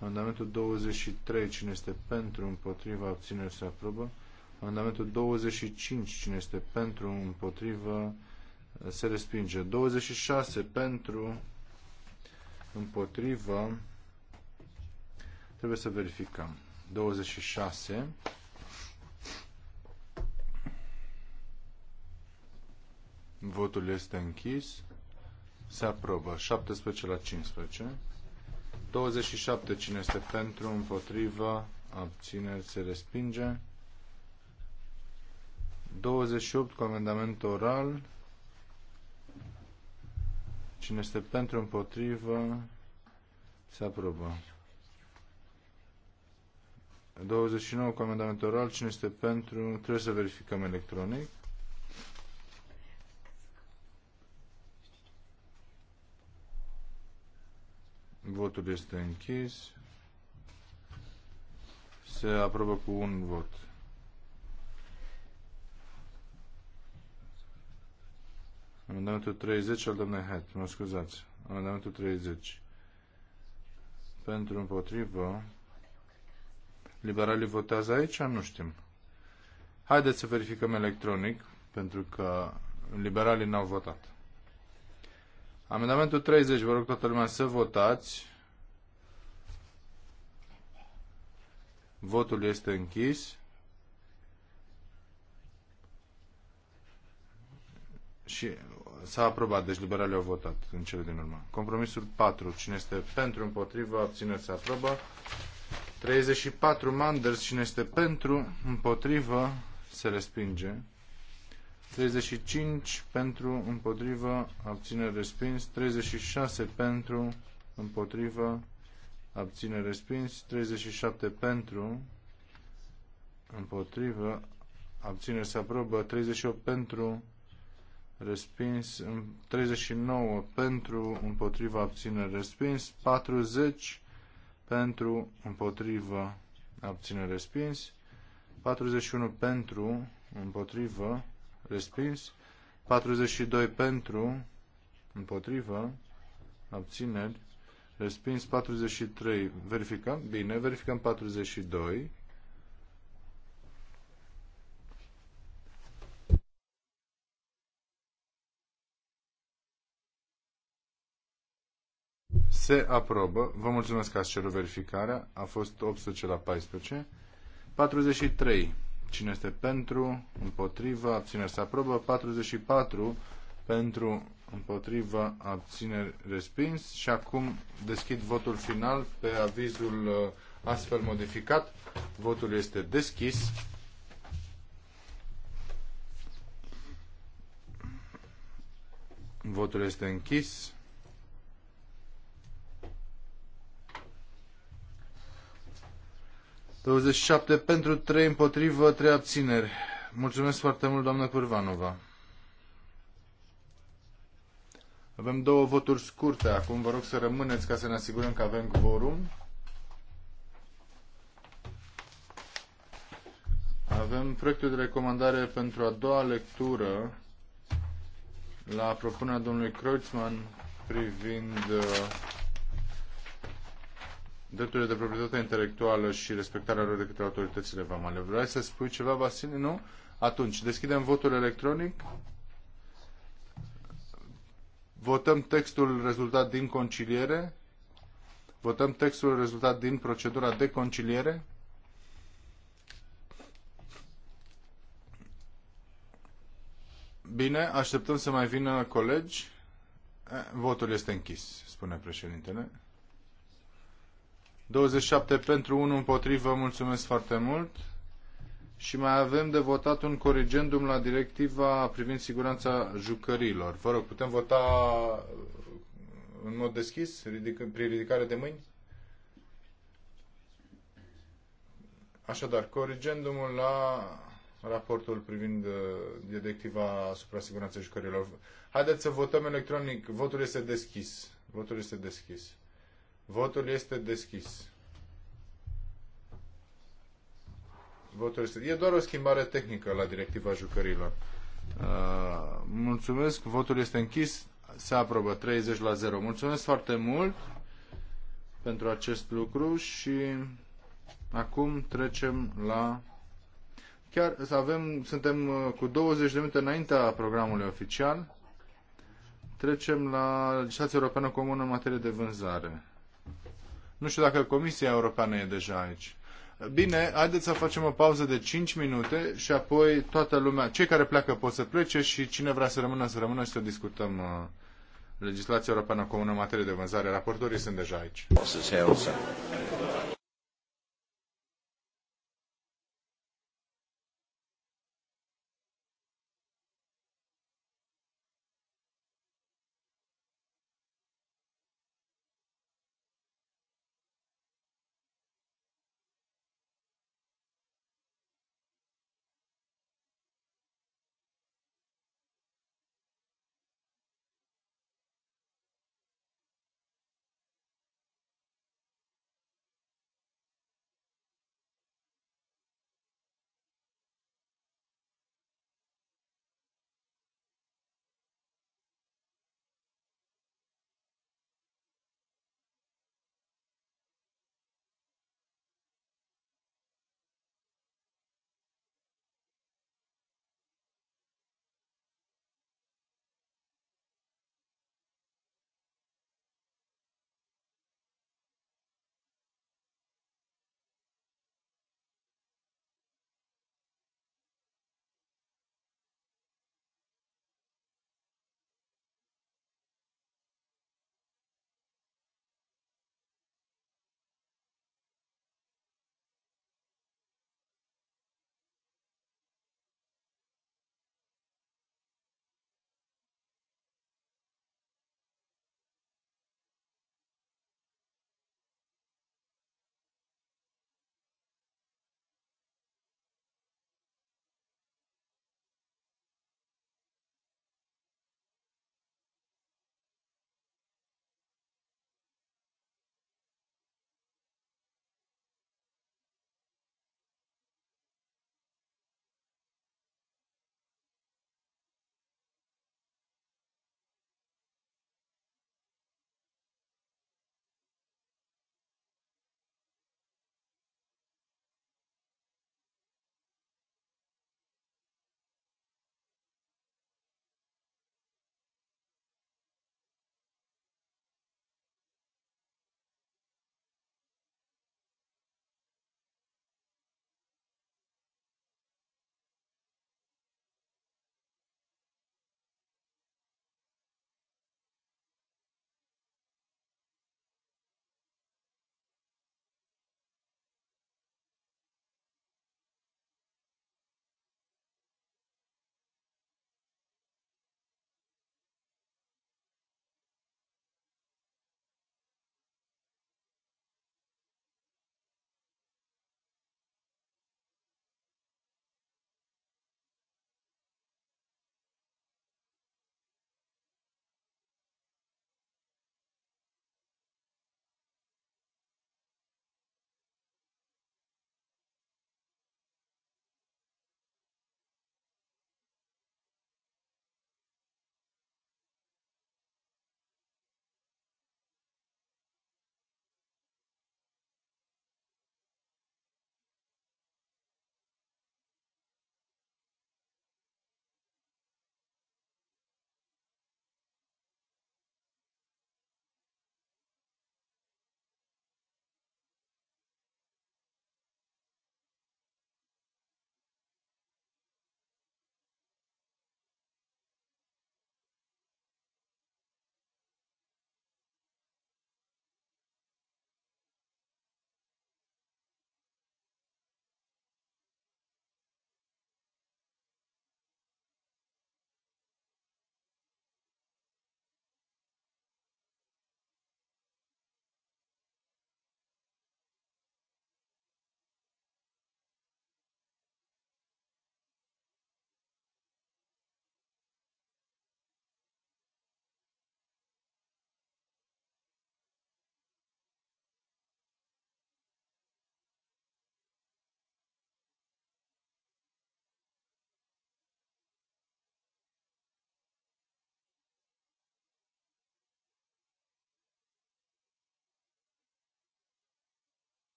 Amendamentul 23, cine este pentru împotrivă, abțineri se aprobă. Amendamentul 25, cine este pentru, împotrivă, se respinge. 26 pentru, împotrivă, trebuie să verificăm. 26. Votul este închis. Se aprobă. 17 la 15. 27. Cine este pentru, împotrivă, abțineri, se respinge. 28 cu amendament oral. Cine este pentru, împotrivă, se aprobă. 29 cu amendament oral. Cine este pentru, trebuie să verificăm electronic. Votul este închis. Se aprobă cu un vot. Amendamentul 30 al domnului Het. Mă scuzați. Amendamentul 30. Pentru împotrivă. Liberalii votează aici? Nu știm. Haideți să verificăm electronic, pentru că liberalii n-au votat. Amendamentul 30, vă rog toată lumea să votați. Votul este închis. Și s-a aprobat, deci liberalii au votat în cele din urmă. Compromisul 4. Cine este pentru, împotrivă, abține, se aprobă. 34. Manders. Cine este pentru, împotrivă, se respinge. 35 pentru, împotrivă, abține, respins. 36 pentru, împotrivă, abține, respins. 37 pentru, împotrivă, abține, se aprobă. 38 pentru, respins, 39 pentru, împotriva abține respins, 40 pentru, împotriva abține respins, 41 pentru, împotriva respins, 42 pentru, împotriva abțineri, respins, 43, verificăm, bine, verificăm 42, Se aprobă. Vă mulțumesc că ați cerut verificarea. A fost 18 la 14. 43. Cine este pentru? Împotrivă. Abțineri. Se aprobă. 44. Pentru. Împotrivă. Abțineri. Respins. Și acum deschid votul final pe avizul uh, astfel modificat. Votul este deschis. Votul este închis. 27 pentru, 3 împotrivă, 3 abțineri. Mulțumesc foarte mult, doamnă Curvanova. Avem două voturi scurte acum. Vă rog să rămâneți ca să ne asigurăm că avem quorum. Avem proiectul de recomandare pentru a doua lectură la propunerea domnului Kreutzmann privind uh, drepturile de proprietate intelectuală și respectarea lor de către autoritățile vamale. Vrei să spui ceva, Vasile? Nu? Atunci, deschidem votul electronic. Votăm textul rezultat din conciliere. Votăm textul rezultat din procedura de conciliere. Bine, așteptăm să mai vină colegi. Eh, votul este închis, spune președintele. 27 pentru 1 împotrivă, mulțumesc foarte mult. Și mai avem de votat un corigendum la directiva privind siguranța jucărilor. Vă rog, putem vota în mod deschis, ridic, prin ridicare de mâini? Așadar, corigendumul la raportul privind uh, directiva asupra siguranței jucărilor. Haideți să votăm electronic. Votul este deschis. Votul este deschis. Votul este deschis. Votul este... E doar o schimbare tehnică la directiva jucărilor. Uh, mulțumesc, votul este închis. Se aprobă 30 la 0. Mulțumesc foarte mult pentru acest lucru și acum trecem la chiar să avem, suntem uh, cu 20 de minute înaintea programului oficial. Trecem la legislația europeană comună în materie de vânzare. Nu știu dacă Comisia Europeană e deja aici. Bine, haideți să facem o pauză de 5 minute și apoi toată lumea, cei care pleacă pot să plece și cine vrea să rămână, să rămână și să discutăm uh, legislația europeană comună în materie de vânzare. Raportorii sunt deja aici.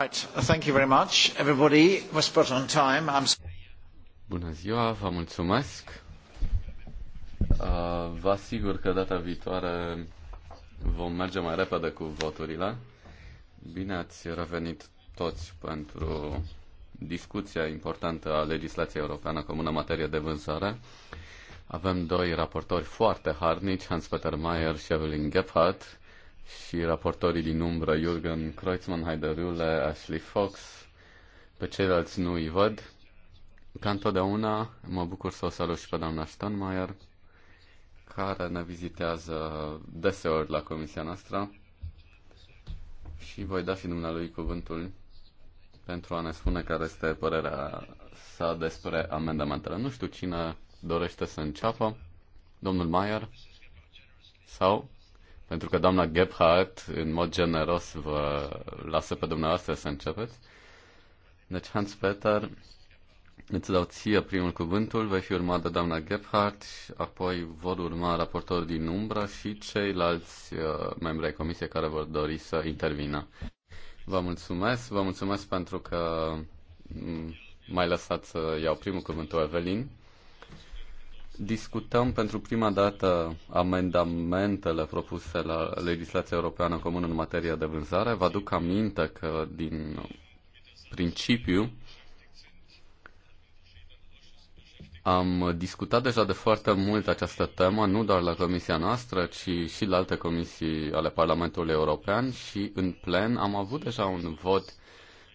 Thank you very much. Everybody was put on time. I'm... Bună ziua, vă mulțumesc. Uh, vă asigur că data viitoare vom merge mai repede cu voturile. Bine ați revenit toți pentru discuția importantă a legislației europeană comună în materie de vânzare. Avem doi raportori foarte harnici, Hans-Peter Mayer și Evelyn Gebhardt și raportorii din umbră, Jürgen Kreutzmann, Haider Rule, Ashley Fox, pe ceilalți nu îi văd. Ca întotdeauna, mă bucur să o salut și pe doamna Steinmeier, care ne vizitează deseori la comisia noastră și voi da și dumnealui cuvântul pentru a ne spune care este părerea sa despre amendamentele. Nu știu cine dorește să înceapă, domnul Maier sau pentru că doamna Gebhardt, în mod generos, vă lasă pe dumneavoastră să începeți. Deci, Hans Peter, îți dau ție primul cuvântul, vei fi urmat de doamna Gebhardt, apoi vor urma raportori din umbră și ceilalți uh, membri ai comisiei care vor dori să intervină. Vă mulțumesc, vă mulțumesc pentru că mai lăsat să iau primul cuvântul, Evelin. Discutăm pentru prima dată amendamentele propuse la legislația europeană comună în materie de vânzare. Vă aduc aminte că, din principiu, am discutat deja de foarte mult această temă, nu doar la comisia noastră, ci și la alte comisii ale Parlamentului European și în plen am avut deja un vot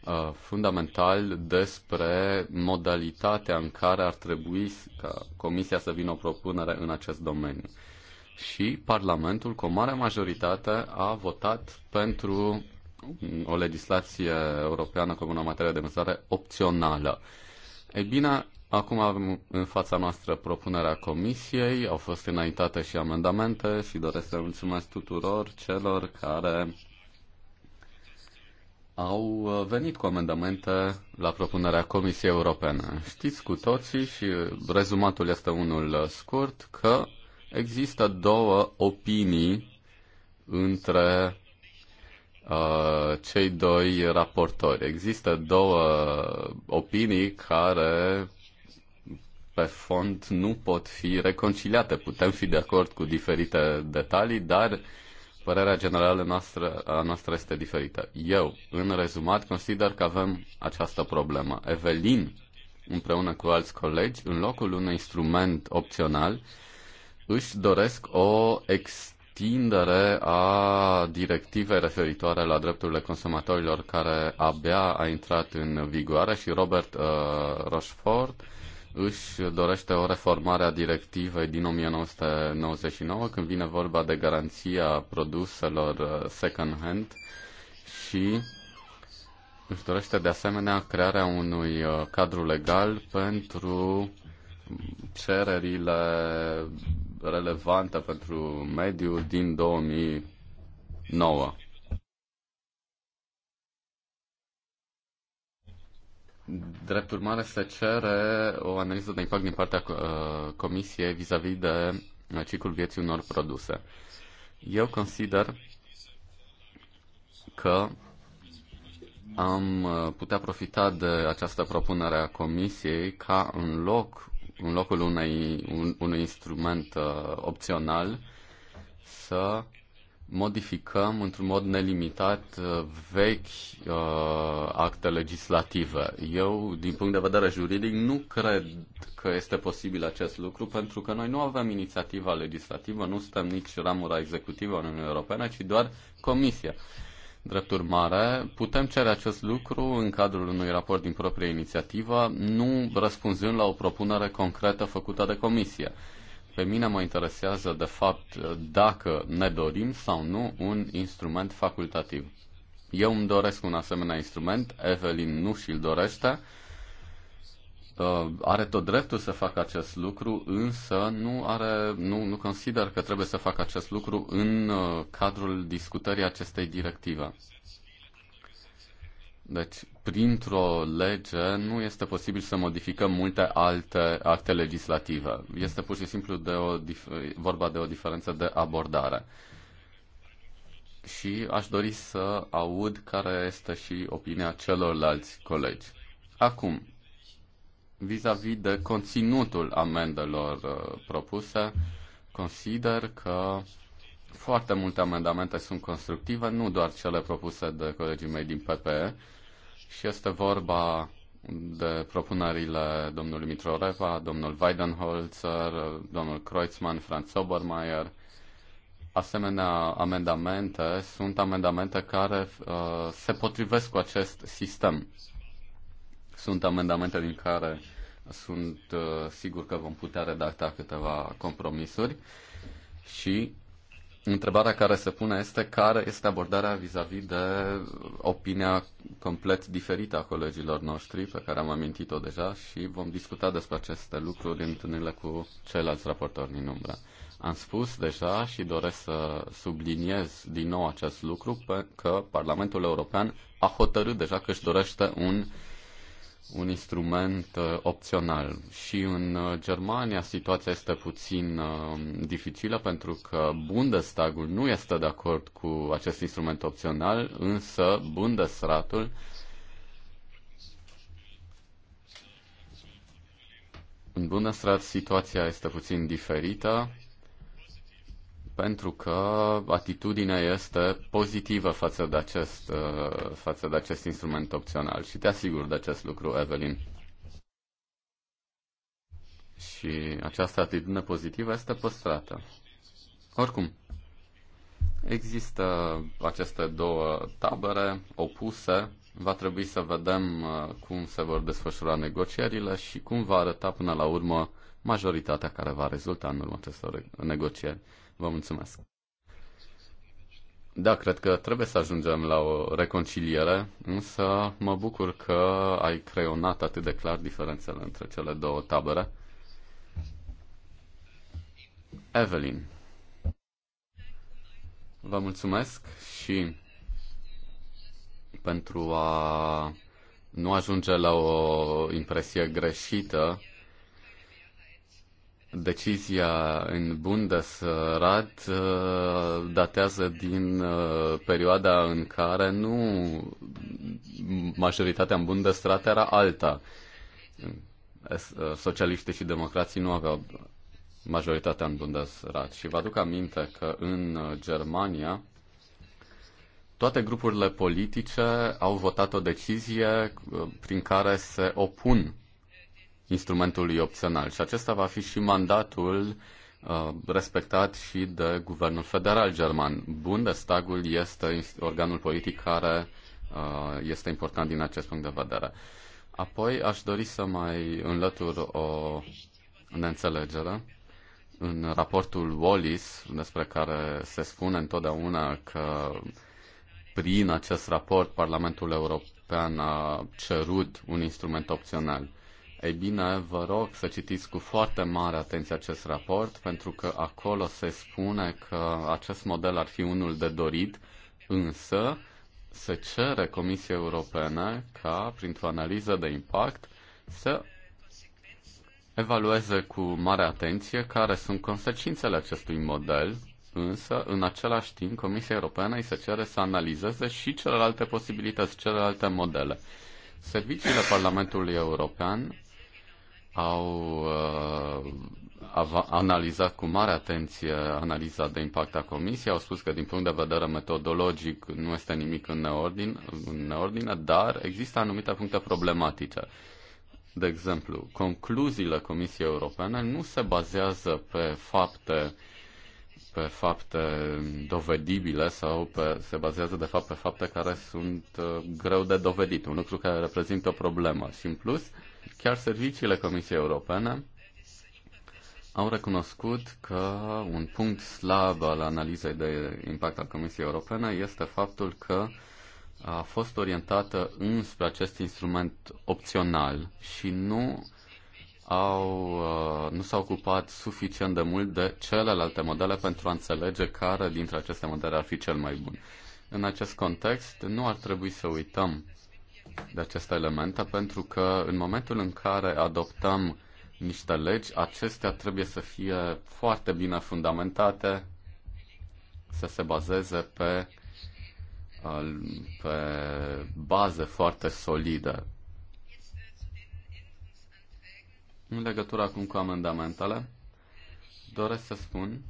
Uh, fundamental despre modalitatea în care ar trebui ca Comisia să vină o propunere în acest domeniu. Și Parlamentul, cu o mare majoritate, a votat pentru o legislație europeană comună în materie de măsurare opțională. Ei bine, acum avem în fața noastră propunerea Comisiei, au fost înaintate și amendamente și doresc să mulțumesc tuturor celor care au uh, venit cu amendamente la propunerea Comisiei Europene. Știți cu toții și uh, rezumatul este unul uh, scurt că există două opinii între uh, cei doi raportori. Există două opinii care pe fond nu pot fi reconciliate. Putem fi de acord cu diferite detalii, dar părerea generală noastră, a noastră este diferită. Eu, în rezumat, consider că avem această problemă. Evelin, împreună cu alți colegi, în locul unui instrument opțional, își doresc o extindere a directivei referitoare la drepturile consumatorilor care abia a intrat în vigoare și Robert uh, Rochefort uh, își dorește o reformare a directivei din 1999 când vine vorba de garanția produselor uh, second-hand și își dorește de asemenea crearea unui uh, cadru legal pentru cererile relevante pentru mediu din 2009. Drept urmare, se cere o analiză de impact din partea uh, Comisiei vis-a-vis de uh, ciclul vieții unor produse. Eu consider că am uh, putea profita de această propunere a Comisiei ca în loc în locul unei, un, unui instrument uh, opțional să modificăm într-un mod nelimitat uh, vechi uh, acte legislative. Eu, din punct de vedere juridic, nu cred că este posibil acest lucru, pentru că noi nu avem inițiativa legislativă, nu suntem nici ramura executivă în Uniunea Europeană, ci doar Comisia. Drept urmare, putem cere acest lucru în cadrul unui raport din proprie inițiativă, nu răspunzând la o propunere concretă făcută de Comisie. Pe mine mă interesează, de fapt, dacă ne dorim sau nu un instrument facultativ. Eu îmi doresc un asemenea instrument, Evelyn nu și-l dorește, uh, are tot dreptul să facă acest lucru, însă nu, are, nu, nu consider că trebuie să facă acest lucru în uh, cadrul discutării acestei directive. Deci, printr-o lege nu este posibil să modificăm multe alte acte legislative. Este pur și simplu de o, vorba de o diferență de abordare. Și aș dori să aud care este și opinia celorlalți colegi. Acum, vis-a-vis -vis de conținutul amendelor uh, propuse, consider că foarte multe amendamente sunt constructive, nu doar cele propuse de colegii mei din PPE, și este vorba de propunerile domnului Mitroreva, domnul Weidenholzer, domnul Kreutzmann, Franz Obermeier. Asemenea, amendamente sunt amendamente care uh, se potrivesc cu acest sistem. Sunt amendamente din care sunt uh, sigur că vom putea redacta câteva compromisuri și Întrebarea care se pune este care este abordarea vis-a-vis -vis de opinia complet diferită a colegilor noștri, pe care am amintit-o deja, și vom discuta despre aceste lucruri în întâlnirile cu ceilalți raportori din umbră. Am spus deja și doresc să subliniez din nou acest lucru, că Parlamentul European a hotărât deja că își dorește un uh, un instrument uh, opțional. Și în uh, Germania situația este puțin uh, dificilă pentru că Bundestagul nu este de acord cu acest instrument opțional, însă Bundesratul În Bundesrat situația este puțin diferită pentru că atitudinea este pozitivă față de acest, uh, față de acest instrument opțional și te asigur de acest lucru, Evelyn. Și această atitudine pozitivă este păstrată. Oricum, există aceste două tabere opuse. Va trebui să vedem uh, cum se vor desfășura negocierile și cum va arăta până la urmă majoritatea care va rezulta în urma acestor negocieri. Vă mulțumesc. Da, cred că trebuie să ajungem la o reconciliere, însă mă bucur că ai creionat atât de clar diferențele între cele două tabere. Evelyn, vă mulțumesc și pentru a nu ajunge la o impresie greșită Decizia în Bundesrat uh, datează din uh, perioada în care nu majoritatea în Bundesrat era alta. Uh, socialiștii și democrații nu aveau majoritatea în Bundesrat. Și vă aduc aminte că în Germania toate grupurile politice au votat o decizie prin care se opun instrumentului opțional. Și acesta va fi și mandatul uh, respectat și de guvernul federal german. Bundestagul este organul politic care uh, este important din acest punct de vedere. Apoi aș dori să mai înlătur o neînțelegere. În raportul Wallis, despre care se spune întotdeauna că prin acest raport Parlamentul European a cerut un instrument opțional. Ei bine, vă rog să citiți cu foarte mare atenție acest raport, pentru că acolo se spune că acest model ar fi unul de dorit, însă se cere Comisiei Europene ca, printr-o analiză de impact, să evalueze cu mare atenție care sunt consecințele acestui model, însă, în același timp, Comisia Europeană îi se cere să analizeze și celelalte posibilități, celelalte modele. Serviciile Parlamentului European au uh, analizat cu mare atenție analiza de impact a comisiei, au spus că din punct de vedere metodologic nu este nimic în neordine, în neordine dar există anumite puncte problematice. De exemplu, concluziile Comisiei Europene nu se bazează pe fapte pe fapte dovedibile sau pe, se bazează de fapt pe fapte care sunt uh, greu de dovedit, un lucru care reprezintă o problemă. Și în plus, uh, Chiar serviciile Comisiei Europene au recunoscut că un punct slab al analizei de impact al Comisiei Europene este faptul că a fost orientată înspre acest instrument opțional și nu au, uh, nu s-au ocupat suficient de mult de celelalte modele pentru a înțelege care dintre aceste modele ar fi cel mai bun. În acest context, nu ar trebui să uităm de aceste elemente, pentru că în momentul în care adoptăm niște legi, acestea trebuie să fie foarte bine fundamentate, să se bazeze pe, pe baze foarte solide. În legătură acum cu amendamentele, doresc să spun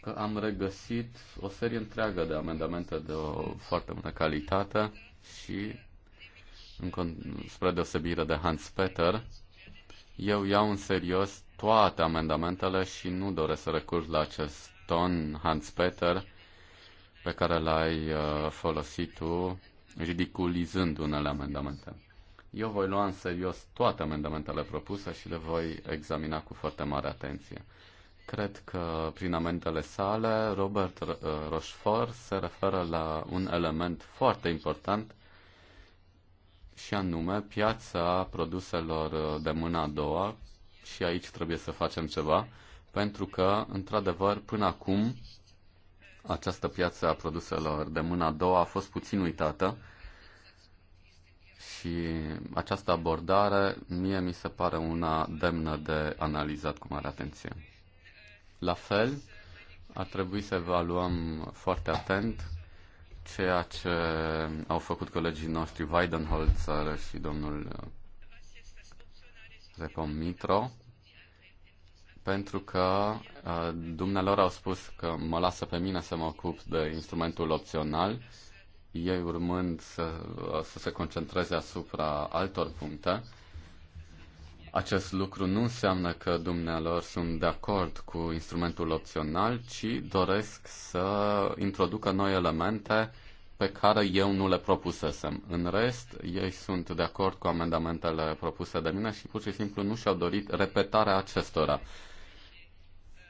că am regăsit o serie întreagă de amendamente de o foarte bună calitate și, în, spre deosebire de Hans Peter, eu iau în serios toate amendamentele și nu doresc să recurg la acest ton Hans Peter pe care l-ai uh, folosit tu, ridiculizând unele amendamente. Eu voi lua în serios toate amendamentele propuse și le voi examina cu foarte mare atenție. Cred că prin amendele sale, Robert uh, Rochefort se referă la un element foarte important și anume piața produselor uh, de mâna a doua și aici trebuie să facem ceva pentru că, într-adevăr, până acum această piață a produselor de mâna a doua a fost puțin uitată și această abordare mie mi se pare una demnă de analizat cu mare atenție. La fel, ar trebui să evaluăm foarte atent ceea ce au făcut colegii noștri Weidenholzer și domnul uh, Repom Mitro, pentru că uh, dumnealor au spus că mă lasă pe mine să mă ocup de instrumentul opțional, ei urmând să, uh, să se concentreze asupra altor puncte acest lucru nu înseamnă că dumnealor sunt de acord cu instrumentul opțional, ci doresc să introducă noi elemente pe care eu nu le propusesem. În rest, ei sunt de acord cu amendamentele propuse de mine și pur și simplu nu și-au dorit repetarea acestora.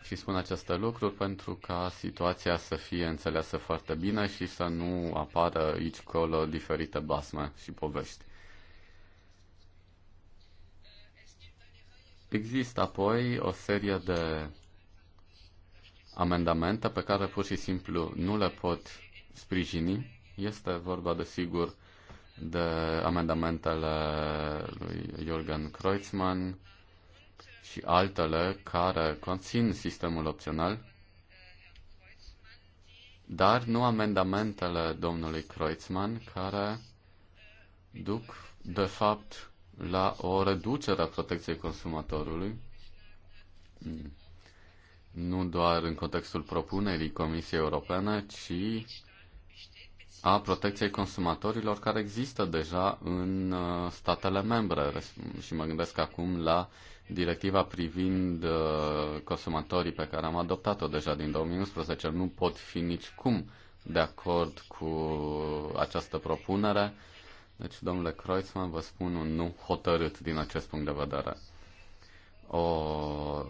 Și spun aceste lucruri pentru ca situația să fie înțeleasă foarte bine și să nu apară aici colo diferite basme și povești. Există apoi o serie de amendamente pe care pur și simplu nu le pot sprijini. Este vorba, desigur, de amendamentele lui Jürgen Kreutzmann și altele care conțin sistemul opțional, dar nu amendamentele domnului Kreutzmann care duc, de fapt, la o reducere a protecției consumatorului, nu doar în contextul propunerii Comisiei Europene, ci a protecției consumatorilor care există deja în uh, statele membre. Și mă gândesc acum la directiva privind uh, consumatorii pe care am adoptat-o deja din 2011. Nu pot fi nicicum de acord cu această propunere deci, domnule Kreuzmann, vă spun un nu hotărât din acest punct de vedere. O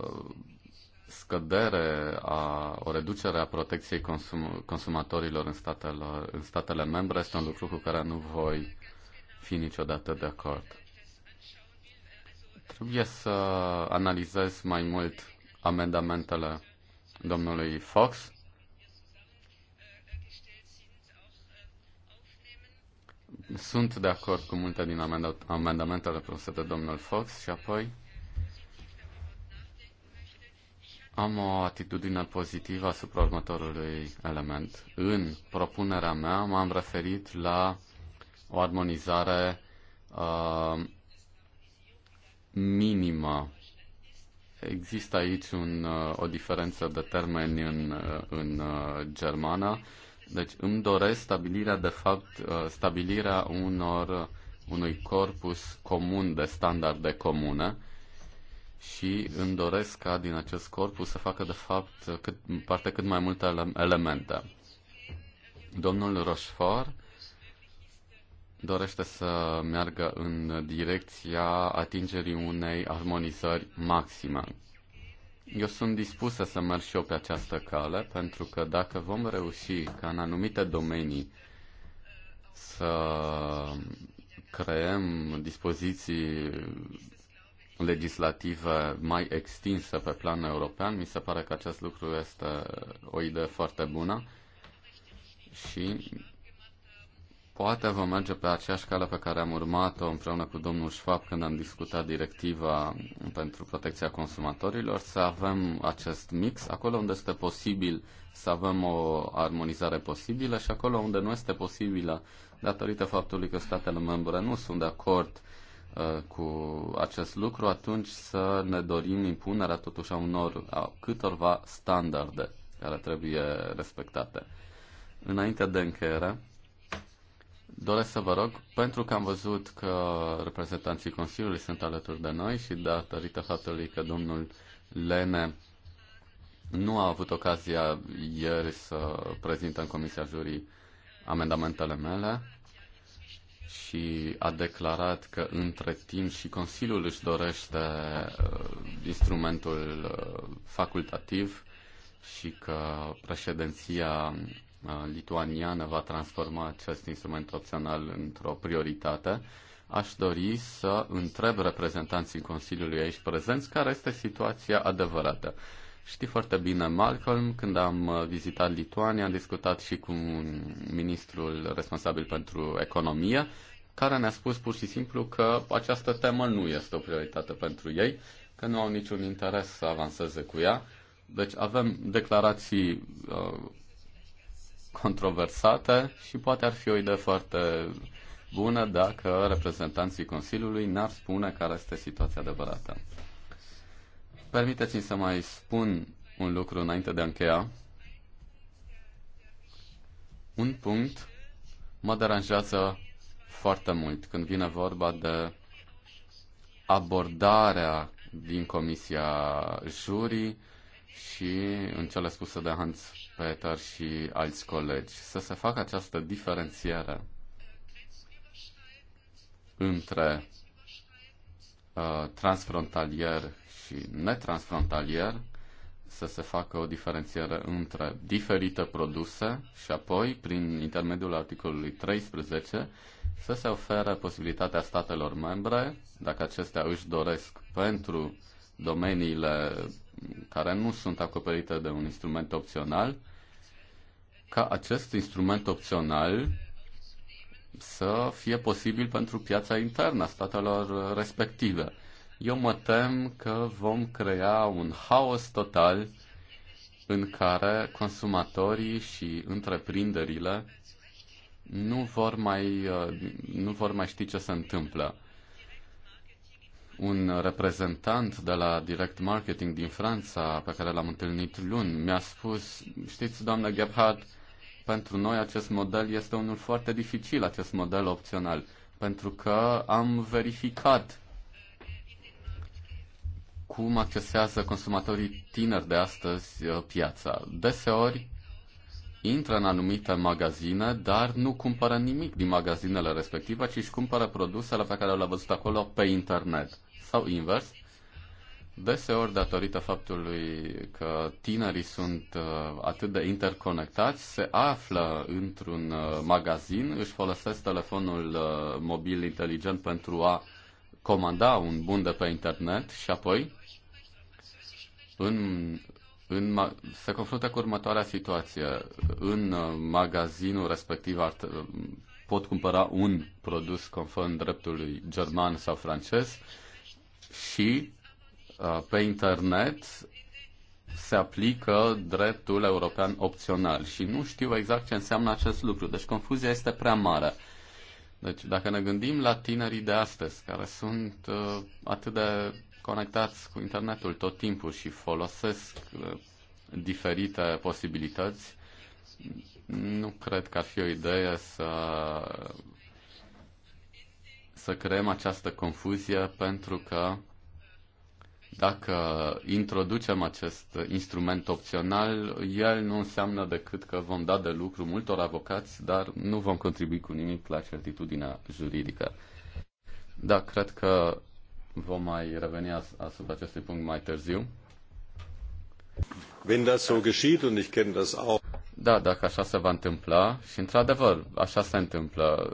scădere, a, o reducere a protecției consum, consumatorilor în statele, în statele membre este un lucru cu care nu voi fi niciodată de acord. Trebuie să analizez mai mult amendamentele domnului Fox Sunt de acord cu multe din amendamentele propuse de domnul Fox și apoi am o atitudine pozitivă asupra următorului element. În propunerea mea m-am referit la o armonizare uh, minimă. Există aici un, uh, o diferență de termeni în, uh, în uh, germană. Uh, deci îmi doresc stabilirea, de fapt, uh, stabilirea unor, unui corpus comun de standarde comune și îmi doresc ca din acest corpus să facă, de fapt, cât, parte cât mai multe elemente. Domnul Rochefort dorește să meargă în direcția atingerii unei armonizări maxime. Eu sunt dispusă să merg și eu pe această cale, pentru că dacă vom reuși ca în anumite domenii să creăm dispoziții legislative mai extinse pe plan european, mi se pare că acest lucru este o idee foarte bună și Poate vom merge pe aceeași cale pe care am urmat-o împreună cu domnul Schwab când am discutat directiva pentru protecția consumatorilor, să avem acest mix acolo unde este posibil să avem o armonizare posibilă și acolo unde nu este posibilă datorită faptului că statele membre nu sunt de acord uh, cu acest lucru, atunci să ne dorim impunerea totuși a unor a câtorva standarde care trebuie respectate. Înainte de încheiere, Doresc să vă rog, pentru că am văzut că reprezentanții Consiliului sunt alături de noi și datorită faptului că domnul Lene nu a avut ocazia ieri să prezintă în Comisia Jurii amendamentele mele și a declarat că între timp și Consiliul își dorește uh, instrumentul uh, facultativ și că președinția lituaniană va transforma acest instrument opțional într-o prioritate, aș dori să întreb reprezentanții Consiliului aici prezenți care este situația adevărată. Știi foarte bine, Malcolm, când am vizitat Lituania, am discutat și cu ministrul responsabil pentru economie, care ne-a spus pur și simplu că această temă nu este o prioritate pentru ei, că nu au niciun interes să avanseze cu ea. Deci avem declarații uh, controversate și poate ar fi o idee foarte bună dacă reprezentanții Consiliului n-ar spune care este situația adevărată. Permiteți-mi să mai spun un lucru înainte de a încheia. Un punct mă deranjează foarte mult când vine vorba de abordarea din comisia jurii și în cele spuse de Hans Peter și alți colegi, să se facă această diferențiere între uh, transfrontalier și netransfrontalier, să se facă o diferențiere între diferite produse și apoi, prin intermediul articolului 13, să se ofere posibilitatea statelor membre, dacă acestea își doresc pentru domeniile care nu sunt acoperite de un instrument opțional, ca acest instrument opțional să fie posibil pentru piața internă a statelor respective. Eu mă tem că vom crea un haos total în care consumatorii și întreprinderile nu vor mai, uh, nu vor mai ști ce se întâmplă un reprezentant de la Direct Marketing din Franța, pe care l-am întâlnit luni, mi-a spus, știți, doamnă Gebhardt, pentru noi acest model este unul foarte dificil, acest model opțional, pentru că am verificat cum accesează consumatorii tineri de astăzi uh, piața. Deseori intră în anumite magazine, dar nu cumpără nimic din magazinele respective, ci își cumpără produsele pe care le-au văzut acolo pe internet sau invers. Deseori, datorită faptului că tinerii sunt uh, atât de interconectați, se află într-un uh, magazin, își folosesc telefonul uh, mobil inteligent pentru a comanda un bun de pe internet și apoi în, în, se confruntă cu următoarea situație. În magazinul respectiv ar, pot cumpăra un produs conform dreptului german sau francez, și uh, pe internet se aplică dreptul european opțional și nu știu exact ce înseamnă acest lucru. Deci confuzia este prea mare. Deci dacă ne gândim la tinerii de astăzi care sunt uh, atât de conectați cu internetul tot timpul și folosesc uh, diferite posibilități, nu cred că ar fi o idee să să creăm această confuzie pentru că dacă introducem acest instrument opțional, el nu înseamnă decât că vom da de lucru multor avocați, dar nu vom contribui cu nimic la certitudinea juridică. Da, cred că vom mai reveni as- asupra acestui punct mai târziu. Wenn das so geschieht, und ich kenne das auch. Da, dacă așa se va întâmpla, și într-adevăr, așa se întâmplă,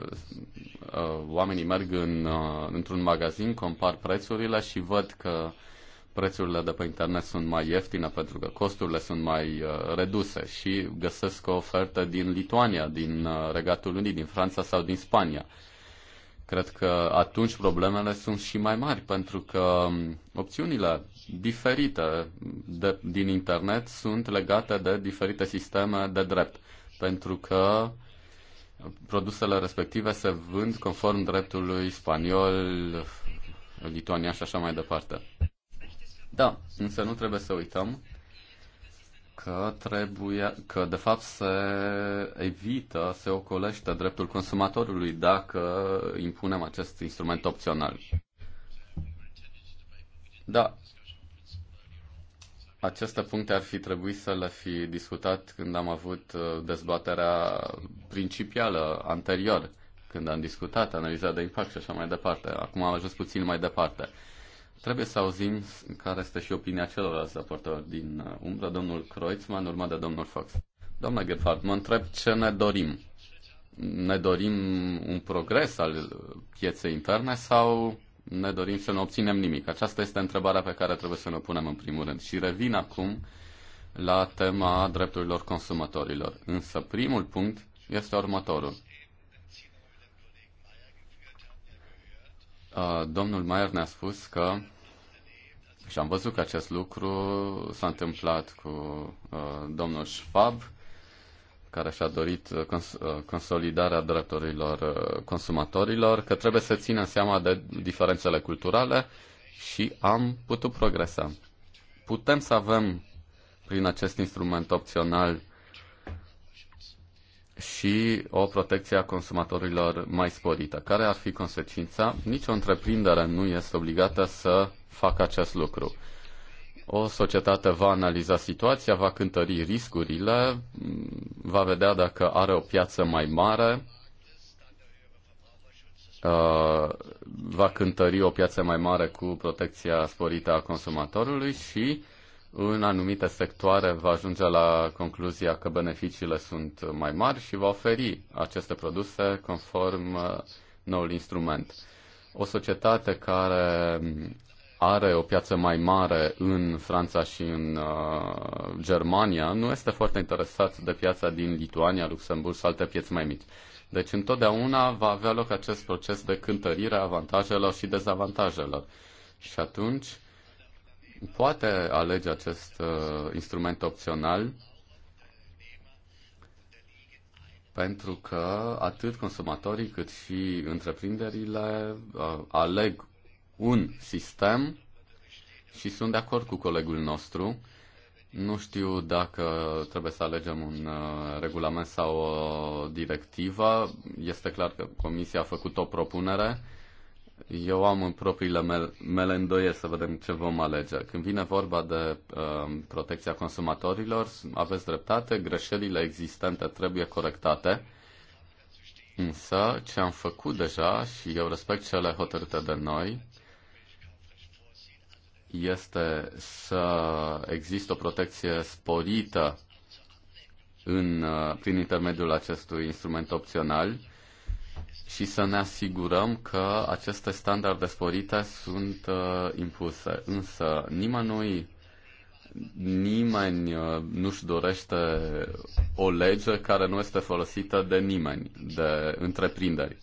Uh, oamenii merg în, uh, într-un magazin, compar prețurile și văd că prețurile de pe internet sunt mai ieftine pentru că costurile sunt mai uh, reduse și găsesc o ofertă din Lituania, din Regatul Unit, din Franța sau din Spania. Cred că atunci problemele sunt și mai mari pentru că um, opțiunile diferite de, din internet sunt legate de diferite sisteme de drept. Pentru că uh, produsele respective se vând conform dreptului spaniol, lituanian și așa mai departe. Da, însă nu trebuie să uităm că trebuie, că de fapt se evită, se ocolește dreptul consumatorului dacă impunem acest instrument opțional. Da, aceste puncte ar fi trebuit să le fi discutat când am avut uh, dezbaterea principială anterior, când am discutat analiza de impact și așa mai departe. Acum am ajuns puțin mai departe. Trebuie să auzim care este și opinia celorlalți raportori din uh, umbră, domnul Kreutzmann, urmat de domnul Fox. Doamna Gerhardt, mă întreb ce ne dorim. Ne dorim un progres al pieței interne sau ne dorim să nu obținem nimic? Aceasta este întrebarea pe care trebuie să ne punem în primul rând. Și revin acum la tema drepturilor consumatorilor. Însă primul punct este următorul. Domnul Mayer ne-a spus că și am văzut că acest lucru s-a întâmplat cu domnul Schwab, care și-a dorit uh, cons- uh, consolidarea drepturilor uh, consumatorilor, că trebuie să țină seama de diferențele culturale și am putut progresa. Putem să avem prin acest instrument opțional și o protecție a consumatorilor mai sporită. Care ar fi consecința? Nici o întreprindere nu este obligată să facă acest lucru. O societate va analiza situația, va cântări riscurile, va vedea dacă are o piață mai mare, uh, va cântări o piață mai mare cu protecția sporită a consumatorului și în anumite sectoare va ajunge la concluzia că beneficiile sunt mai mari și va oferi aceste produse conform uh, noul instrument. O societate care are o piață mai mare în Franța și în uh, Germania, nu este foarte interesat de piața din Lituania, Luxemburg sau alte piețe mai mici. Deci întotdeauna va avea loc acest proces de cântărire a avantajelor și dezavantajelor. Și atunci poate alege acest uh, instrument opțional pentru că atât consumatorii cât și întreprinderile uh, aleg un sistem și sunt de acord cu colegul nostru. Nu știu dacă trebuie să alegem un uh, regulament sau o directivă. Este clar că Comisia a făcut o propunere. Eu am în propriile mele, mele să vedem ce vom alege. Când vine vorba de uh, protecția consumatorilor, aveți dreptate, greșelile existente trebuie corectate. Însă, ce am făcut deja și eu respect cele hotărâte de noi, este să există o protecție sporită în, uh, prin intermediul acestui instrument opțional și să ne asigurăm că aceste standarde sporite sunt uh, impuse. Însă nimănui, nimeni uh, nu-și dorește o lege care nu este folosită de nimeni, de întreprinderi.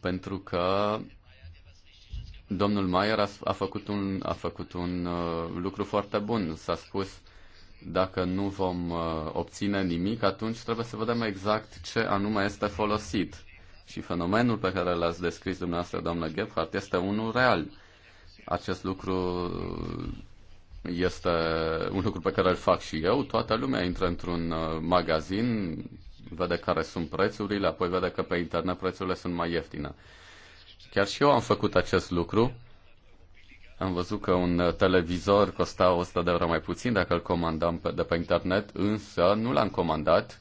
Pentru că Domnul Maier a, a făcut un, a făcut un uh, lucru foarte bun. S-a spus dacă nu vom uh, obține nimic, atunci trebuie să vedem exact ce anume este folosit. Și fenomenul pe care l-ați descris dumneavoastră, doamnă Gebhardt, este unul real. Acest lucru este un lucru pe care îl fac și eu. Toată lumea intră într-un uh, magazin, vede care sunt prețurile, apoi vede că pe internet prețurile sunt mai ieftine. Chiar și eu am făcut acest lucru. Am văzut că un televizor costa 100 de euro mai puțin dacă îl comandam pe, de pe internet, însă nu l-am comandat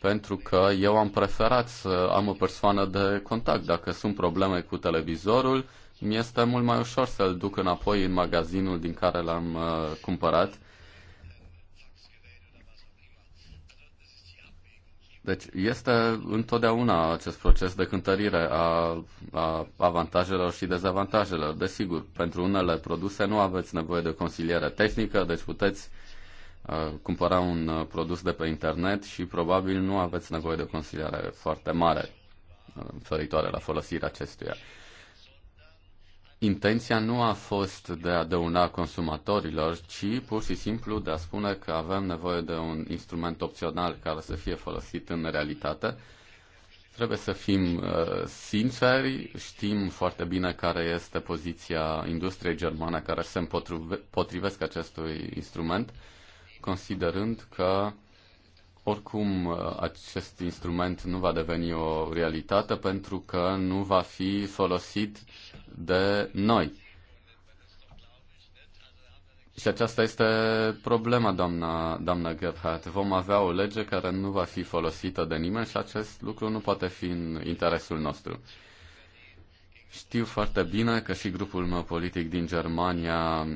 pentru că eu am preferat să am o persoană de contact. Dacă sunt probleme cu televizorul, mi este mult mai ușor să-l duc înapoi în magazinul din care l-am uh, cumpărat Deci este întotdeauna acest proces de cântărire a, a avantajelor și dezavantajelor. Desigur, pentru unele produse nu aveți nevoie de consiliere tehnică, deci puteți uh, cumpăra un uh, produs de pe internet și probabil nu aveți nevoie de consiliere foarte mare uh, feritoare la folosirea acestuia. Uh, intenția nu a fost de a dăuna consumatorilor, ci pur și simplu de a spune că avem nevoie de un instrument opțional care să fie folosit în realitate. Trebuie să fim uh, sinceri, știm foarte bine care este poziția industriei germane care se potrivesc acestui instrument, considerând că oricum uh, acest instrument nu va deveni o realitate pentru că nu va fi folosit de noi. Și aceasta este problema, doamna, doamna Gerhardt. Vom avea o lege care nu va fi folosită de nimeni și acest lucru nu poate fi în interesul nostru. Știu foarte bine că și grupul meu politic din Germania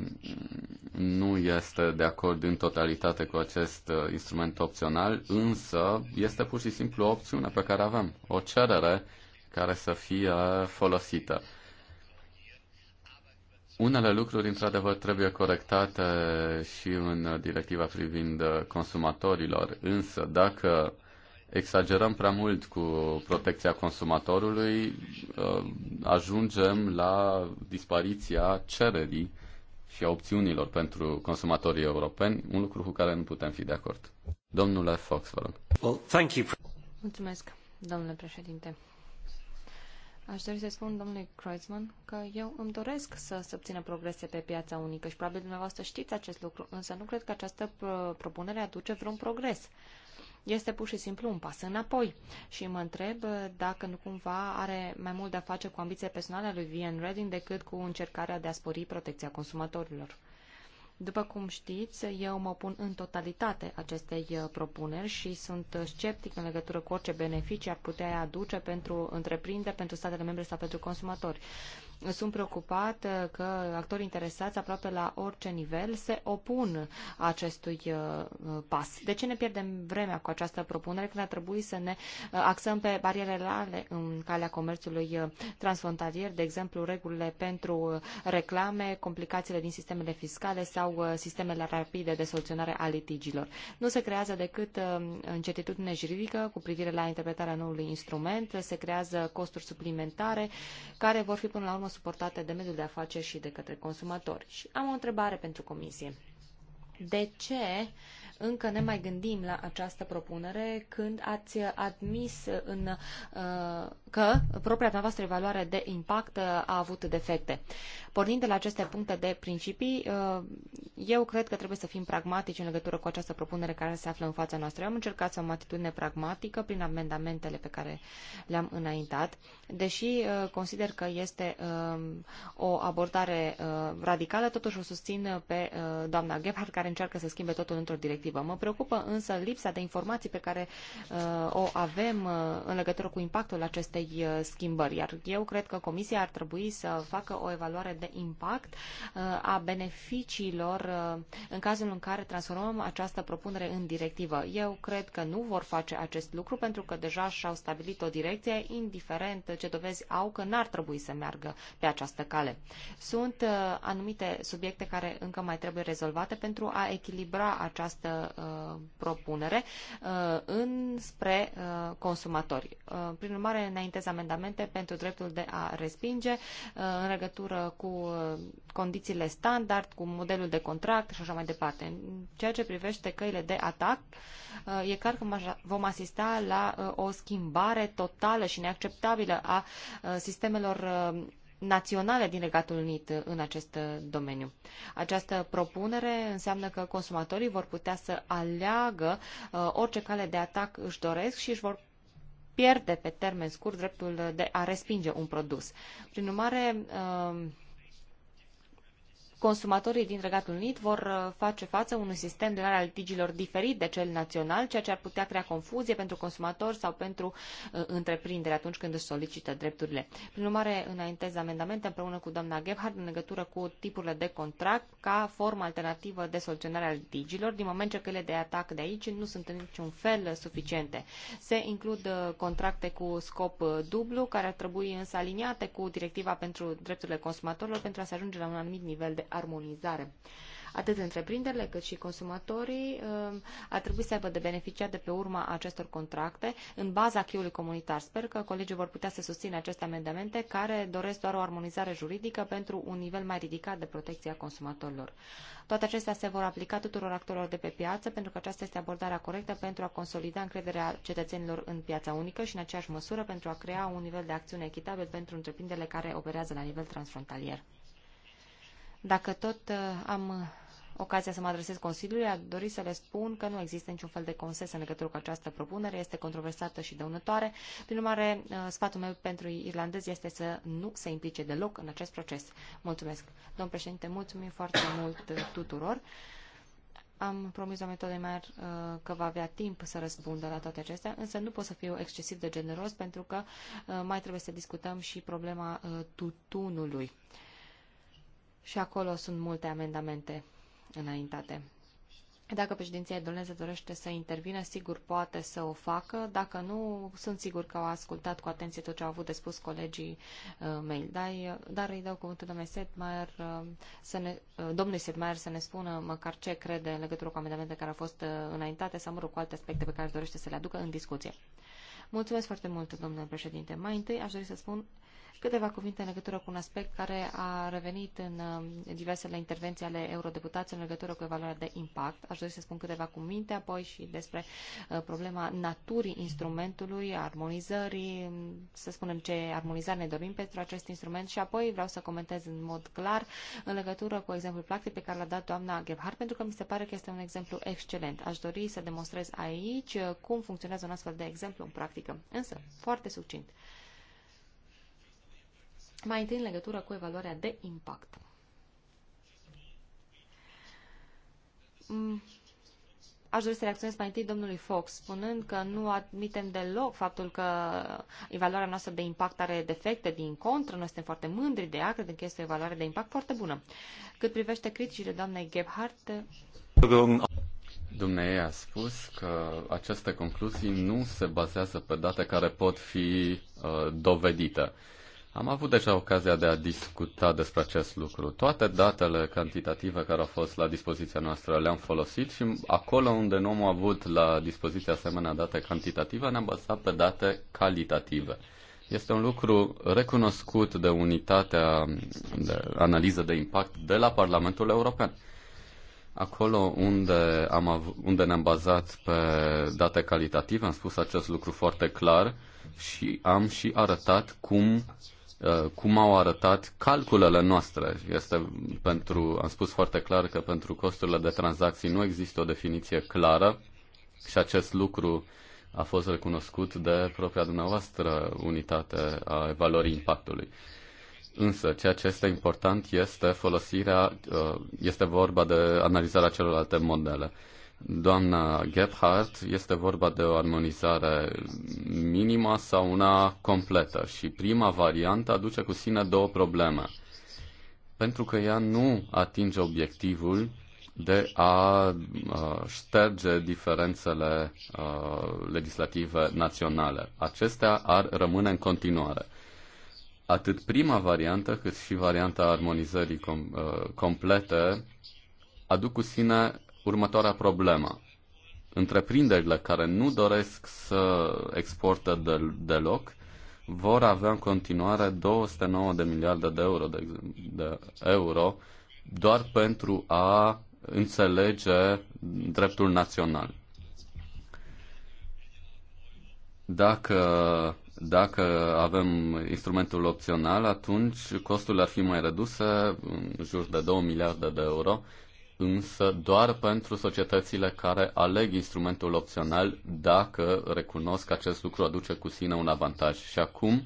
nu este de acord în totalitate cu acest uh, instrument opțional, însă este pur și simplu o opțiune pe care avem, o cerere care să fie folosită. Unele lucruri, într-adevăr, trebuie corectate și în directiva privind consumatorilor, însă dacă exagerăm prea mult cu protecția consumatorului, uh, ajungem la dispariția cererii și a opțiunilor pentru consumatorii europeni, un lucru cu care nu putem fi de acord. Domnule Fox, vă rog. Well, thank you. Mulțumesc, domnule președinte. Aș dori să spun domnului Kreuzmann că eu îmi doresc să se obțină progrese pe piața unică și probabil dumneavoastră știți acest lucru, însă nu cred că această uh, propunere aduce vreun progres. Este pur și simplu un pas înapoi și mă întreb uh, dacă nu cumva are mai mult de a face cu ambiția personală a lui Vian Redding decât cu încercarea de a spori protecția consumatorilor. După cum știți, eu mă pun în totalitate acestei uh, propuneri și sunt uh, sceptic în legătură cu orice beneficii ar putea aduce pentru întreprinderi, pentru statele membre sau pentru consumatori sunt preocupată că actorii interesați aproape la orice nivel se opun acestui uh, pas. De ce ne pierdem vremea cu această propunere când ar trebui să ne uh, axăm pe barierele în calea comerțului uh, transfrontalier, de exemplu regulile pentru reclame, complicațiile din sistemele fiscale sau sistemele rapide de soluționare a litigilor. Nu se creează decât incertitudine juridică cu privire la interpretarea noului instrument, se creează costuri suplimentare care vor fi până la urmă suportate de mediul de afaceri și de către consumatori. Și am o întrebare pentru comisie. De ce încă ne mai gândim la această propunere când ați admis în, uh, că propria noastră evaluare de impact a avut defecte. Pornind de la aceste puncte de principii, uh, eu cred că trebuie să fim pragmatici în legătură cu această propunere care se află în fața noastră. Eu am încercat să am atitudine pragmatică prin amendamentele pe care le-am înaintat, deși uh, consider că este o abordare radicală, totuși o susțin pe doamna Gebhardt care încearcă să schimbe totul într-o directivă pozitivă. Mă preocupă însă lipsa de informații pe care uh, o avem uh, în legătură cu impactul acestei uh, schimbări, iar eu cred că Comisia ar trebui să facă o evaluare de impact a beneficiilor în cazul în care transformăm această propunere în directivă. Eu cred că nu vor face acest lucru pentru că deja și-au stabilit o direcție, indiferent ce dovezi au că n-ar trebui să meargă pe această cale. Sunt anumite subiecte care încă mai trebuie rezolvate pentru a echilibra această uh, propunere uh, înspre uh, consumatori. Uh, prin urmare, înaintez amendamente pentru dreptul de a respinge uh, în legătură cu uh, condițiile standard, cu modelul de contract și așa mai departe. În ceea ce privește căile de atac, uh, e clar că vom asista la uh, o schimbare totală și neacceptabilă a uh, sistemelor uh, naționale din Regatul Unit în acest domeniu. Această propunere înseamnă că consumatorii vor putea să aleagă uh, orice cale de atac își doresc și își vor pierde pe termen scurt dreptul de a respinge un produs. Prin urmare, uh, consumatorii din Regatul Unit vor uh, face față unui sistem de luare a litigilor diferit de cel național, ceea ce ar putea crea confuzie pentru consumatori sau pentru uh, întreprindere atunci când își solicită drepturile. Prin urmare, înaintez amendamente împreună cu doamna Gebhardt în legătură cu tipurile de contract ca formă alternativă de soluționare a litigilor, din moment ce căile de atac de aici nu sunt în niciun fel uh, suficiente. Se includ uh, contracte cu scop dublu, care ar trebui însă aliniate cu directiva pentru drepturile consumatorilor pentru a se ajunge la un anumit nivel de armonizare. Atât întreprinderile cât și consumatorii um, ar trebui să aibă de beneficiat de pe urma acestor contracte în baza acquis comunitar. Sper că colegii vor putea să susțină aceste amendamente care doresc doar o armonizare juridică pentru un nivel mai ridicat de protecție a consumatorilor. Toate acestea se vor aplica tuturor actorilor de pe piață pentru că aceasta este abordarea corectă pentru a consolida încrederea cetățenilor în piața unică și în aceeași măsură pentru a crea un nivel de acțiune echitabil pentru întreprinderile care operează la nivel transfrontalier. Dacă tot uh, am uh, ocazia să mă adresez Consiliului, a dori să le spun că nu există niciun fel de consens în legătură cu această propunere, este controversată și dăunătoare. Prin urmare, uh, sfatul meu pentru irlandezi este să nu se implice deloc în acest proces. Mulțumesc. Domn președinte, mulțumim foarte mult tuturor. Am promis doamnei Todemer că va avea timp să răspundă la toate acestea, însă nu pot să fiu excesiv de generos pentru că mai trebuie să discutăm și problema tutunului. Și acolo sunt multe amendamente înaintate. Dacă președinția Edoneză dorește să intervină, sigur poate să o facă. Dacă nu, sunt sigur că au ascultat cu atenție tot ce au avut de spus colegii uh, mei. Dar, dar îi dau cuvântul domnului Sedmaier, uh, să ne, uh, domnului Sedmaier să ne spună măcar ce crede în legătură cu amendamentele care au fost uh, înaintate sau, mă rog, cu alte aspecte pe care își dorește să le aducă în discuție. Mulțumesc foarte mult, domnule președinte. Mai întâi aș dori să spun Câteva cuvinte în legătură cu un aspect care a revenit în diversele intervenții ale eurodeputaților în legătură cu evaluarea de impact. Aș dori să spun câteva cuvinte, apoi și despre uh, problema naturii instrumentului, armonizării, mm, să spunem ce armonizare ne dorim pentru acest instrument și apoi vreau să comentez în mod clar în legătură cu exemplul practic pe care l-a dat doamna Gebhardt, pentru că mi se pare că este un exemplu excelent. Aș dori să demonstrez aici uh, cum funcționează un astfel de exemplu în practică, însă foarte succint. Mai întâi în legătură cu evaluarea de impact. Mm, aș dori să reacționez mai întâi domnului Fox, spunând că nu admitem deloc faptul că evaluarea noastră de impact are defecte, din contră, noi suntem foarte mândri de ea, credem că este o evaluare de impact foarte bună. Cât privește criticile doamnei Gebhardt... Dumnezeu a spus că aceste concluzii nu se bazează pe date care pot fi uh, dovedite. Am avut deja ocazia de a discuta despre acest lucru. Toate datele cantitative care au fost la dispoziția noastră le-am folosit și acolo unde nu am avut la dispoziție asemenea date cantitative, ne-am bazat pe date calitative. Este un lucru recunoscut de unitatea de analiză de impact de la Parlamentul European. Acolo unde, am av- unde ne-am bazat pe date calitative, am spus acest lucru foarte clar și am și arătat cum Uh, cum au arătat calculele noastre. Este pentru, am spus foarte clar că pentru costurile de tranzacții nu există o definiție clară și acest lucru a fost recunoscut de propria dumneavoastră unitate a evaluării impactului. Însă, ceea ce este important este folosirea, uh, este vorba de analizarea celorlalte modele doamna Gebhardt, este vorba de o armonizare minimă sau una completă și prima variantă aduce cu sine două probleme. Pentru că ea nu atinge obiectivul de a șterge diferențele legislative naționale. Acestea ar rămâne în continuare. Atât prima variantă cât și varianta armonizării com- complete aduc cu sine următoarea problemă. Întreprinderile care nu doresc să exporte de, deloc vor avea în continuare 209 de miliarde de euro, de, de euro doar pentru a înțelege dreptul național. Dacă, dacă avem instrumentul opțional, atunci costurile ar fi mai reduse, în jur de 2 miliarde de euro, însă doar pentru societățile care aleg instrumentul opțional dacă recunosc că acest lucru aduce cu sine un avantaj. Și acum,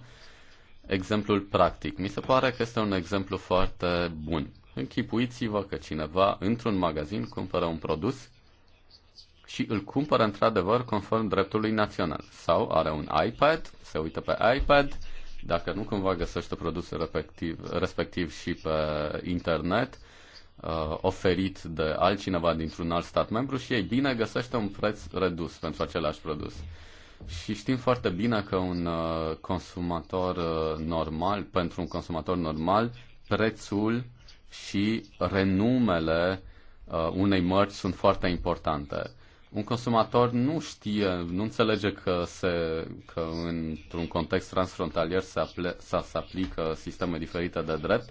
exemplul practic. Mi se pare că este un exemplu foarte bun. Închipuiți-vă că cineva într-un magazin cumpără un produs și îl cumpără într-adevăr conform dreptului național. Sau are un iPad, se uită pe iPad, dacă nu cumva găsește produsul respectiv, respectiv și pe internet, uh, oferit de altcineva dintr-un alt stat membru și ei bine găsește un preț redus pentru același produs. Și știm foarte bine că un uh, consumator uh, normal, pentru un consumator normal, prețul și renumele uh, unei mărci sunt foarte importante. Un consumator nu știe, nu înțelege că, se, că într-un context transfrontalier se, aple, se, se aplică sisteme diferite de drept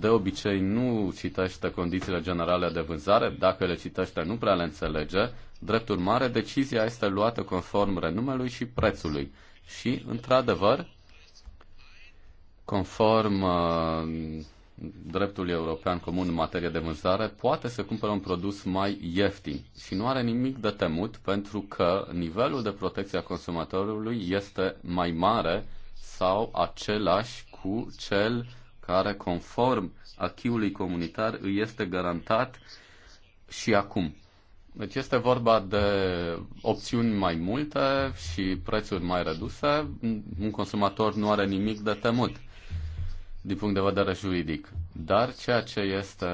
de obicei nu citește condițiile generale de vânzare, dacă le citește nu prea le înțelege, drept urmare decizia este luată conform renumelui și prețului. Și, într-adevăr, conform uh, dreptului european comun în materie de vânzare, poate să cumpere un produs mai ieftin și nu are nimic de temut pentru că nivelul de protecție a consumatorului este mai mare sau același cu cel care, conform achiului comunitar, îi este garantat și acum. Deci este vorba de opțiuni mai multe și prețuri mai reduse. Un consumator nu are nimic de temut din punct de vedere juridic. Dar ceea ce este,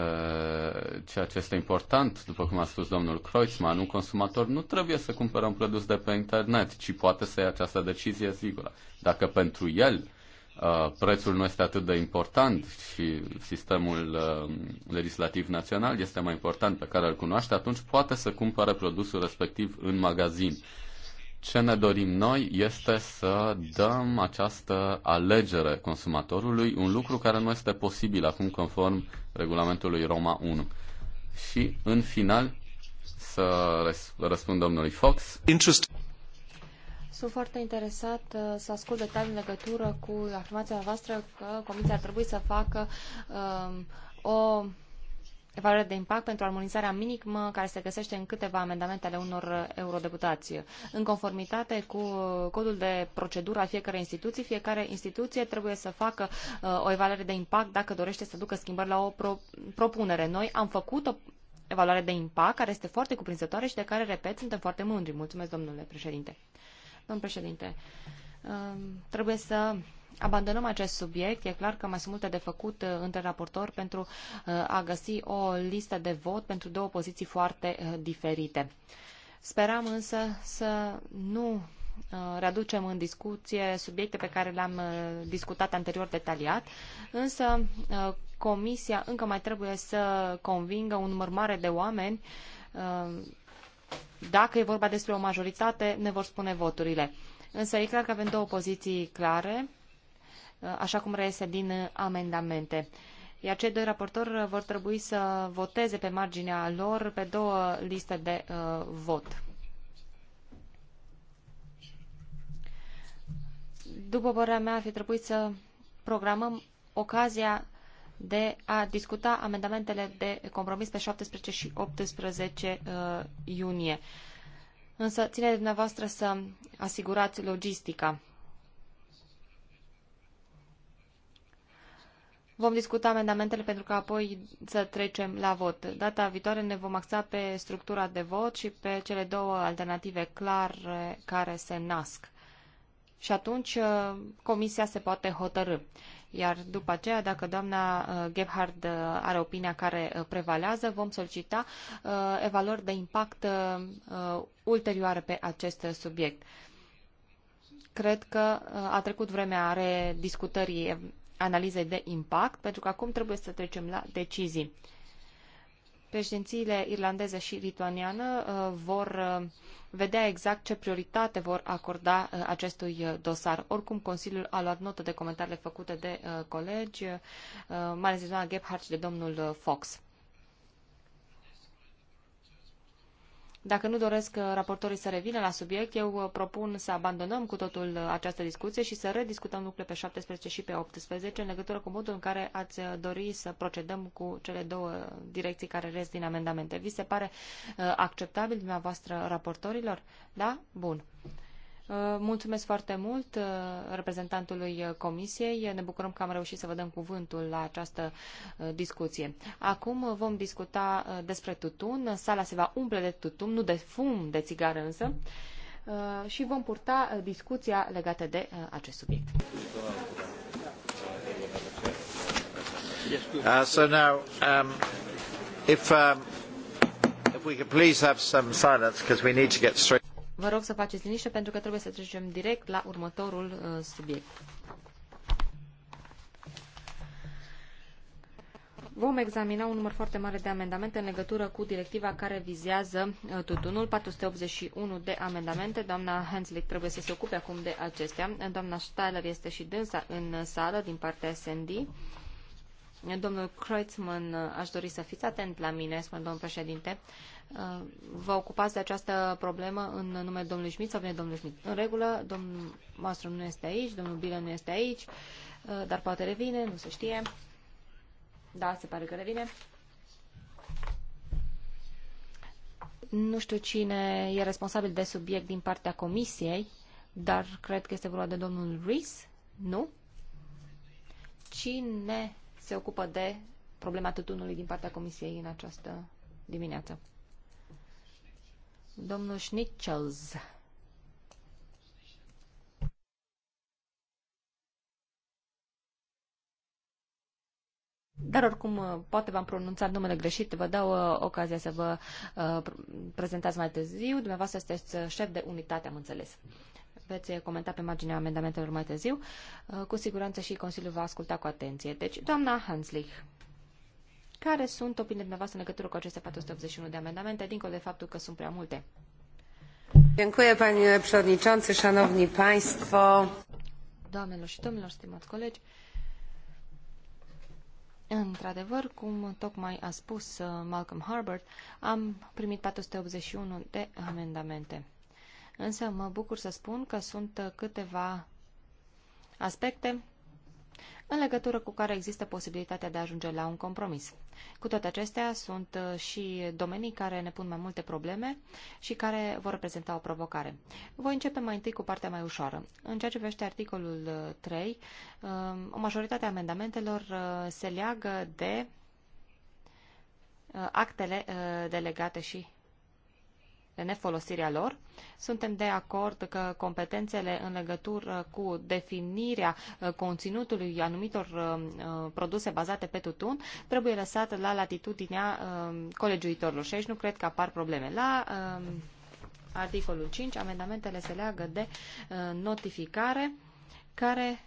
ceea ce este important, după cum a spus domnul Kreutzmann, un consumator nu trebuie să cumpere un produs de pe internet, ci poate să ia această decizie sigură. Dacă pentru el Uh, prețul nu este atât de important și sistemul uh, legislativ național este mai important pe care îl cunoaște, atunci poate să cumpere produsul respectiv în magazin. Ce ne dorim noi este să dăm această alegere consumatorului, un lucru care nu este posibil acum conform regulamentului Roma 1. Și în final să răspund domnului Fox. Interest sunt foarte interesat uh, să ascult detalii în legătură cu afirmația voastră că Comisia ar trebui să facă um, o evaluare de impact pentru armonizarea minimă care se găsește în câteva amendamente ale unor eurodeputați. În conformitate cu codul de procedură al fiecărei instituții, fiecare instituție trebuie să facă uh, o evaluare de impact dacă dorește să ducă schimbări la o pro propunere. Noi am făcut o evaluare de impact care este foarte cuprinzătoare și de care, repet, suntem foarte mândri. Mulțumesc, domnule președinte. Domn președinte, um, trebuie să abandonăm acest subiect. E clar că mai sunt multe de făcut uh, între raportori pentru uh, a găsi o listă de vot pentru două poziții foarte uh, diferite. Speram însă să nu readucem în discuție subiecte pe care le-am discutat anterior detaliat, însă Comisia încă mai trebuie să convingă un număr mare de oameni dacă e vorba despre o majoritate, ne vor spune voturile. Însă e clar că avem două poziții clare, așa cum reiese din amendamente. Iar cei doi raportori vor trebui să voteze pe marginea lor pe două liste de uh, vot. După părerea mea, ar fi trebuit să programăm ocazia de a discuta amendamentele de compromis pe 17 și 18 uh, iunie. Însă ține de dumneavoastră să asigurați logistica. Vom discuta amendamentele pentru că apoi să trecem la vot. Data viitoare ne vom axa pe structura de vot și pe cele două alternative clare care se nasc. Și atunci uh, comisia se poate hotărâ. Iar după aceea, dacă doamna uh, Gebhard uh, are opinia care uh, prevalează, vom solicita evaluări de impact ulterioare pe acest subiect. Cred că a trecut vremea are discutării analizei de impact, pentru că acum trebuie să trecem la decizii. Președințiile irlandeză și lituaniană vor vedea exact ce prioritate vor acorda uh, acestui uh, dosar. Oricum, Consiliul a luat notă de comentariile făcute de uh, colegi, mai ales de doamna Gebhardt și de domnul Fox. Dacă nu doresc uh, raportorii să revină la subiect, eu uh, propun să abandonăm cu totul uh, această discuție și să rediscutăm lucrurile pe 17 și pe 18 în legătură cu modul în care ați dori să procedăm cu cele două direcții care rez din amendamente. Vi se pare acceptabil dumneavoastră raportorilor? Da? Bun. Uh, mulțumesc foarte mult uh, reprezentantului Comisiei. Ne bucurăm că am reușit să vă dăm cuvântul la această uh, discuție. Acum vom discuta despre tutun. Sala se va umple de tutun, nu de fum de țigară însă. Și vom purta discuția legată de acest subiect. Uh, so now, um, if, um, if we could please have some silence because we need to get straight. Vă rog să faceți liniște pentru că trebuie să trecem direct la următorul uh, subiect. Vom examina un număr foarte mare de amendamente în legătură cu directiva care vizează uh, tutunul, 481 de amendamente. Doamna Hanslick trebuie să se ocupe acum de acestea. Doamna Steiler este și dânsa în sală din partea SND. Domnul Kreutzmann, uh, aș dori să fiți atent la mine, spune domnul președinte. Uh, Uh, vă ocupați de această problemă în numele domnului Schmidt sau vine domnul Schmidt? În regulă, domnul Mastru nu este aici, domnul Bilă nu este aici, uh, dar poate revine, nu se știe. Da, se pare că revine. Nu știu cine e responsabil de subiect din partea comisiei, dar cred că este vorba de domnul Rees, nu? Cine se ocupă de problema tutunului din partea comisiei în această dimineață? Domnul Schnitzels. Dar oricum, uh, poate v-am pronunțat numele greșit, vă dau uh, ocazia să vă uh, prezentați mai târziu. Dumneavoastră sunteți uh, șef de unitate, am înțeles. Veți uh, comenta pe marginea amendamentelor mai târziu. Uh, cu siguranță și Consiliul va asculta cu atenție. Deci, doamna Hanslich. Care sunt opiniile dumneavoastră în legătură cu aceste 481 de amendamente, dincolo de faptul că sunt prea multe? Dziękuję panie przewodniczący, szanowni państwo. Doamnelor și domnilor, stimați colegi, Într-adevăr, cum tocmai a spus uh, Malcolm Harbert, am primit 481 de amendamente. Însă mă bucur să spun că sunt uh, câteva aspecte în legătură cu care există posibilitatea de a ajunge la un compromis. Cu toate acestea, sunt uh, și domenii care ne pun mai multe probleme și care vor reprezenta o provocare. Voi începe mai întâi cu partea mai ușoară. În ceea ce vește articolul 3, uh, uh, o majoritate a amendamentelor se leagă de actele delegate și de nefolosirea lor. Suntem de acord că competențele în legătură cu definirea uh, conținutului anumitor uh, uh, produse bazate pe tutun trebuie lăsate la latitudinea colegiuitorilor și aici nu cred că apar probleme. La articolul 5, amendamentele se leagă de notificare care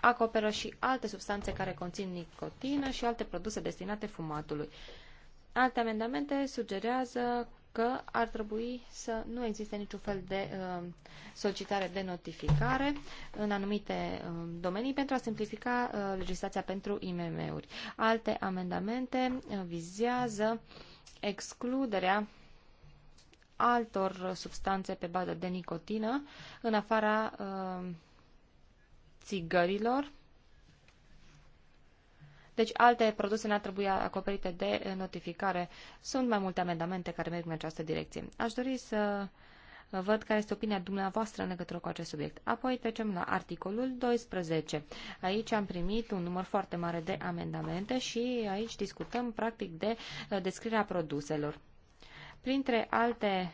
acoperă și alte substanțe care conțin nicotină și alte produse destinate fumatului. Alte amendamente sugerează că ar trebui să nu existe niciun fel de uh, solicitare de notificare în anumite uh, domenii pentru a simplifica uh, legislația pentru IMM-uri. Alte amendamente uh, vizează excluderea altor substanțe pe bază de nicotină în afara uh, țigărilor deci alte produse n-ar trebui acoperite de eh, notificare. Sunt mai multe amendamente care merg în această direcție. Aș dori să eh, văd care este opinia dumneavoastră în legătură cu acest subiect. Apoi trecem la articolul 12. Aici am primit un număr foarte mare de amendamente și aici discutăm practic de eh, descrierea produselor. Printre alte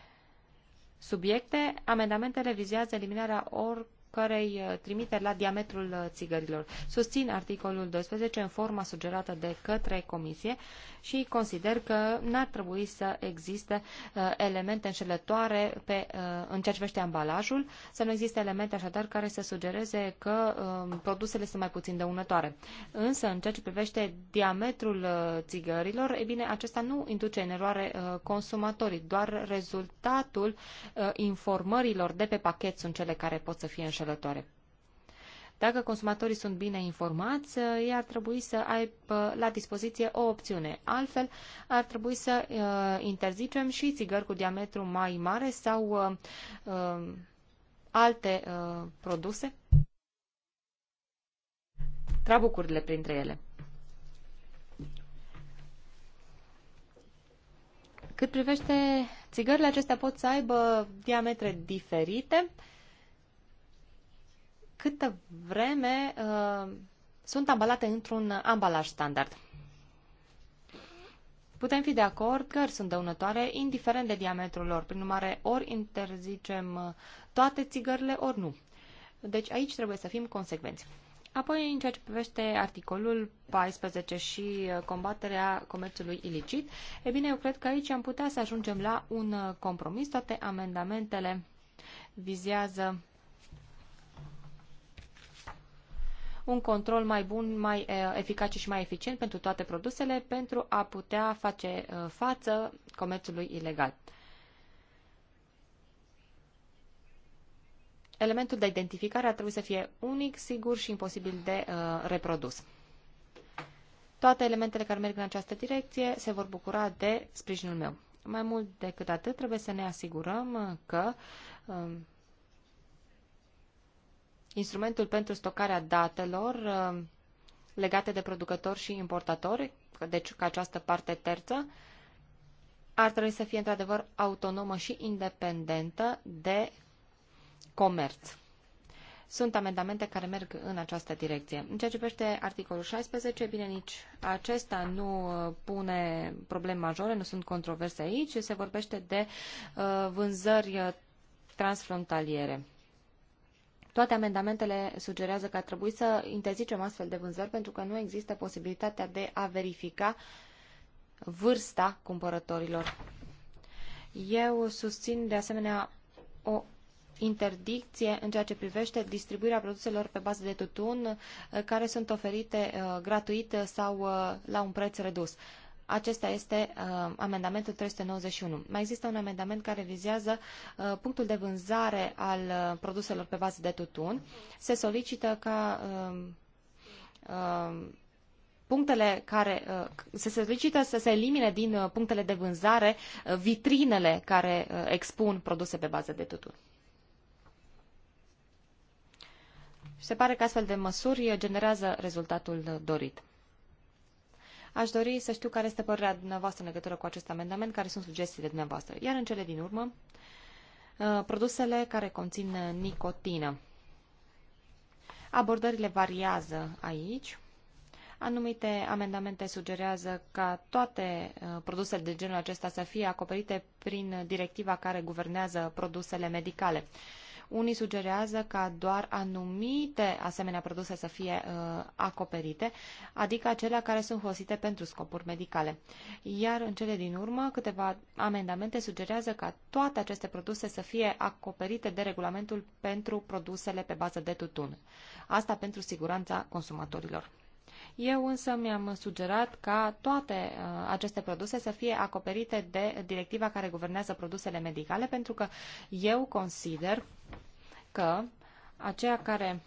subiecte, amendamentele vizează eliminarea or oricărei uh, trimiteri la diametrul uh, țigărilor. Susțin articolul 12 în forma sugerată de către Comisie și consider că n-ar trebui să existe uh, elemente înșelătoare pe, în ceea ce privește ambalajul, să nu existe elemente așadar care să sugereze că um, produsele sunt mai puțin dăunătoare. Însă, în ceea ce privește diametrul țigărilor, e bine, acesta nu induce în eroare consumatorii, doar rezultatul informărilor de pe pachet sunt cele care pot să fie înșelătoare înșelătoare. Dacă consumatorii sunt bine informați, ei ar trebui să aibă la dispoziție o opțiune. Altfel, ar trebui să uh, interzicem și țigări cu diametru mai mare sau uh, uh, alte uh, produse, trabucurile printre ele. Cât privește țigările, acestea pot să aibă diametre diferite. Uh, câtă vreme uh, sunt ambalate într-un ambalaj standard. Putem fi de acord că sunt dăunătoare, indiferent de diametrul lor. Prin urmare, ori interzicem uh, toate țigările, ori nu. Deci aici trebuie să fim consecvenți. Apoi, în ceea ce privește articolul 14 și uh, combaterea comerțului ilicit, e bine, eu cred că aici am putea să ajungem la un uh, compromis. Toate amendamentele vizează un control mai bun, mai eficace și mai eficient pentru toate produsele pentru a putea face față comerțului ilegal. Elementul de identificare ar trebui să fie unic, sigur și imposibil de uh, reprodus. Toate elementele care merg în această direcție se vor bucura de sprijinul meu. Mai mult decât atât, trebuie să ne asigurăm că instrumentul pentru stocarea datelor uh, legate de producători și importatori, deci ca această parte terță, ar trebui să fie într-adevăr autonomă și independentă de comerț. Sunt amendamente care merg în această direcție. În ceea ce privește articolul 16, bine, nici acesta nu uh, pune probleme majore, nu sunt controverse aici. Se vorbește de uh, vânzări transfrontaliere. Toate amendamentele sugerează că ar trebui să interzicem astfel de vânzări pentru că nu există posibilitatea de a verifica vârsta cumpărătorilor. Eu susțin de asemenea o interdicție în ceea ce privește distribuirea produselor pe bază de tutun eh, care sunt oferite eh, gratuit sau eh, la un preț redus. Acesta este uh, amendamentul 391. Mai există un amendament care vizează uh, punctul de vânzare al uh, produselor pe bază de tutun. Se solicită ca uh, uh, punctele care uh, se solicită să se elimine din uh, punctele de vânzare uh, vitrinele care expun produse pe bază de tutun. Se pare că astfel de măsuri generează rezultatul dorit. Aș dori să știu care este părerea dumneavoastră în legătură cu acest amendament, care sunt sugestiile dumneavoastră. Iar în cele din urmă, uh, produsele care conțin nicotină. Abordările variază aici. Anumite amendamente sugerează ca toate uh, produsele de genul acesta să fie acoperite prin directiva care guvernează produsele medicale. Unii sugerează ca doar anumite asemenea produse să fie uh, acoperite, adică acelea care sunt folosite pentru scopuri medicale. Iar în cele din urmă, câteva amendamente sugerează ca toate aceste produse să fie acoperite de regulamentul pentru produsele pe bază de tutun. Asta pentru siguranța consumatorilor. Eu însă mi-am sugerat ca toate uh, aceste produse să fie acoperite de directiva care guvernează produsele medicale, pentru că eu consider că aceia care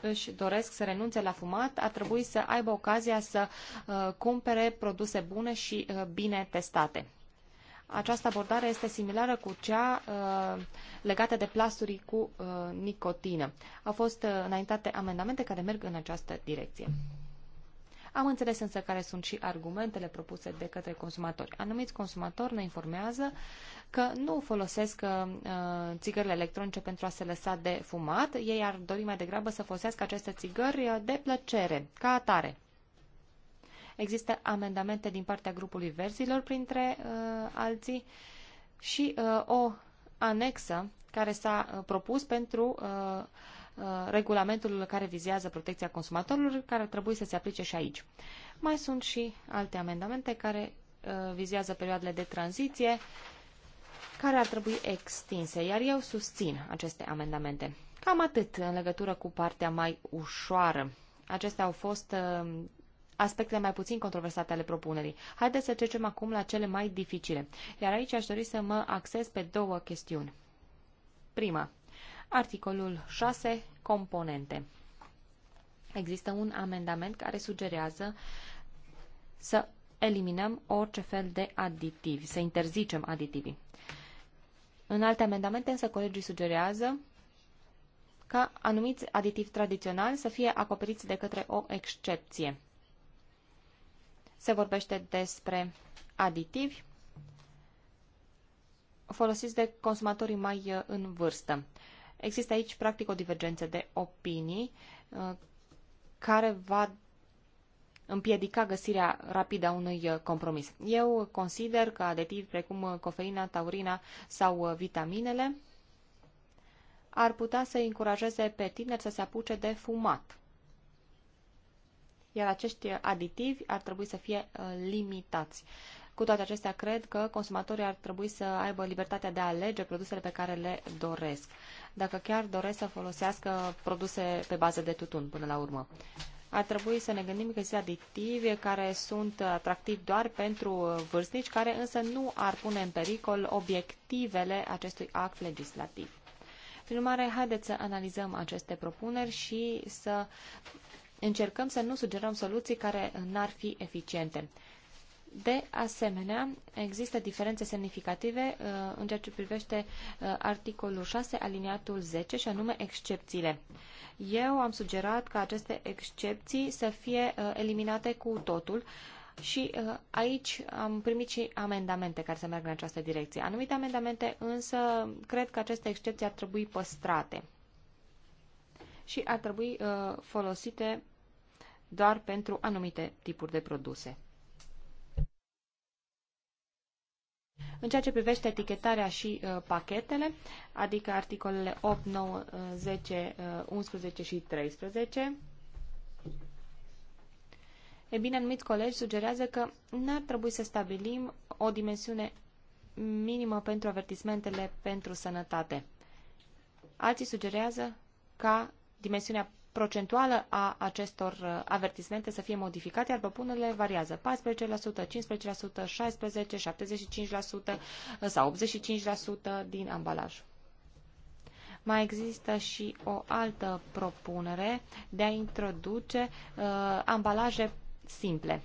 își doresc să renunțe la fumat ar trebui să aibă ocazia să uh, cumpere produse bune și uh, bine testate. Această abordare este similară cu cea uh, legată de plasturii cu uh, nicotină. Au fost uh, înaintate amendamente care merg în această direcție. Am înțeles însă care sunt și argumentele propuse de către consumatori. Anumiți consumatori ne informează că nu folosesc uh, țigările electronice pentru a se lăsa de fumat. Ei ar dori mai degrabă să folosească aceste țigări uh, de plăcere, ca atare. Există amendamente din partea grupului verzilor, printre uh, alții, și uh, o anexă care s-a uh, propus pentru uh, Uh, regulamentul care vizează protecția consumatorilor, care ar trebui să se aplice și aici. Mai sunt și alte amendamente care uh, vizează perioadele de tranziție, care ar trebui extinse, iar eu susțin aceste amendamente. Cam atât în legătură cu partea mai ușoară. Acestea au fost uh, aspectele mai puțin controversate ale propunerii. Haideți să trecem acum la cele mai dificile. Iar aici aș dori să mă axez pe două chestiuni. Prima. Articolul 6. Componente. Există un amendament care sugerează să eliminăm orice fel de aditivi, să interzicem aditivii. În alte amendamente, însă, colegii sugerează ca anumiți aditivi tradiționali să fie acoperiți de către o excepție. Se vorbește despre aditivi folosiți de consumatorii mai uh, în vârstă. Există aici, practic, o divergență de opinii uh, care va împiedica găsirea rapidă a unui uh, compromis. Eu consider că aditivi precum uh, cofeina, taurina sau vitaminele ar putea să încurajeze pe tineri să se apuce de fumat. Iar acești aditivi ar trebui să fie limitați. Cu toate acestea, cred că consumatorii ar trebui să aibă libertatea de a alege produsele pe care le doresc, dacă chiar doresc să folosească produse pe bază de tutun până la urmă. Ar trebui să ne gândim că sunt aditivi care sunt atractivi doar pentru vârstnici, care însă nu ar pune în pericol obiectivele acestui act legislativ. Prin urmare, haideți să analizăm aceste propuneri și să încercăm să nu sugerăm soluții care n-ar fi eficiente. De asemenea, există diferențe semnificative uh, în ceea ce privește uh, articolul 6, aliniatul 10, și anume excepțiile. Eu am sugerat ca aceste excepții să fie uh, eliminate cu totul, și aici am primit și amendamente care să meargă în această direcție. Anumite amendamente, însă, cred că aceste excepții ar trebui păstrate și ar trebui folosite doar pentru anumite tipuri de produse. În ceea ce privește etichetarea și uh, pachetele, adică articolele 8, 9, 10, 11 și 13, e bine, anumiți colegi sugerează că n-ar trebui să stabilim o dimensiune minimă pentru avertismentele pentru sănătate. Alții sugerează ca dimensiunea procentuală a acestor uh, avertismente să fie modificate, iar propunerile variază 14%, 15%, 16%, 75% sau 85% din ambalaj. Mai există și o altă propunere de a introduce uh, ambalaje simple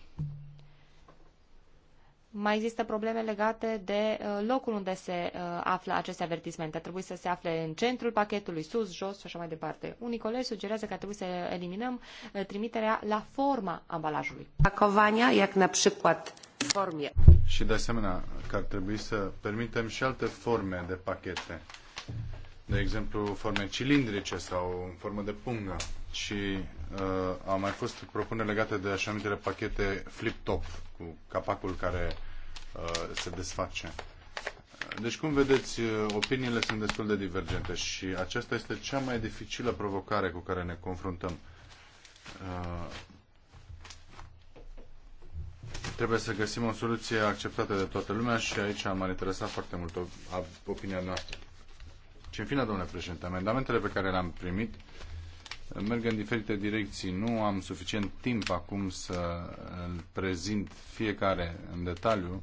mai există probleme legate de uh, locul unde se uh, află aceste avertismente. Trebuie să se afle în centrul pachetului, sus, jos și așa mai departe. Unii colegi sugerează că trebuie să eliminăm uh, trimiterea la forma ambalajului. Pacovania, jak na przykład formie. Și de asemenea că ar trebui să permitem și alte forme de pachete. De exemplu, forme cilindrice sau în formă de pungă și uh, a mai fost propuneri legate de așa numitele pachete flip-top cu capacul care uh, se desface. Deci, cum vedeți, uh, opiniile sunt destul de divergente și aceasta este cea mai dificilă provocare cu care ne confruntăm. Uh, trebuie să găsim o soluție acceptată de toată lumea și aici m a interesat foarte mult opinia noastră. Și în fine, domnule președinte, amendamentele pe care le-am primit uh, merg în diferite direcții. Nu am suficient timp acum să îl prezint fiecare în detaliu,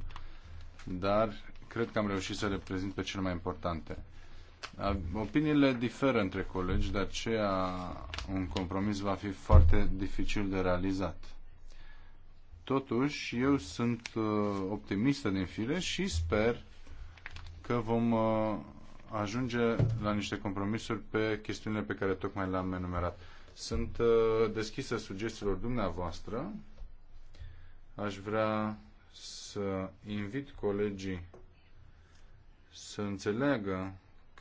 dar cred că am reușit să le prezint pe cele mai importante. Opiniile diferă între colegi, de aceea un compromis va fi foarte dificil de realizat. Totuși, eu sunt uh, optimistă din fire și sper că vom uh, ajunge la niște compromisuri pe chestiunile pe care tocmai le-am enumerat. Sunt uh, deschisă sugestiilor dumneavoastră. Aș vrea să invit colegii să înțeleagă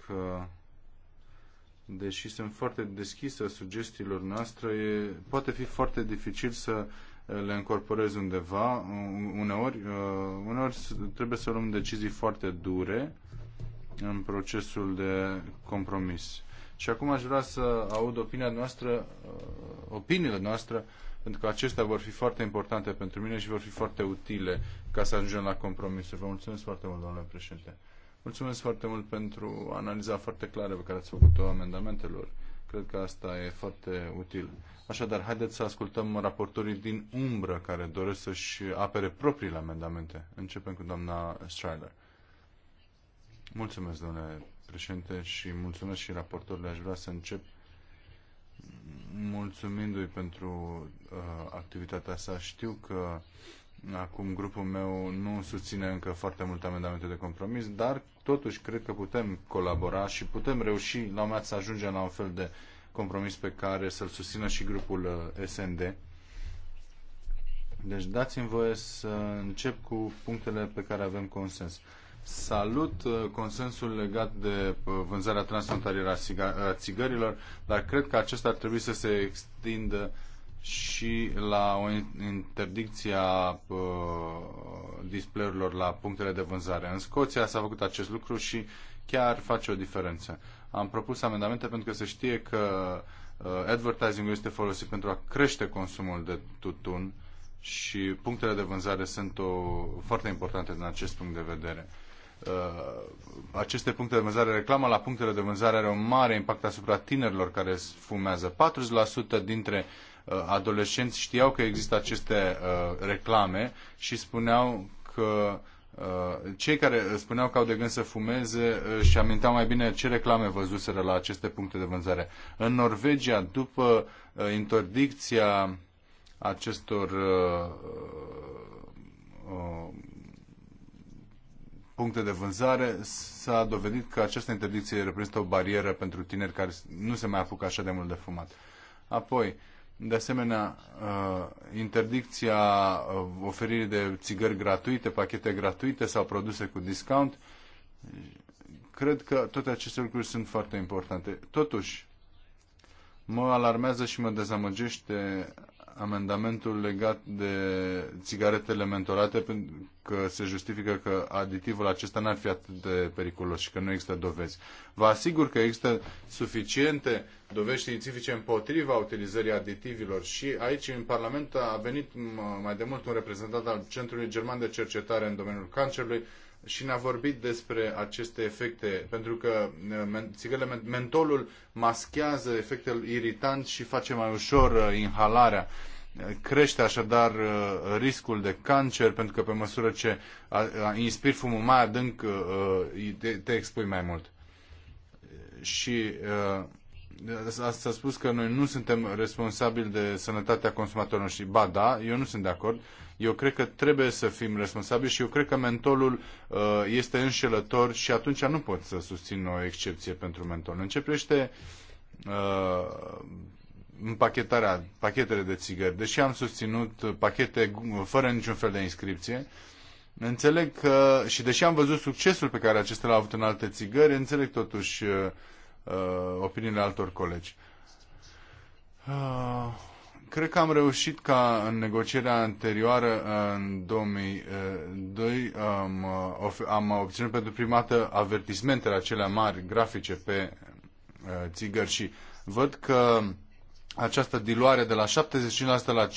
că deși sunt foarte deschisă sugestiilor noastre, e, poate fi foarte dificil să uh, le încorporez undeva. Uneori, uh, uneori trebuie să luăm decizii foarte dure în procesul de compromis. Și acum aș vrea să aud opinia noastră, uh, opiniile noastre, pentru că acestea vor fi foarte importante pentru mine și vor fi foarte utile ca să ajungem la compromisuri. Vă mulțumesc foarte mult, domnule președinte. Mulțumesc foarte mult pentru analiza foarte clară pe care ați făcut-o amendamentelor. Cred că asta e foarte util. Așadar, haideți să ascultăm raportorii din umbră care doresc să-și apere propriile amendamente. Începem cu doamna Strider. Mulțumesc, domnule președinte, și mulțumesc și raportorilor. Aș vrea să încep mulțumindu-i pentru uh, activitatea sa. Știu că acum grupul meu nu susține încă foarte multe amendamente de compromis, dar totuși cred că putem colabora și putem reuși la un să ajungem la un fel de compromis pe care să-l susțină și grupul uh, SND. Deci dați-mi voie să încep cu punctele pe care avem consens. Uh, Salut uh, consensul legat de uh, vânzarea transfrontalieră a uh, țigărilor, dar cred că acesta ar trebui să se extindă și la o interdicție a display-urilor la punctele de vânzare. În Scoția s-a făcut acest lucru și chiar face o diferență. Am propus amendamente pentru că se știe că advertising-ul este folosit pentru a crește consumul de tutun și punctele de vânzare sunt o, foarte importante din acest punct de vedere. Uh, aceste puncte de vânzare, reclama la punctele de vânzare are un mare impact asupra tinerilor care fumează. 40% dintre uh, adolescenți știau că există aceste uh, reclame și spuneau că cei care spuneau că au de gând să fumeze și aminteau mai bine ce reclame văzuseră la aceste puncte de vânzare. În Norvegia, după interdicția acestor puncte de vânzare, s-a dovedit că această interdicție reprezintă o barieră pentru tineri care nu se mai apucă așa de mult de fumat. Apoi, de asemenea, uh, interdicția uh, oferirii de țigări gratuite, pachete gratuite sau produse cu discount, cred că toate aceste lucruri sunt foarte importante. Totuși, mă alarmează și mă dezamăgește amendamentul legat de țigaretele mentolate, pentru că se justifică că aditivul acesta n-ar fi atât de periculos și că nu există dovezi. Vă asigur că există suficiente dovezi științifice împotriva utilizării aditivilor și aici în Parlament a venit mai de mult un reprezentant al Centrului German de Cercetare în domeniul cancerului și ne-a vorbit despre aceste efecte, pentru că țigările, mentolul maschează efectul iritant și face mai ușor uh, inhalarea. Crește așadar uh, riscul de cancer, pentru că pe măsură ce inspiri fumul mai adânc, uh, uh, te expui mai mult. Și ați spus că noi nu suntem responsabili de sănătatea consumatorilor și ba da, eu nu sunt de acord. Eu cred că trebuie să fim responsabili și eu cred că mentolul uh, este înșelător și atunci nu pot să susțin o excepție pentru mentol. Începește uh, împachetarea, pachetele de țigări, deși am susținut pachete fără niciun fel de inscripție, înțeleg că, și deși am văzut succesul pe care acesta l-a avut în alte țigări, înțeleg totuși uh, uh opiniile altor colegi. Uh, cred că am reușit ca în negocierea anterioară, uh, în 2002, uh, am, am obținut pentru prima dată avertismentele acelea mari, grafice pe uh, țigări și văd că uh, această diluare de la 75% la 50%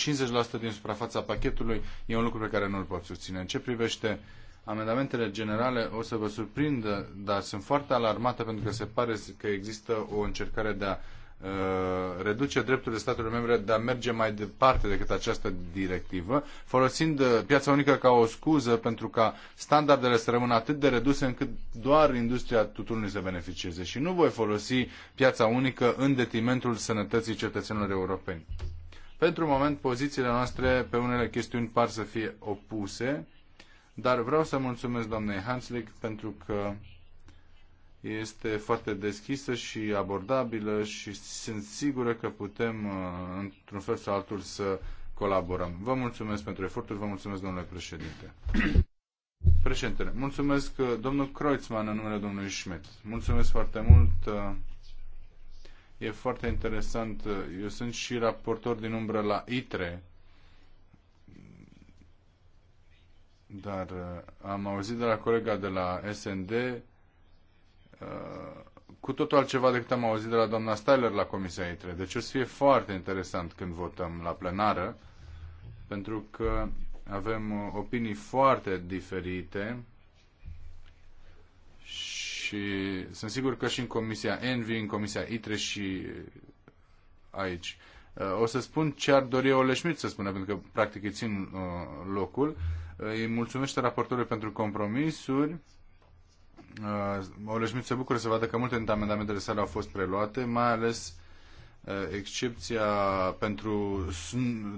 din suprafața pachetului e un lucru pe care nu îl pot susține. În ce privește amendamentele generale, o să vă surprindă, dar sunt foarte alarmată pentru că se pare că există o încercare de a Uh, reduce drepturile statelor membre de a merge mai departe decât această directivă, folosind uh, piața unică ca o scuză pentru ca standardele să rămână atât de reduse încât doar industria tutunului să beneficieze. Și nu voi folosi piața unică în detrimentul sănătății cetățenilor europeni. Pentru moment, pozițiile noastre pe unele chestiuni par să fie opuse, dar vreau să mulțumesc doamnei Hanslick pentru că este foarte deschisă și abordabilă și sunt sigură că putem, uh, într-un fel sau altul, să colaborăm. Vă mulțumesc pentru eforturi, vă mulțumesc, domnule președinte. Președintele, mulțumesc uh, domnul Kreutzmann în numele domnului Schmidt. Mulțumesc foarte mult. Uh, e foarte interesant. Eu sunt și raportor din umbră la ITRE, dar am auzit de la colega de la SND cu totul altceva decât am auzit de la doamna Styler la Comisia ITRE. Deci o să fie foarte interesant când votăm la plenară, pentru că avem opinii foarte diferite și sunt sigur că și în Comisia Envy, în Comisia ITRE și aici. O să spun ce ar dori Ole Schmidt să spună, pentru că practic îi țin uh, locul. Îi mulțumește raportorului pentru compromisuri Uh, Oleșmiț se bucură să vadă că multe dintre amendamentele sale au fost preluate, mai ales uh, excepția pentru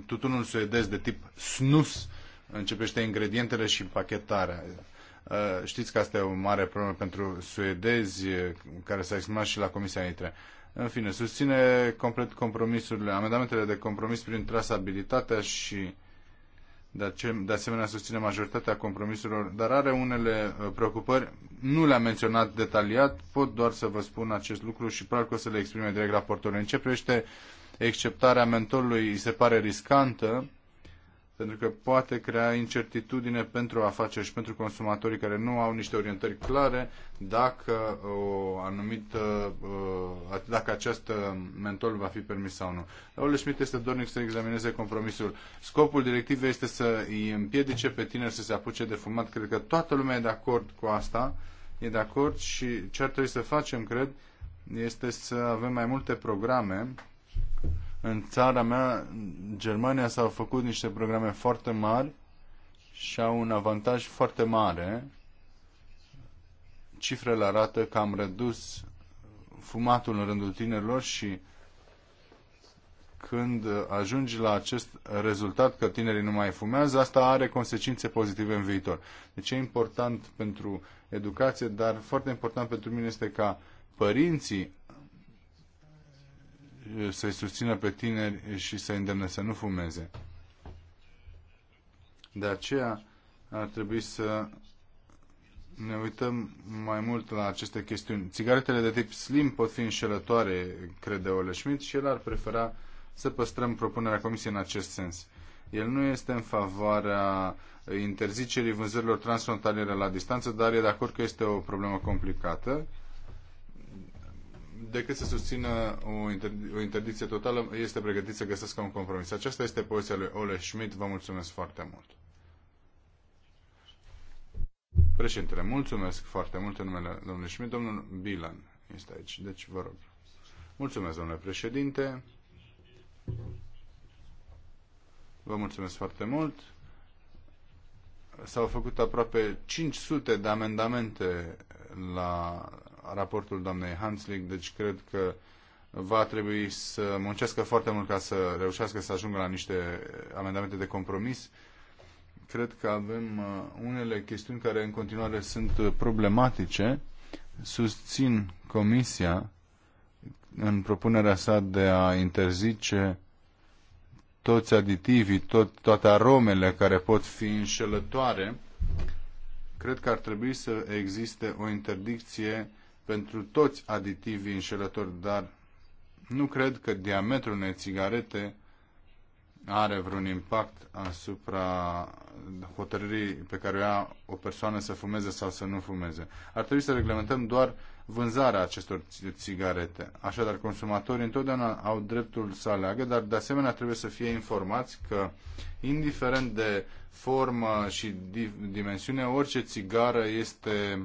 tutunul suedez de tip snus începește ingredientele și pachetarea. Uh, știți că asta e o mare problemă pentru suedezi, care s-a exprimat și la Comisia ITRE. În fine, susține complet compromisurile, amendamentele de compromis prin trasabilitatea și de asemenea susține majoritatea compromisurilor, dar are unele uh, preocupări. Nu le-am menționat detaliat, pot doar să vă spun acest lucru și probabil că o să le exprime direct raportorul. În ce privește exceptarea mentorului, îi se pare riscantă, pentru că poate crea incertitudine pentru afaceri și pentru consumatorii care nu au niște orientări clare dacă o anumită, uh, dacă acest mentol va fi permis sau nu. Ole Schmidt este dornic să examineze compromisul. Scopul directivei este să îi împiedice pe tineri să se apuce de fumat. Cred că toată lumea e de acord cu asta, e de acord și ce ar trebui să facem, cred, este să avem mai multe programe în țara mea, în Germania, s-au făcut niște programe foarte mari și au un avantaj foarte mare. Cifrele arată că am redus fumatul în rândul tinerilor și când ajungi la acest rezultat că tinerii nu mai fumează, asta are consecințe pozitive în viitor. Deci e important pentru educație, dar foarte important pentru mine este ca părinții să-i susțină pe tineri și să-i îndemne să nu fumeze. De aceea ar trebui să ne uităm mai mult la aceste chestiuni. Țigaretele de tip slim pot fi înșelătoare, crede Ole Schmidt, și el ar prefera să păstrăm propunerea Comisiei în acest sens. El nu este în favoarea interzicerii vânzărilor transfrontaliere la distanță, dar e de acord că este o problemă complicată decât să susțină o, inter- o interdicție totală, este pregătit să găsească un compromis. Aceasta este poziția lui Ole Schmidt. Vă mulțumesc foarte mult. Președintele, mulțumesc foarte mult în numele domnului Schmidt. Domnul Bilan este aici, deci vă rog. Mulțumesc, domnule președinte. Vă mulțumesc foarte mult. S-au făcut aproape 500 de amendamente la raportul doamnei Hanslick, deci cred că va trebui să muncească foarte mult ca să reușească să ajungă la niște amendamente de compromis. Cred că avem uh, unele chestiuni care în continuare sunt problematice. Susțin Comisia în propunerea sa de a interzice toți aditivii, tot, toate aromele care pot fi înșelătoare, cred că ar trebui să existe o interdicție pentru toți aditivii înșelători, dar nu cred că diametrul unei țigarete are vreun impact asupra hotărârii pe care o ia o persoană să fumeze sau să nu fumeze. Ar trebui să reglementăm doar vânzarea acestor țigarete. Așadar, consumatorii întotdeauna au dreptul să aleagă, dar de asemenea trebuie să fie informați că, indiferent de formă și dimensiune, orice țigară este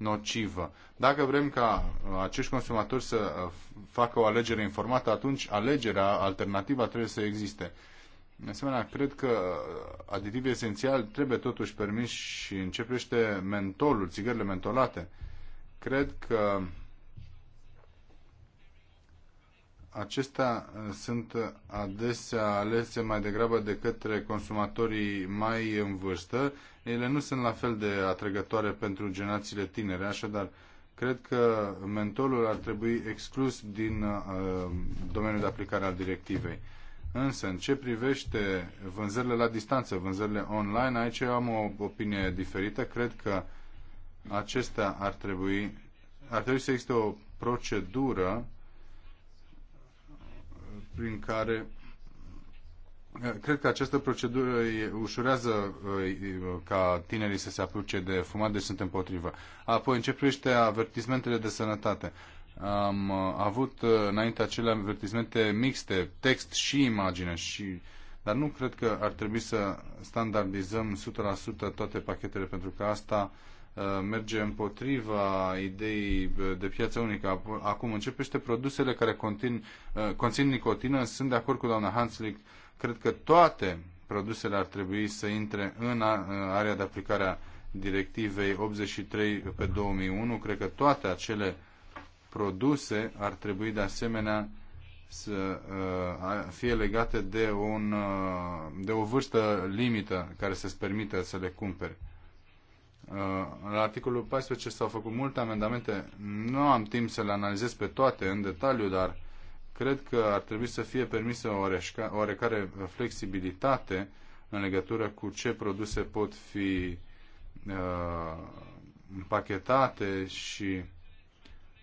nocivă. Dacă vrem ca uh, acești consumatori să uh, facă o alegere informată, atunci alegerea, alternativa trebuie să existe. De asemenea, cred că uh, aditivi esențial trebuie totuși permis și începește mentolul, țigările mentolate. Cred că acestea uh, sunt uh, adesea alese mai degrabă de către consumatorii mai în vârstă. Ele nu sunt la fel de atrăgătoare pentru generațiile tinere, așadar cred că mentolul ar trebui exclus din uh, domeniul de aplicare al directivei. Însă, în ce privește vânzările la distanță, vânzările online, aici eu am o opinie diferită. Cred că acestea ar trebui, ar trebui să existe o procedură prin care eh, Cred că această procedură ușurează eh, ca tinerii să se apuce de fumat, deci sunt împotrivă. Apoi, în ce privește avertismentele de sănătate, am eh, avut înainte acele avertismente mixte, text și imagine, și, dar nu cred că ar trebui să standardizăm 100% toate pachetele, pentru că asta Uh, merge împotriva ideii uh, de piață unică. Acum începește produsele care contin, uh, conțin nicotină. Sunt de acord cu doamna Hanslick. Cred că toate produsele ar trebui să intre în area de aplicare a directivei 83 pe 2001. Cred că toate acele produse ar trebui de asemenea să fie legate de, un, de o vârstă limită care să-ți permită să le cumpere. Uh, la articolul 14 s-au făcut multe amendamente. Nu am timp să le analizez pe toate în detaliu, dar cred că ar trebui să fie permisă oarecare flexibilitate în legătură cu ce produse pot fi uh, împachetate și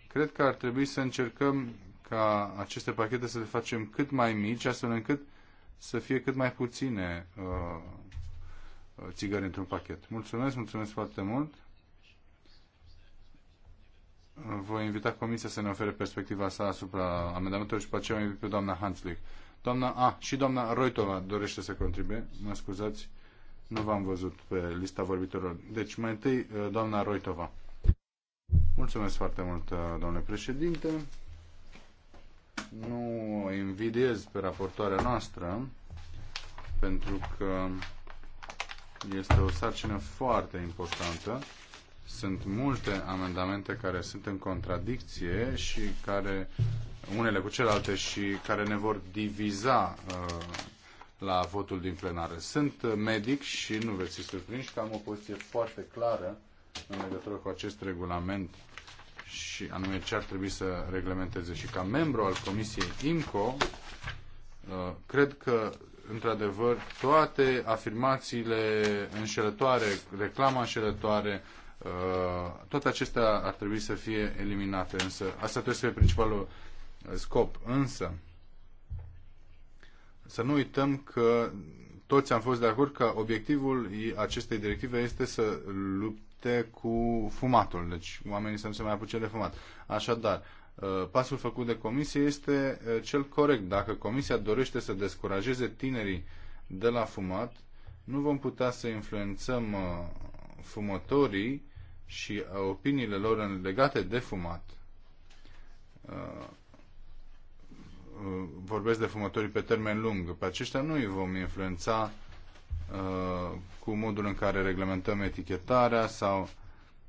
cred că ar trebui să încercăm ca aceste pachete să le facem cât mai mici, astfel încât să fie cât mai puține uh, Uh, țigări într-un pachet. Mulțumesc, mulțumesc foarte mult. Voi invita Comisia să ne ofere perspectiva sa asupra amendamentelor și pe aceea invit pe doamna Hanslick. Doamna, a, ah, și doamna Roitova dorește să contribuie. Mă scuzați, nu v-am văzut pe lista vorbitorilor. Deci, mai întâi, uh, doamna Roitova. Mulțumesc foarte mult, uh, domnule președinte. Nu invidiez pe raportoarea noastră, pentru că este o sarcină foarte importantă. Sunt multe amendamente care sunt în contradicție și care, unele cu celelalte, și care ne vor diviza uh, la votul din plenară. Sunt uh, medic și nu veți fi surprinși că am o poziție foarte clară în legătură cu acest regulament și anume ce ar trebui să reglementeze. Și ca membru al Comisiei IMCO, uh, cred că într-adevăr, toate afirmațiile înșelătoare, reclama înșelătoare, uh, toate acestea ar trebui să fie eliminate, însă asta trebuie să fie principalul uh, scop. Însă, să nu uităm că toți am fost de acord că obiectivul acestei directive este să lupte cu fumatul, deci oamenii să nu se mai apuce de fumat. Așadar, Uh, pasul făcut de comisie este uh, cel corect. Dacă comisia dorește să descurajeze tinerii de la fumat, nu vom putea să influențăm uh, fumătorii și opiniile lor legate de fumat. Vorbesc de fumătorii pe termen lung. Pe aceștia nu îi vom influența cu modul în care reglementăm etichetarea sau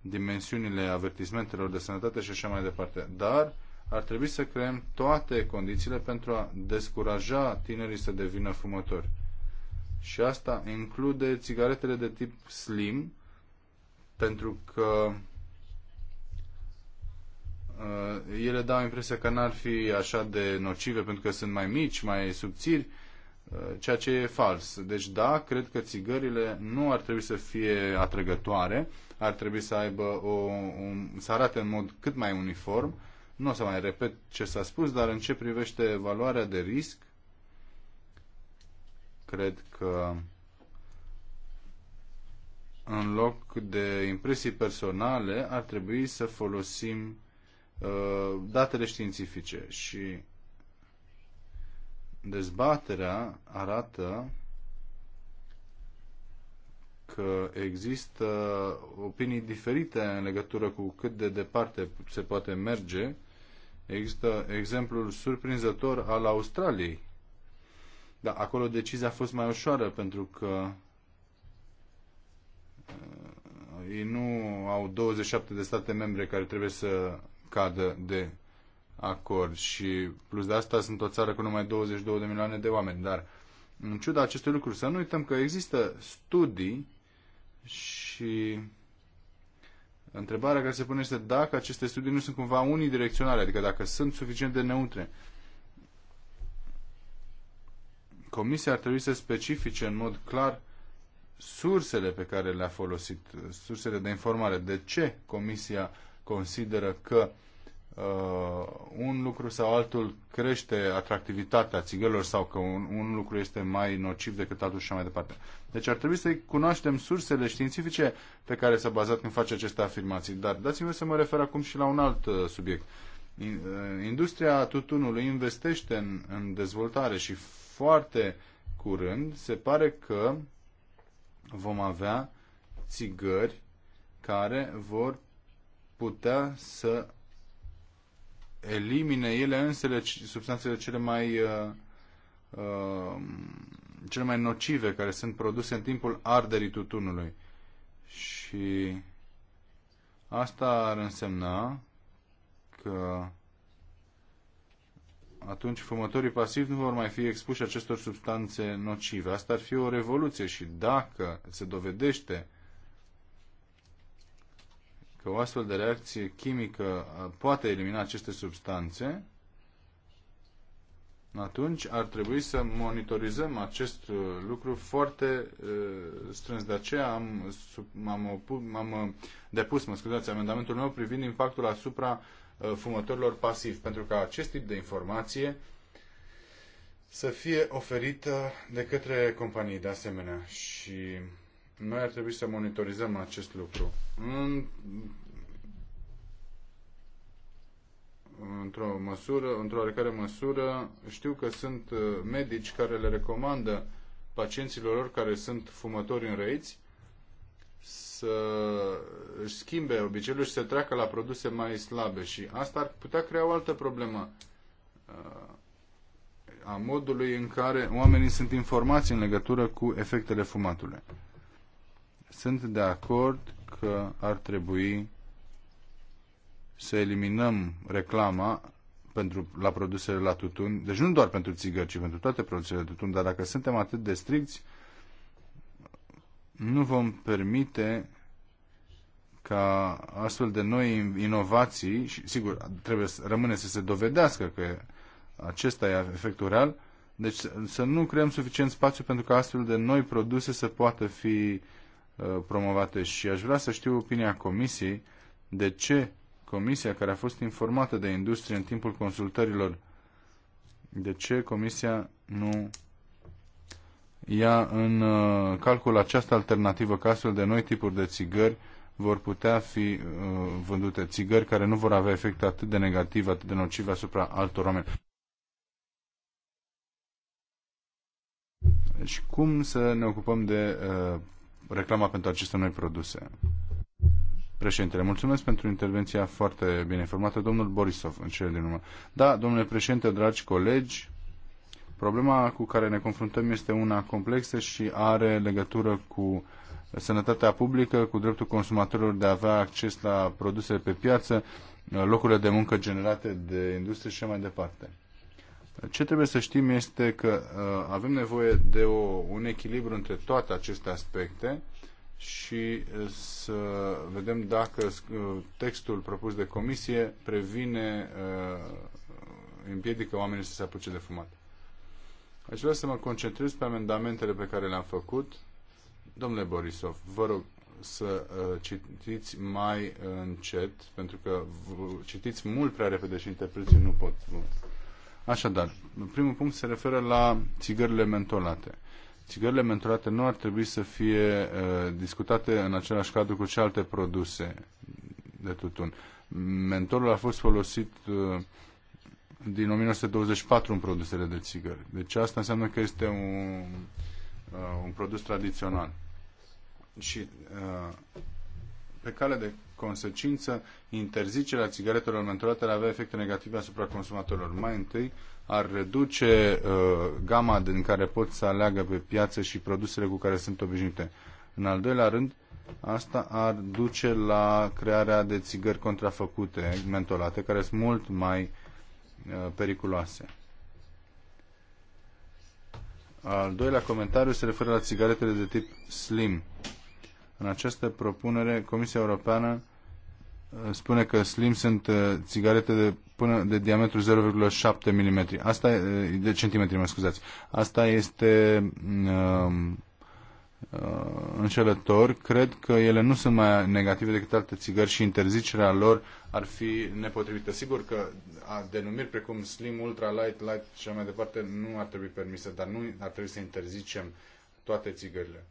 dimensiunile avertismentelor de sănătate și așa mai departe. Dar ar trebui să creăm toate condițiile pentru a descuraja tinerii să devină fumători. Și asta include țigaretele de tip slim, pentru că uh, ele dau impresia că n-ar fi așa de nocive pentru că sunt mai mici, mai subțiri, uh, ceea ce e fals. Deci da, cred că țigările nu ar trebui să fie atrăgătoare, uh, ar trebui să aibă o, un, să arate în mod cât mai uniform. Nu o să mai repet ce s-a spus, dar în ce privește valoarea de risc, cred că în loc de impresii personale, ar trebui să folosim uh, datele științifice și dezbaterea arată că există opinii diferite în legătură cu cât de departe se poate merge. Există exemplul surprinzător al Australiei. Da, acolo decizia a fost mai ușoară pentru că uh, ei nu au 27 de state membre care trebuie să cadă de acord și plus de asta sunt o țară cu numai 22 de milioane de oameni, dar în ciuda acestui lucru să nu uităm că există studii și întrebarea care se pune este dacă aceste studii nu sunt cumva unidirecționale, adică dacă sunt suficient de neutre. Comisia ar trebui să specifice în mod clar sursele pe care le-a folosit, sursele de informare. De ce Comisia consideră că uh, uh, un lucru sau altul crește atractivitatea țigărilor sau că un, un lucru este mai nociv decât altul și mai departe. Deci ar trebui să cunoaștem sursele științifice pe care s-a bazat când face aceste afirmații. Dar dați-mi să mă refer acum și la un alt uh, subiect. Uh, industria tutunului investește în, în dezvoltare și foarte curând se pare că vom avea țigări care vor putea să elimine ele însele substanțele cele mai uh, uh, cele mai nocive care sunt produse în timpul arderii tutunului. Și asta ar însemna că atunci fumătorii pasivi nu vor mai fi expuși acestor substanțe nocive. Asta ar fi o revoluție și dacă se dovedește că o astfel de reacție chimică poate elimina aceste substanțe, atunci ar trebui să monitorizăm acest uh, lucru foarte uh, strâns. De aceea am, sub, am, am uh, depus, mă scuzați, amendamentul meu privind impactul asupra uh, fumătorilor pasivi, pentru ca acest tip de informație să fie oferită de către companii de asemenea. Și noi ar trebui să monitorizăm acest lucru. În, într-o măsură, într-o oarecare măsură, știu că sunt uh, medici care le recomandă pacienților lor care sunt fumători răiți să își schimbe obiceiul și să treacă la produse mai slabe și asta ar putea crea o altă problemă uh, a modului în care oamenii sunt informați în legătură cu efectele fumatului. Sunt de acord că ar trebui să eliminăm reclama pentru, la produsele la tutun, deci nu doar pentru țigări, ci pentru toate produsele de tutun, dar dacă suntem atât de stricți, nu vom permite ca astfel de noi inovații, și sigur, trebuie să rămâne să se dovedească că acesta e efectul real, deci să nu creăm suficient spațiu pentru ca astfel de noi produse să poată fi Uh, promovate și aș vrea să știu opinia Comisiei de ce Comisia care a fost informată de industrie în timpul consultărilor, de ce Comisia nu ia în uh, calcul această alternativă că astfel de noi tipuri de țigări vor putea fi uh, vândute țigări care nu vor avea efecte atât de negative, atât de nocive asupra altor oameni. Și cum să ne ocupăm de uh, reclama pentru aceste noi produse. Președintele, mulțumesc pentru intervenția foarte bine informată. Domnul Borisov, în cele din urmă. Da, domnule președinte, dragi colegi, problema cu care ne confruntăm este una complexă și are legătură cu sănătatea publică, cu dreptul consumatorilor de a avea acces la produse pe piață, locurile de muncă generate de industrie și mai departe. Ce trebuie să știm este că uh, avem nevoie de o, un echilibru între toate aceste aspecte și uh, să vedem dacă uh, textul propus de comisie previne, împiedică oamenii să se apuce de fumat. Aș vrea să mă concentrez pe amendamentele pe care le-am făcut. Domnule Borisov, vă rog să citiți mai încet, pentru că citiți mult prea repede și interpreții nu pot. Bun. Așadar, primul punct se referă la țigările mentolate. Țigările mentolate nu ar trebui să fie uh, discutate în același cadru cu celelalte produse de tutun. Mentolul a fost folosit uh, din 1924 în produsele de țigări. Deci asta înseamnă că este un, uh, un produs tradițional. Și uh, pe cale de consecință, interzicerea țigaretelor menturate ar avea efecte negative asupra consumatorilor. Mai întâi, ar reduce uh, gama din care pot să aleagă pe piață și produsele cu care sunt obișnuite. În al doilea rând, asta ar duce la crearea de țigări contrafăcute, mentolate, care sunt mult mai uh, periculoase. Al doilea comentariu se referă la țigaretele de tip slim. În această propunere, Comisia Europeană uh, spune că slim sunt uh, țigarete de, până, de diametru 0,7 mm. Asta e, uh, de centimetri, mă scuzați. Asta este uh, uh, înșelător. Cred că ele nu sunt mai negative decât alte țigări și interzicerea lor ar fi nepotrivită. Sigur că a denumiri precum slim, ultra, light, light și mai departe nu ar trebui permise, dar nu ar trebui să interzicem toate țigările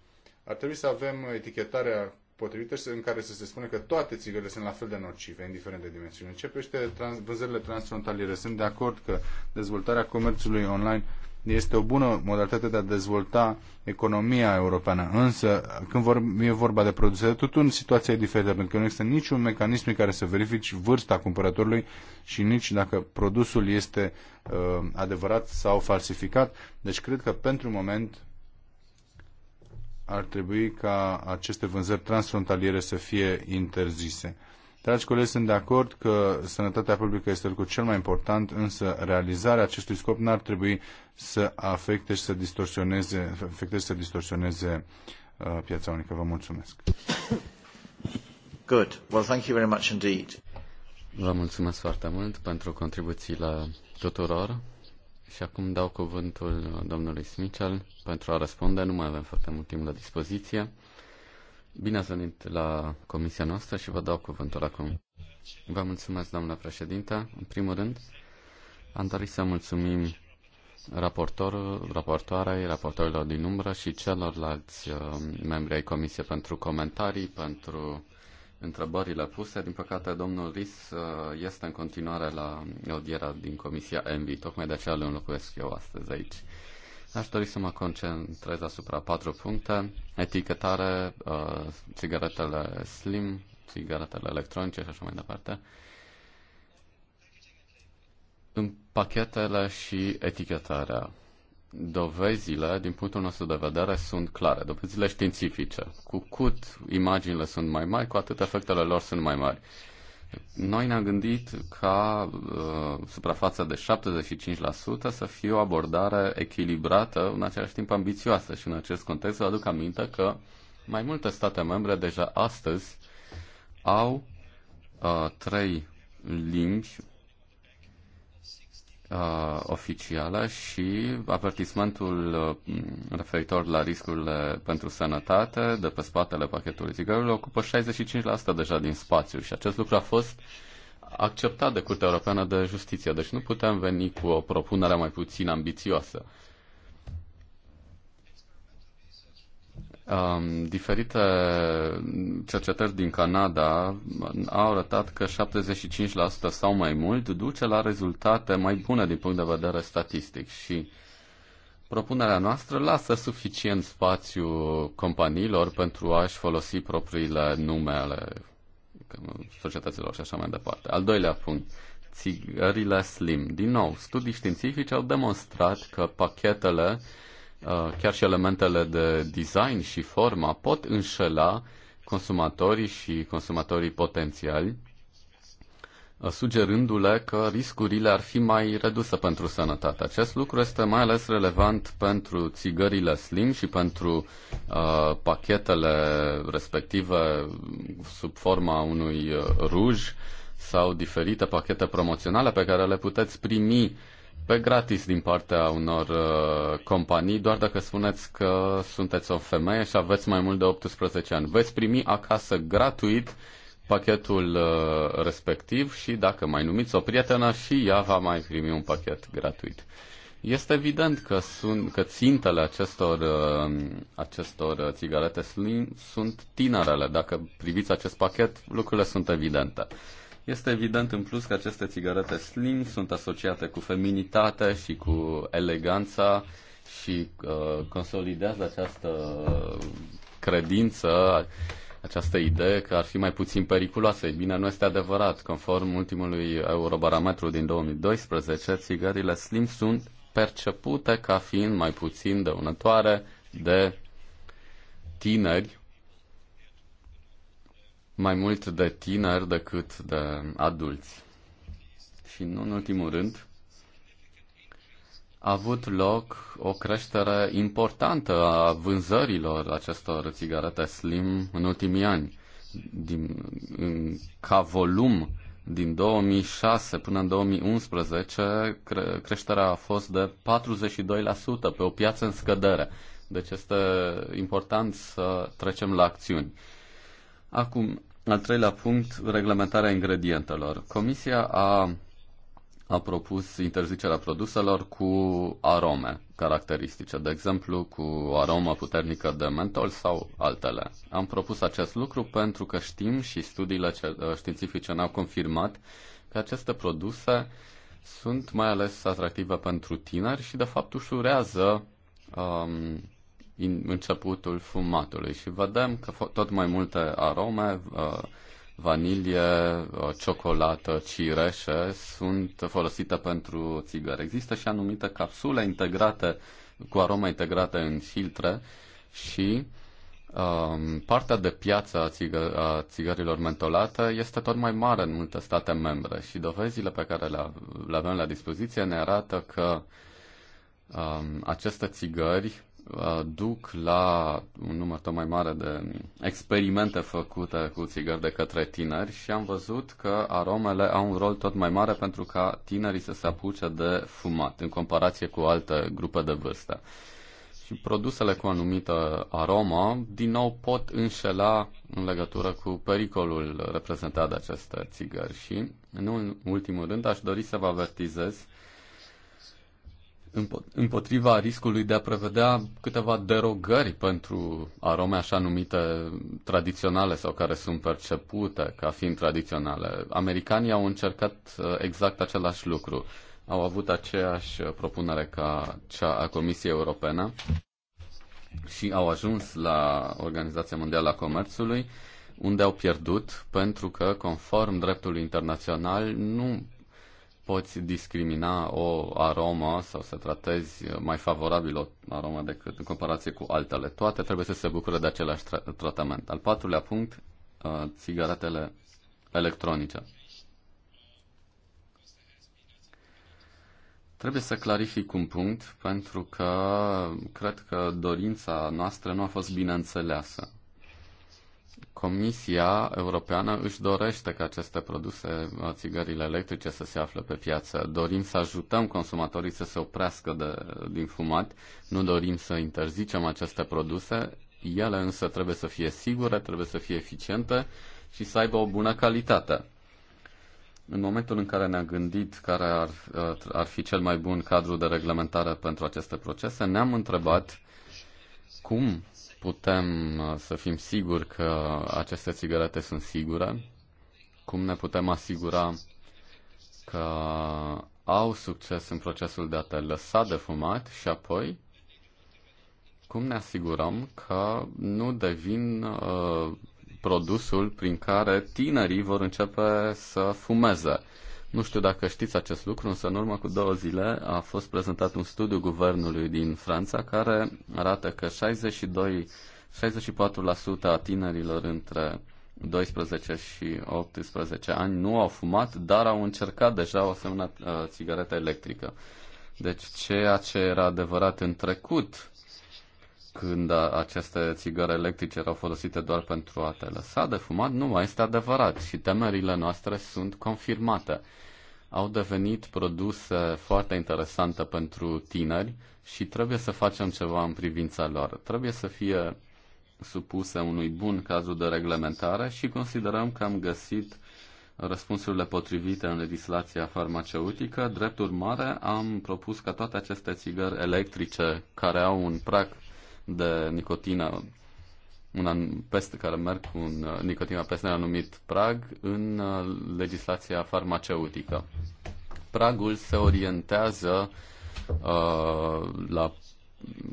ar trebui să avem etichetarea potrivită în care să se spune că toate țigările sunt la fel de nocive, indiferent de dimensiune. Ce privește trans, vânzările transfrontaliere, sunt de acord că dezvoltarea comerțului online este o bună modalitate de a dezvolta economia europeană. Însă, când vor, e vorba de produse de tutun, situația e diferită, pentru că nu există niciun mecanism în care să verifici vârsta cumpărătorului și nici dacă produsul este uh, adevărat sau falsificat. Deci, cred că pentru moment ar trebui ca aceste vânzări transfrontaliere să fie interzise. Dragi colegi, sunt de acord că sănătatea publică este lucrul cel mai important, însă realizarea acestui scop n-ar trebui să afecte și să distorsioneze, afecte și să distorsioneze uh, piața unică. Vă mulțumesc. Good. Well, thank you very much indeed. Vă mulțumesc foarte mult pentru contribuțiile tuturor. Și acum dau cuvântul domnului Smichel pentru a răspunde. Nu mai avem foarte mult timp la dispoziție. Bine ați venit la comisia noastră și vă dau cuvântul acum. Vă mulțumesc, doamna președinte. În primul rând, am dorit să mulțumim raportorul, raportoarei, raportorilor din umbră și celorlalți uh, membri ai comisiei pentru comentarii, pentru întrebările puse. Din păcate, domnul Ris uh, este în continuare la audiera din Comisia ENVI, tocmai de aceea le înlocuiesc eu astăzi aici. Aș dori să mă concentrez asupra patru puncte. Etichetare, țigaretele uh, slim, țigaretele electronice și așa mai departe. În pachetele și etichetarea dovezile, din punctul nostru de vedere, sunt clare, dovezile științifice. Cu cât imaginile sunt mai mari, cu atât efectele lor sunt mai mari. Noi ne-am gândit ca uh, suprafața de 75% să fie o abordare echilibrată, în același timp ambițioasă și în acest context vă aduc aminte că mai multe state membre deja astăzi au uh, trei limbi uh, oficială și avertismentul uh, referitor la riscurile pentru sănătate de pe spatele pachetului țigărilor ocupă 65% deja din spațiu și acest lucru a fost acceptat de Curtea Europeană de Justiție, deci nu putem veni cu o propunere mai puțin ambițioasă. Um, diferite cercetări din Canada au arătat că 75% sau mai mult duce la rezultate mai bune din punct de vedere statistic și propunerea noastră lasă suficient spațiu companiilor pentru a-și folosi propriile nume ale societăților și așa mai departe. Al doilea punct, țigările slim. Din nou, studii științifice au demonstrat că pachetele Uh, chiar și elementele de design și forma pot înșela consumatorii și consumatorii potențiali, uh, sugerându-le că riscurile ar fi mai reduse pentru sănătate. Acest lucru este mai ales relevant pentru țigările slim și pentru uh, pachetele respective sub forma unui uh, ruj sau diferite pachete promoționale pe care le puteți primi pe gratis din partea unor uh, companii, doar dacă spuneți că sunteți o femeie și aveți mai mult de 18 ani. Veți primi acasă gratuit pachetul uh, respectiv și dacă mai numiți o prietenă și ea va mai primi un pachet gratuit. Este evident că, sunt, că țintele acestor, uh, acestor țigarete slim sunt tinerele. Dacă priviți acest pachet, lucrurile sunt evidente. Este evident în plus că aceste țigarete slim sunt asociate cu feminitatea și cu eleganța și uh, consolidează această credință, această idee că ar fi mai puțin periculoase. Ei bine, nu este adevărat. Conform ultimului Eurobarometru din 2012, țigările slim sunt percepute ca fiind mai puțin dăunătoare de tineri mai mult de tineri decât de adulți. Și nu în ultimul rând, a avut loc o creștere importantă a vânzărilor acestor țigarete slim în ultimii ani. Din, în, ca volum, din 2006 până în 2011, cre- creșterea a fost de 42% pe o piață în scădere. Deci este important să trecem la acțiuni. Acum, al treilea punct, reglementarea ingredientelor. Comisia a, a propus interzicerea produselor cu arome caracteristice, de exemplu cu aromă puternică de mentol sau altele. Am propus acest lucru pentru că știm și studiile ă, științifice ne-au confirmat că aceste produse sunt mai ales atractive pentru tineri și de fapt ușurează um, începutul fumatului și vedem că tot mai multe arome, uh, vanilie, uh, ciocolată, cireșe sunt folosite pentru țigări. Există și anumite capsule integrate cu arome integrate în filtre și um, partea de piață a, țigă, a țigărilor mentolate este tot mai mare în multe state membre și dovezile pe care le, le avem la dispoziție ne arată că um, aceste țigări Uh, duc la un număr tot mai mare de experimente făcute cu țigări de către tineri și am văzut că aromele au un rol tot mai mare pentru ca tinerii să se apuce de fumat în comparație cu alte grupe de vârstă. Și produsele cu anumită aromă, din nou, pot înșela în legătură cu pericolul reprezentat de aceste țigări. Și, în ultimul rând, aș dori să vă avertizez împotriva riscului de a prevedea câteva derogări pentru arome așa numite tradiționale sau care sunt percepute ca fiind tradiționale. Americanii au încercat uh, exact același lucru. Au avut aceeași propunere ca cea a Comisiei Europene și au ajuns la Organizația Mondială a Comerțului, unde au pierdut pentru că, conform dreptului internațional, nu poți discrimina o aromă sau să tratezi mai favorabil o aromă decât în comparație cu altele. Toate trebuie să se bucure de același tra- tratament. Al patrulea punct, uh, țigaretele electronice. Trebuie să clarific un punct pentru că cred că dorința noastră nu a fost bine înțeleasă. Comisia Europeană își dorește ca aceste produse, uh, țigările electrice, să se afle pe piață. Dorim să ajutăm consumatorii să se oprească de, din fumat, nu dorim să interzicem aceste produse, ele însă trebuie să fie sigure, trebuie să fie eficiente și să aibă o bună calitate. În momentul în care ne-am gândit care ar, uh, ar fi cel mai bun cadru de reglementare pentru aceste procese, ne-am întrebat cum putem uh, să fim siguri că aceste țigărete sunt sigure? Cum ne putem asigura că au succes în procesul de a te lăsa de fumat și apoi cum ne asigurăm că nu devin uh, produsul prin care tinerii vor începe să fumeze? Nu știu dacă știți acest lucru, însă în urmă cu două zile a fost prezentat un studiu guvernului din Franța care arată că 62, 64% a tinerilor între 12 și 18 ani nu au fumat, dar au încercat deja o asemenea uh, țigaretă electrică. Deci ceea ce era adevărat în trecut când aceste țigări electrice erau folosite doar pentru a te lăsa de fumat, nu mai este adevărat și temerile noastre sunt confirmate. Au devenit produse foarte interesante pentru tineri și trebuie să facem ceva în privința lor. Trebuie să fie supuse unui bun cadru de reglementare și considerăm că am găsit răspunsurile potrivite în legislația farmaceutică. Drept urmare, am propus ca toate aceste țigări electrice care au un prag de nicotină un peste care merg cu un, uh, nicotina peste anumit prag în uh, legislația farmaceutică. Pragul se orientează uh, la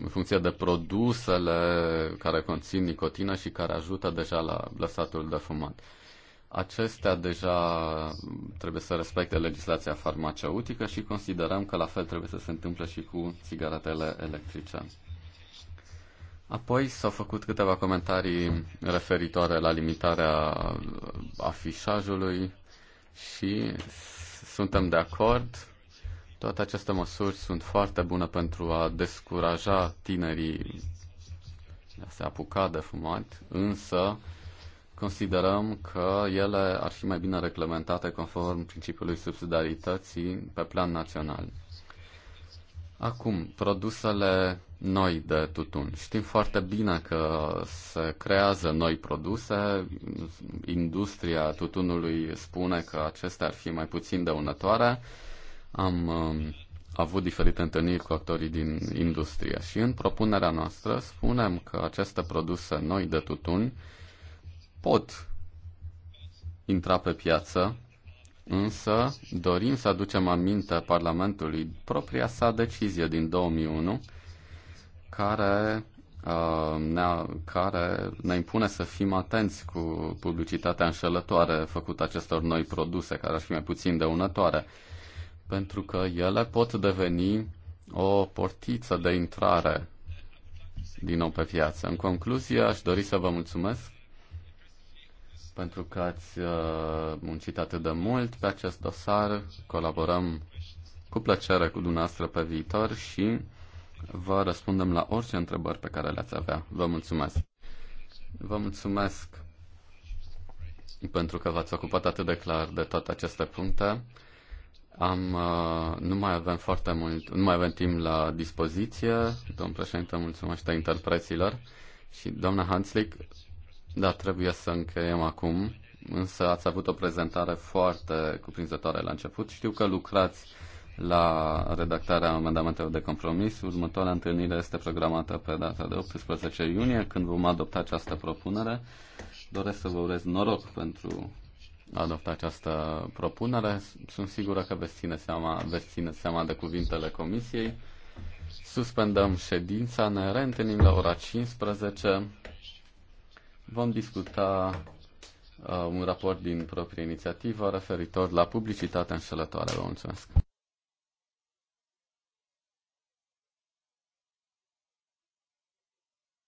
în funcție de produsele care conțin nicotină și care ajută deja la lăsatul de fumat. Acestea deja trebuie să respecte legislația farmaceutică și considerăm că la fel trebuie să se întâmple și cu țigaretele electrice. Apoi s-au făcut câteva comentarii referitoare la limitarea afișajului și suntem de acord. Toate aceste măsuri sunt foarte bune pentru a descuraja tinerii de a se apuca de fumat, însă considerăm că ele ar fi mai bine reglementate conform principiului subsidiarității pe plan național. Acum, produsele noi de tutun. Știm foarte bine că se creează noi produse, industria tutunului spune că acestea ar fi mai puțin dăunătoare. Am um, avut diferite întâlniri cu actorii din industrie și în propunerea noastră spunem că aceste produse noi de tutun pot intra pe piață, însă dorim să aducem aminte Parlamentului propria sa decizie din 2001 care uh, ne, care ne impune să fim atenți cu publicitatea înșelătoare făcută acestor noi produse, care ar fi mai puțin dăunătoare, pentru că ele pot deveni o portiță de intrare din nou pe piață. În concluzie, aș dori să vă mulțumesc pentru că ați uh, muncit atât de mult pe acest dosar. Colaborăm cu plăcere cu dumneavoastră pe viitor și vă răspundem la orice întrebări pe care le-ați avea. Vă mulțumesc. Vă mulțumesc pentru că v-ați ocupat atât de clar de toate aceste puncte. Am, uh, nu mai avem foarte mult, nu mai avem timp la dispoziție. Domn președinte, mulțumesc interpreților. Și doamna Hanslick, da, trebuie să încheiem acum, însă ați avut o prezentare foarte cuprinzătoare la început. Știu că lucrați la redactarea amendamentelor de compromis. Următoarea întâlnire este programată pe data de 18 iunie, când vom adopta această propunere. Doresc să vă urez noroc pentru a adopta această propunere. Sunt sigură că veți ține seama, veți ține seama de cuvintele comisiei. Suspendăm ședința, ne reîntâlnim la ora 15. Vom discuta uh, un raport din proprie inițiativă referitor la publicitatea înșelătoare. Vă mulțumesc!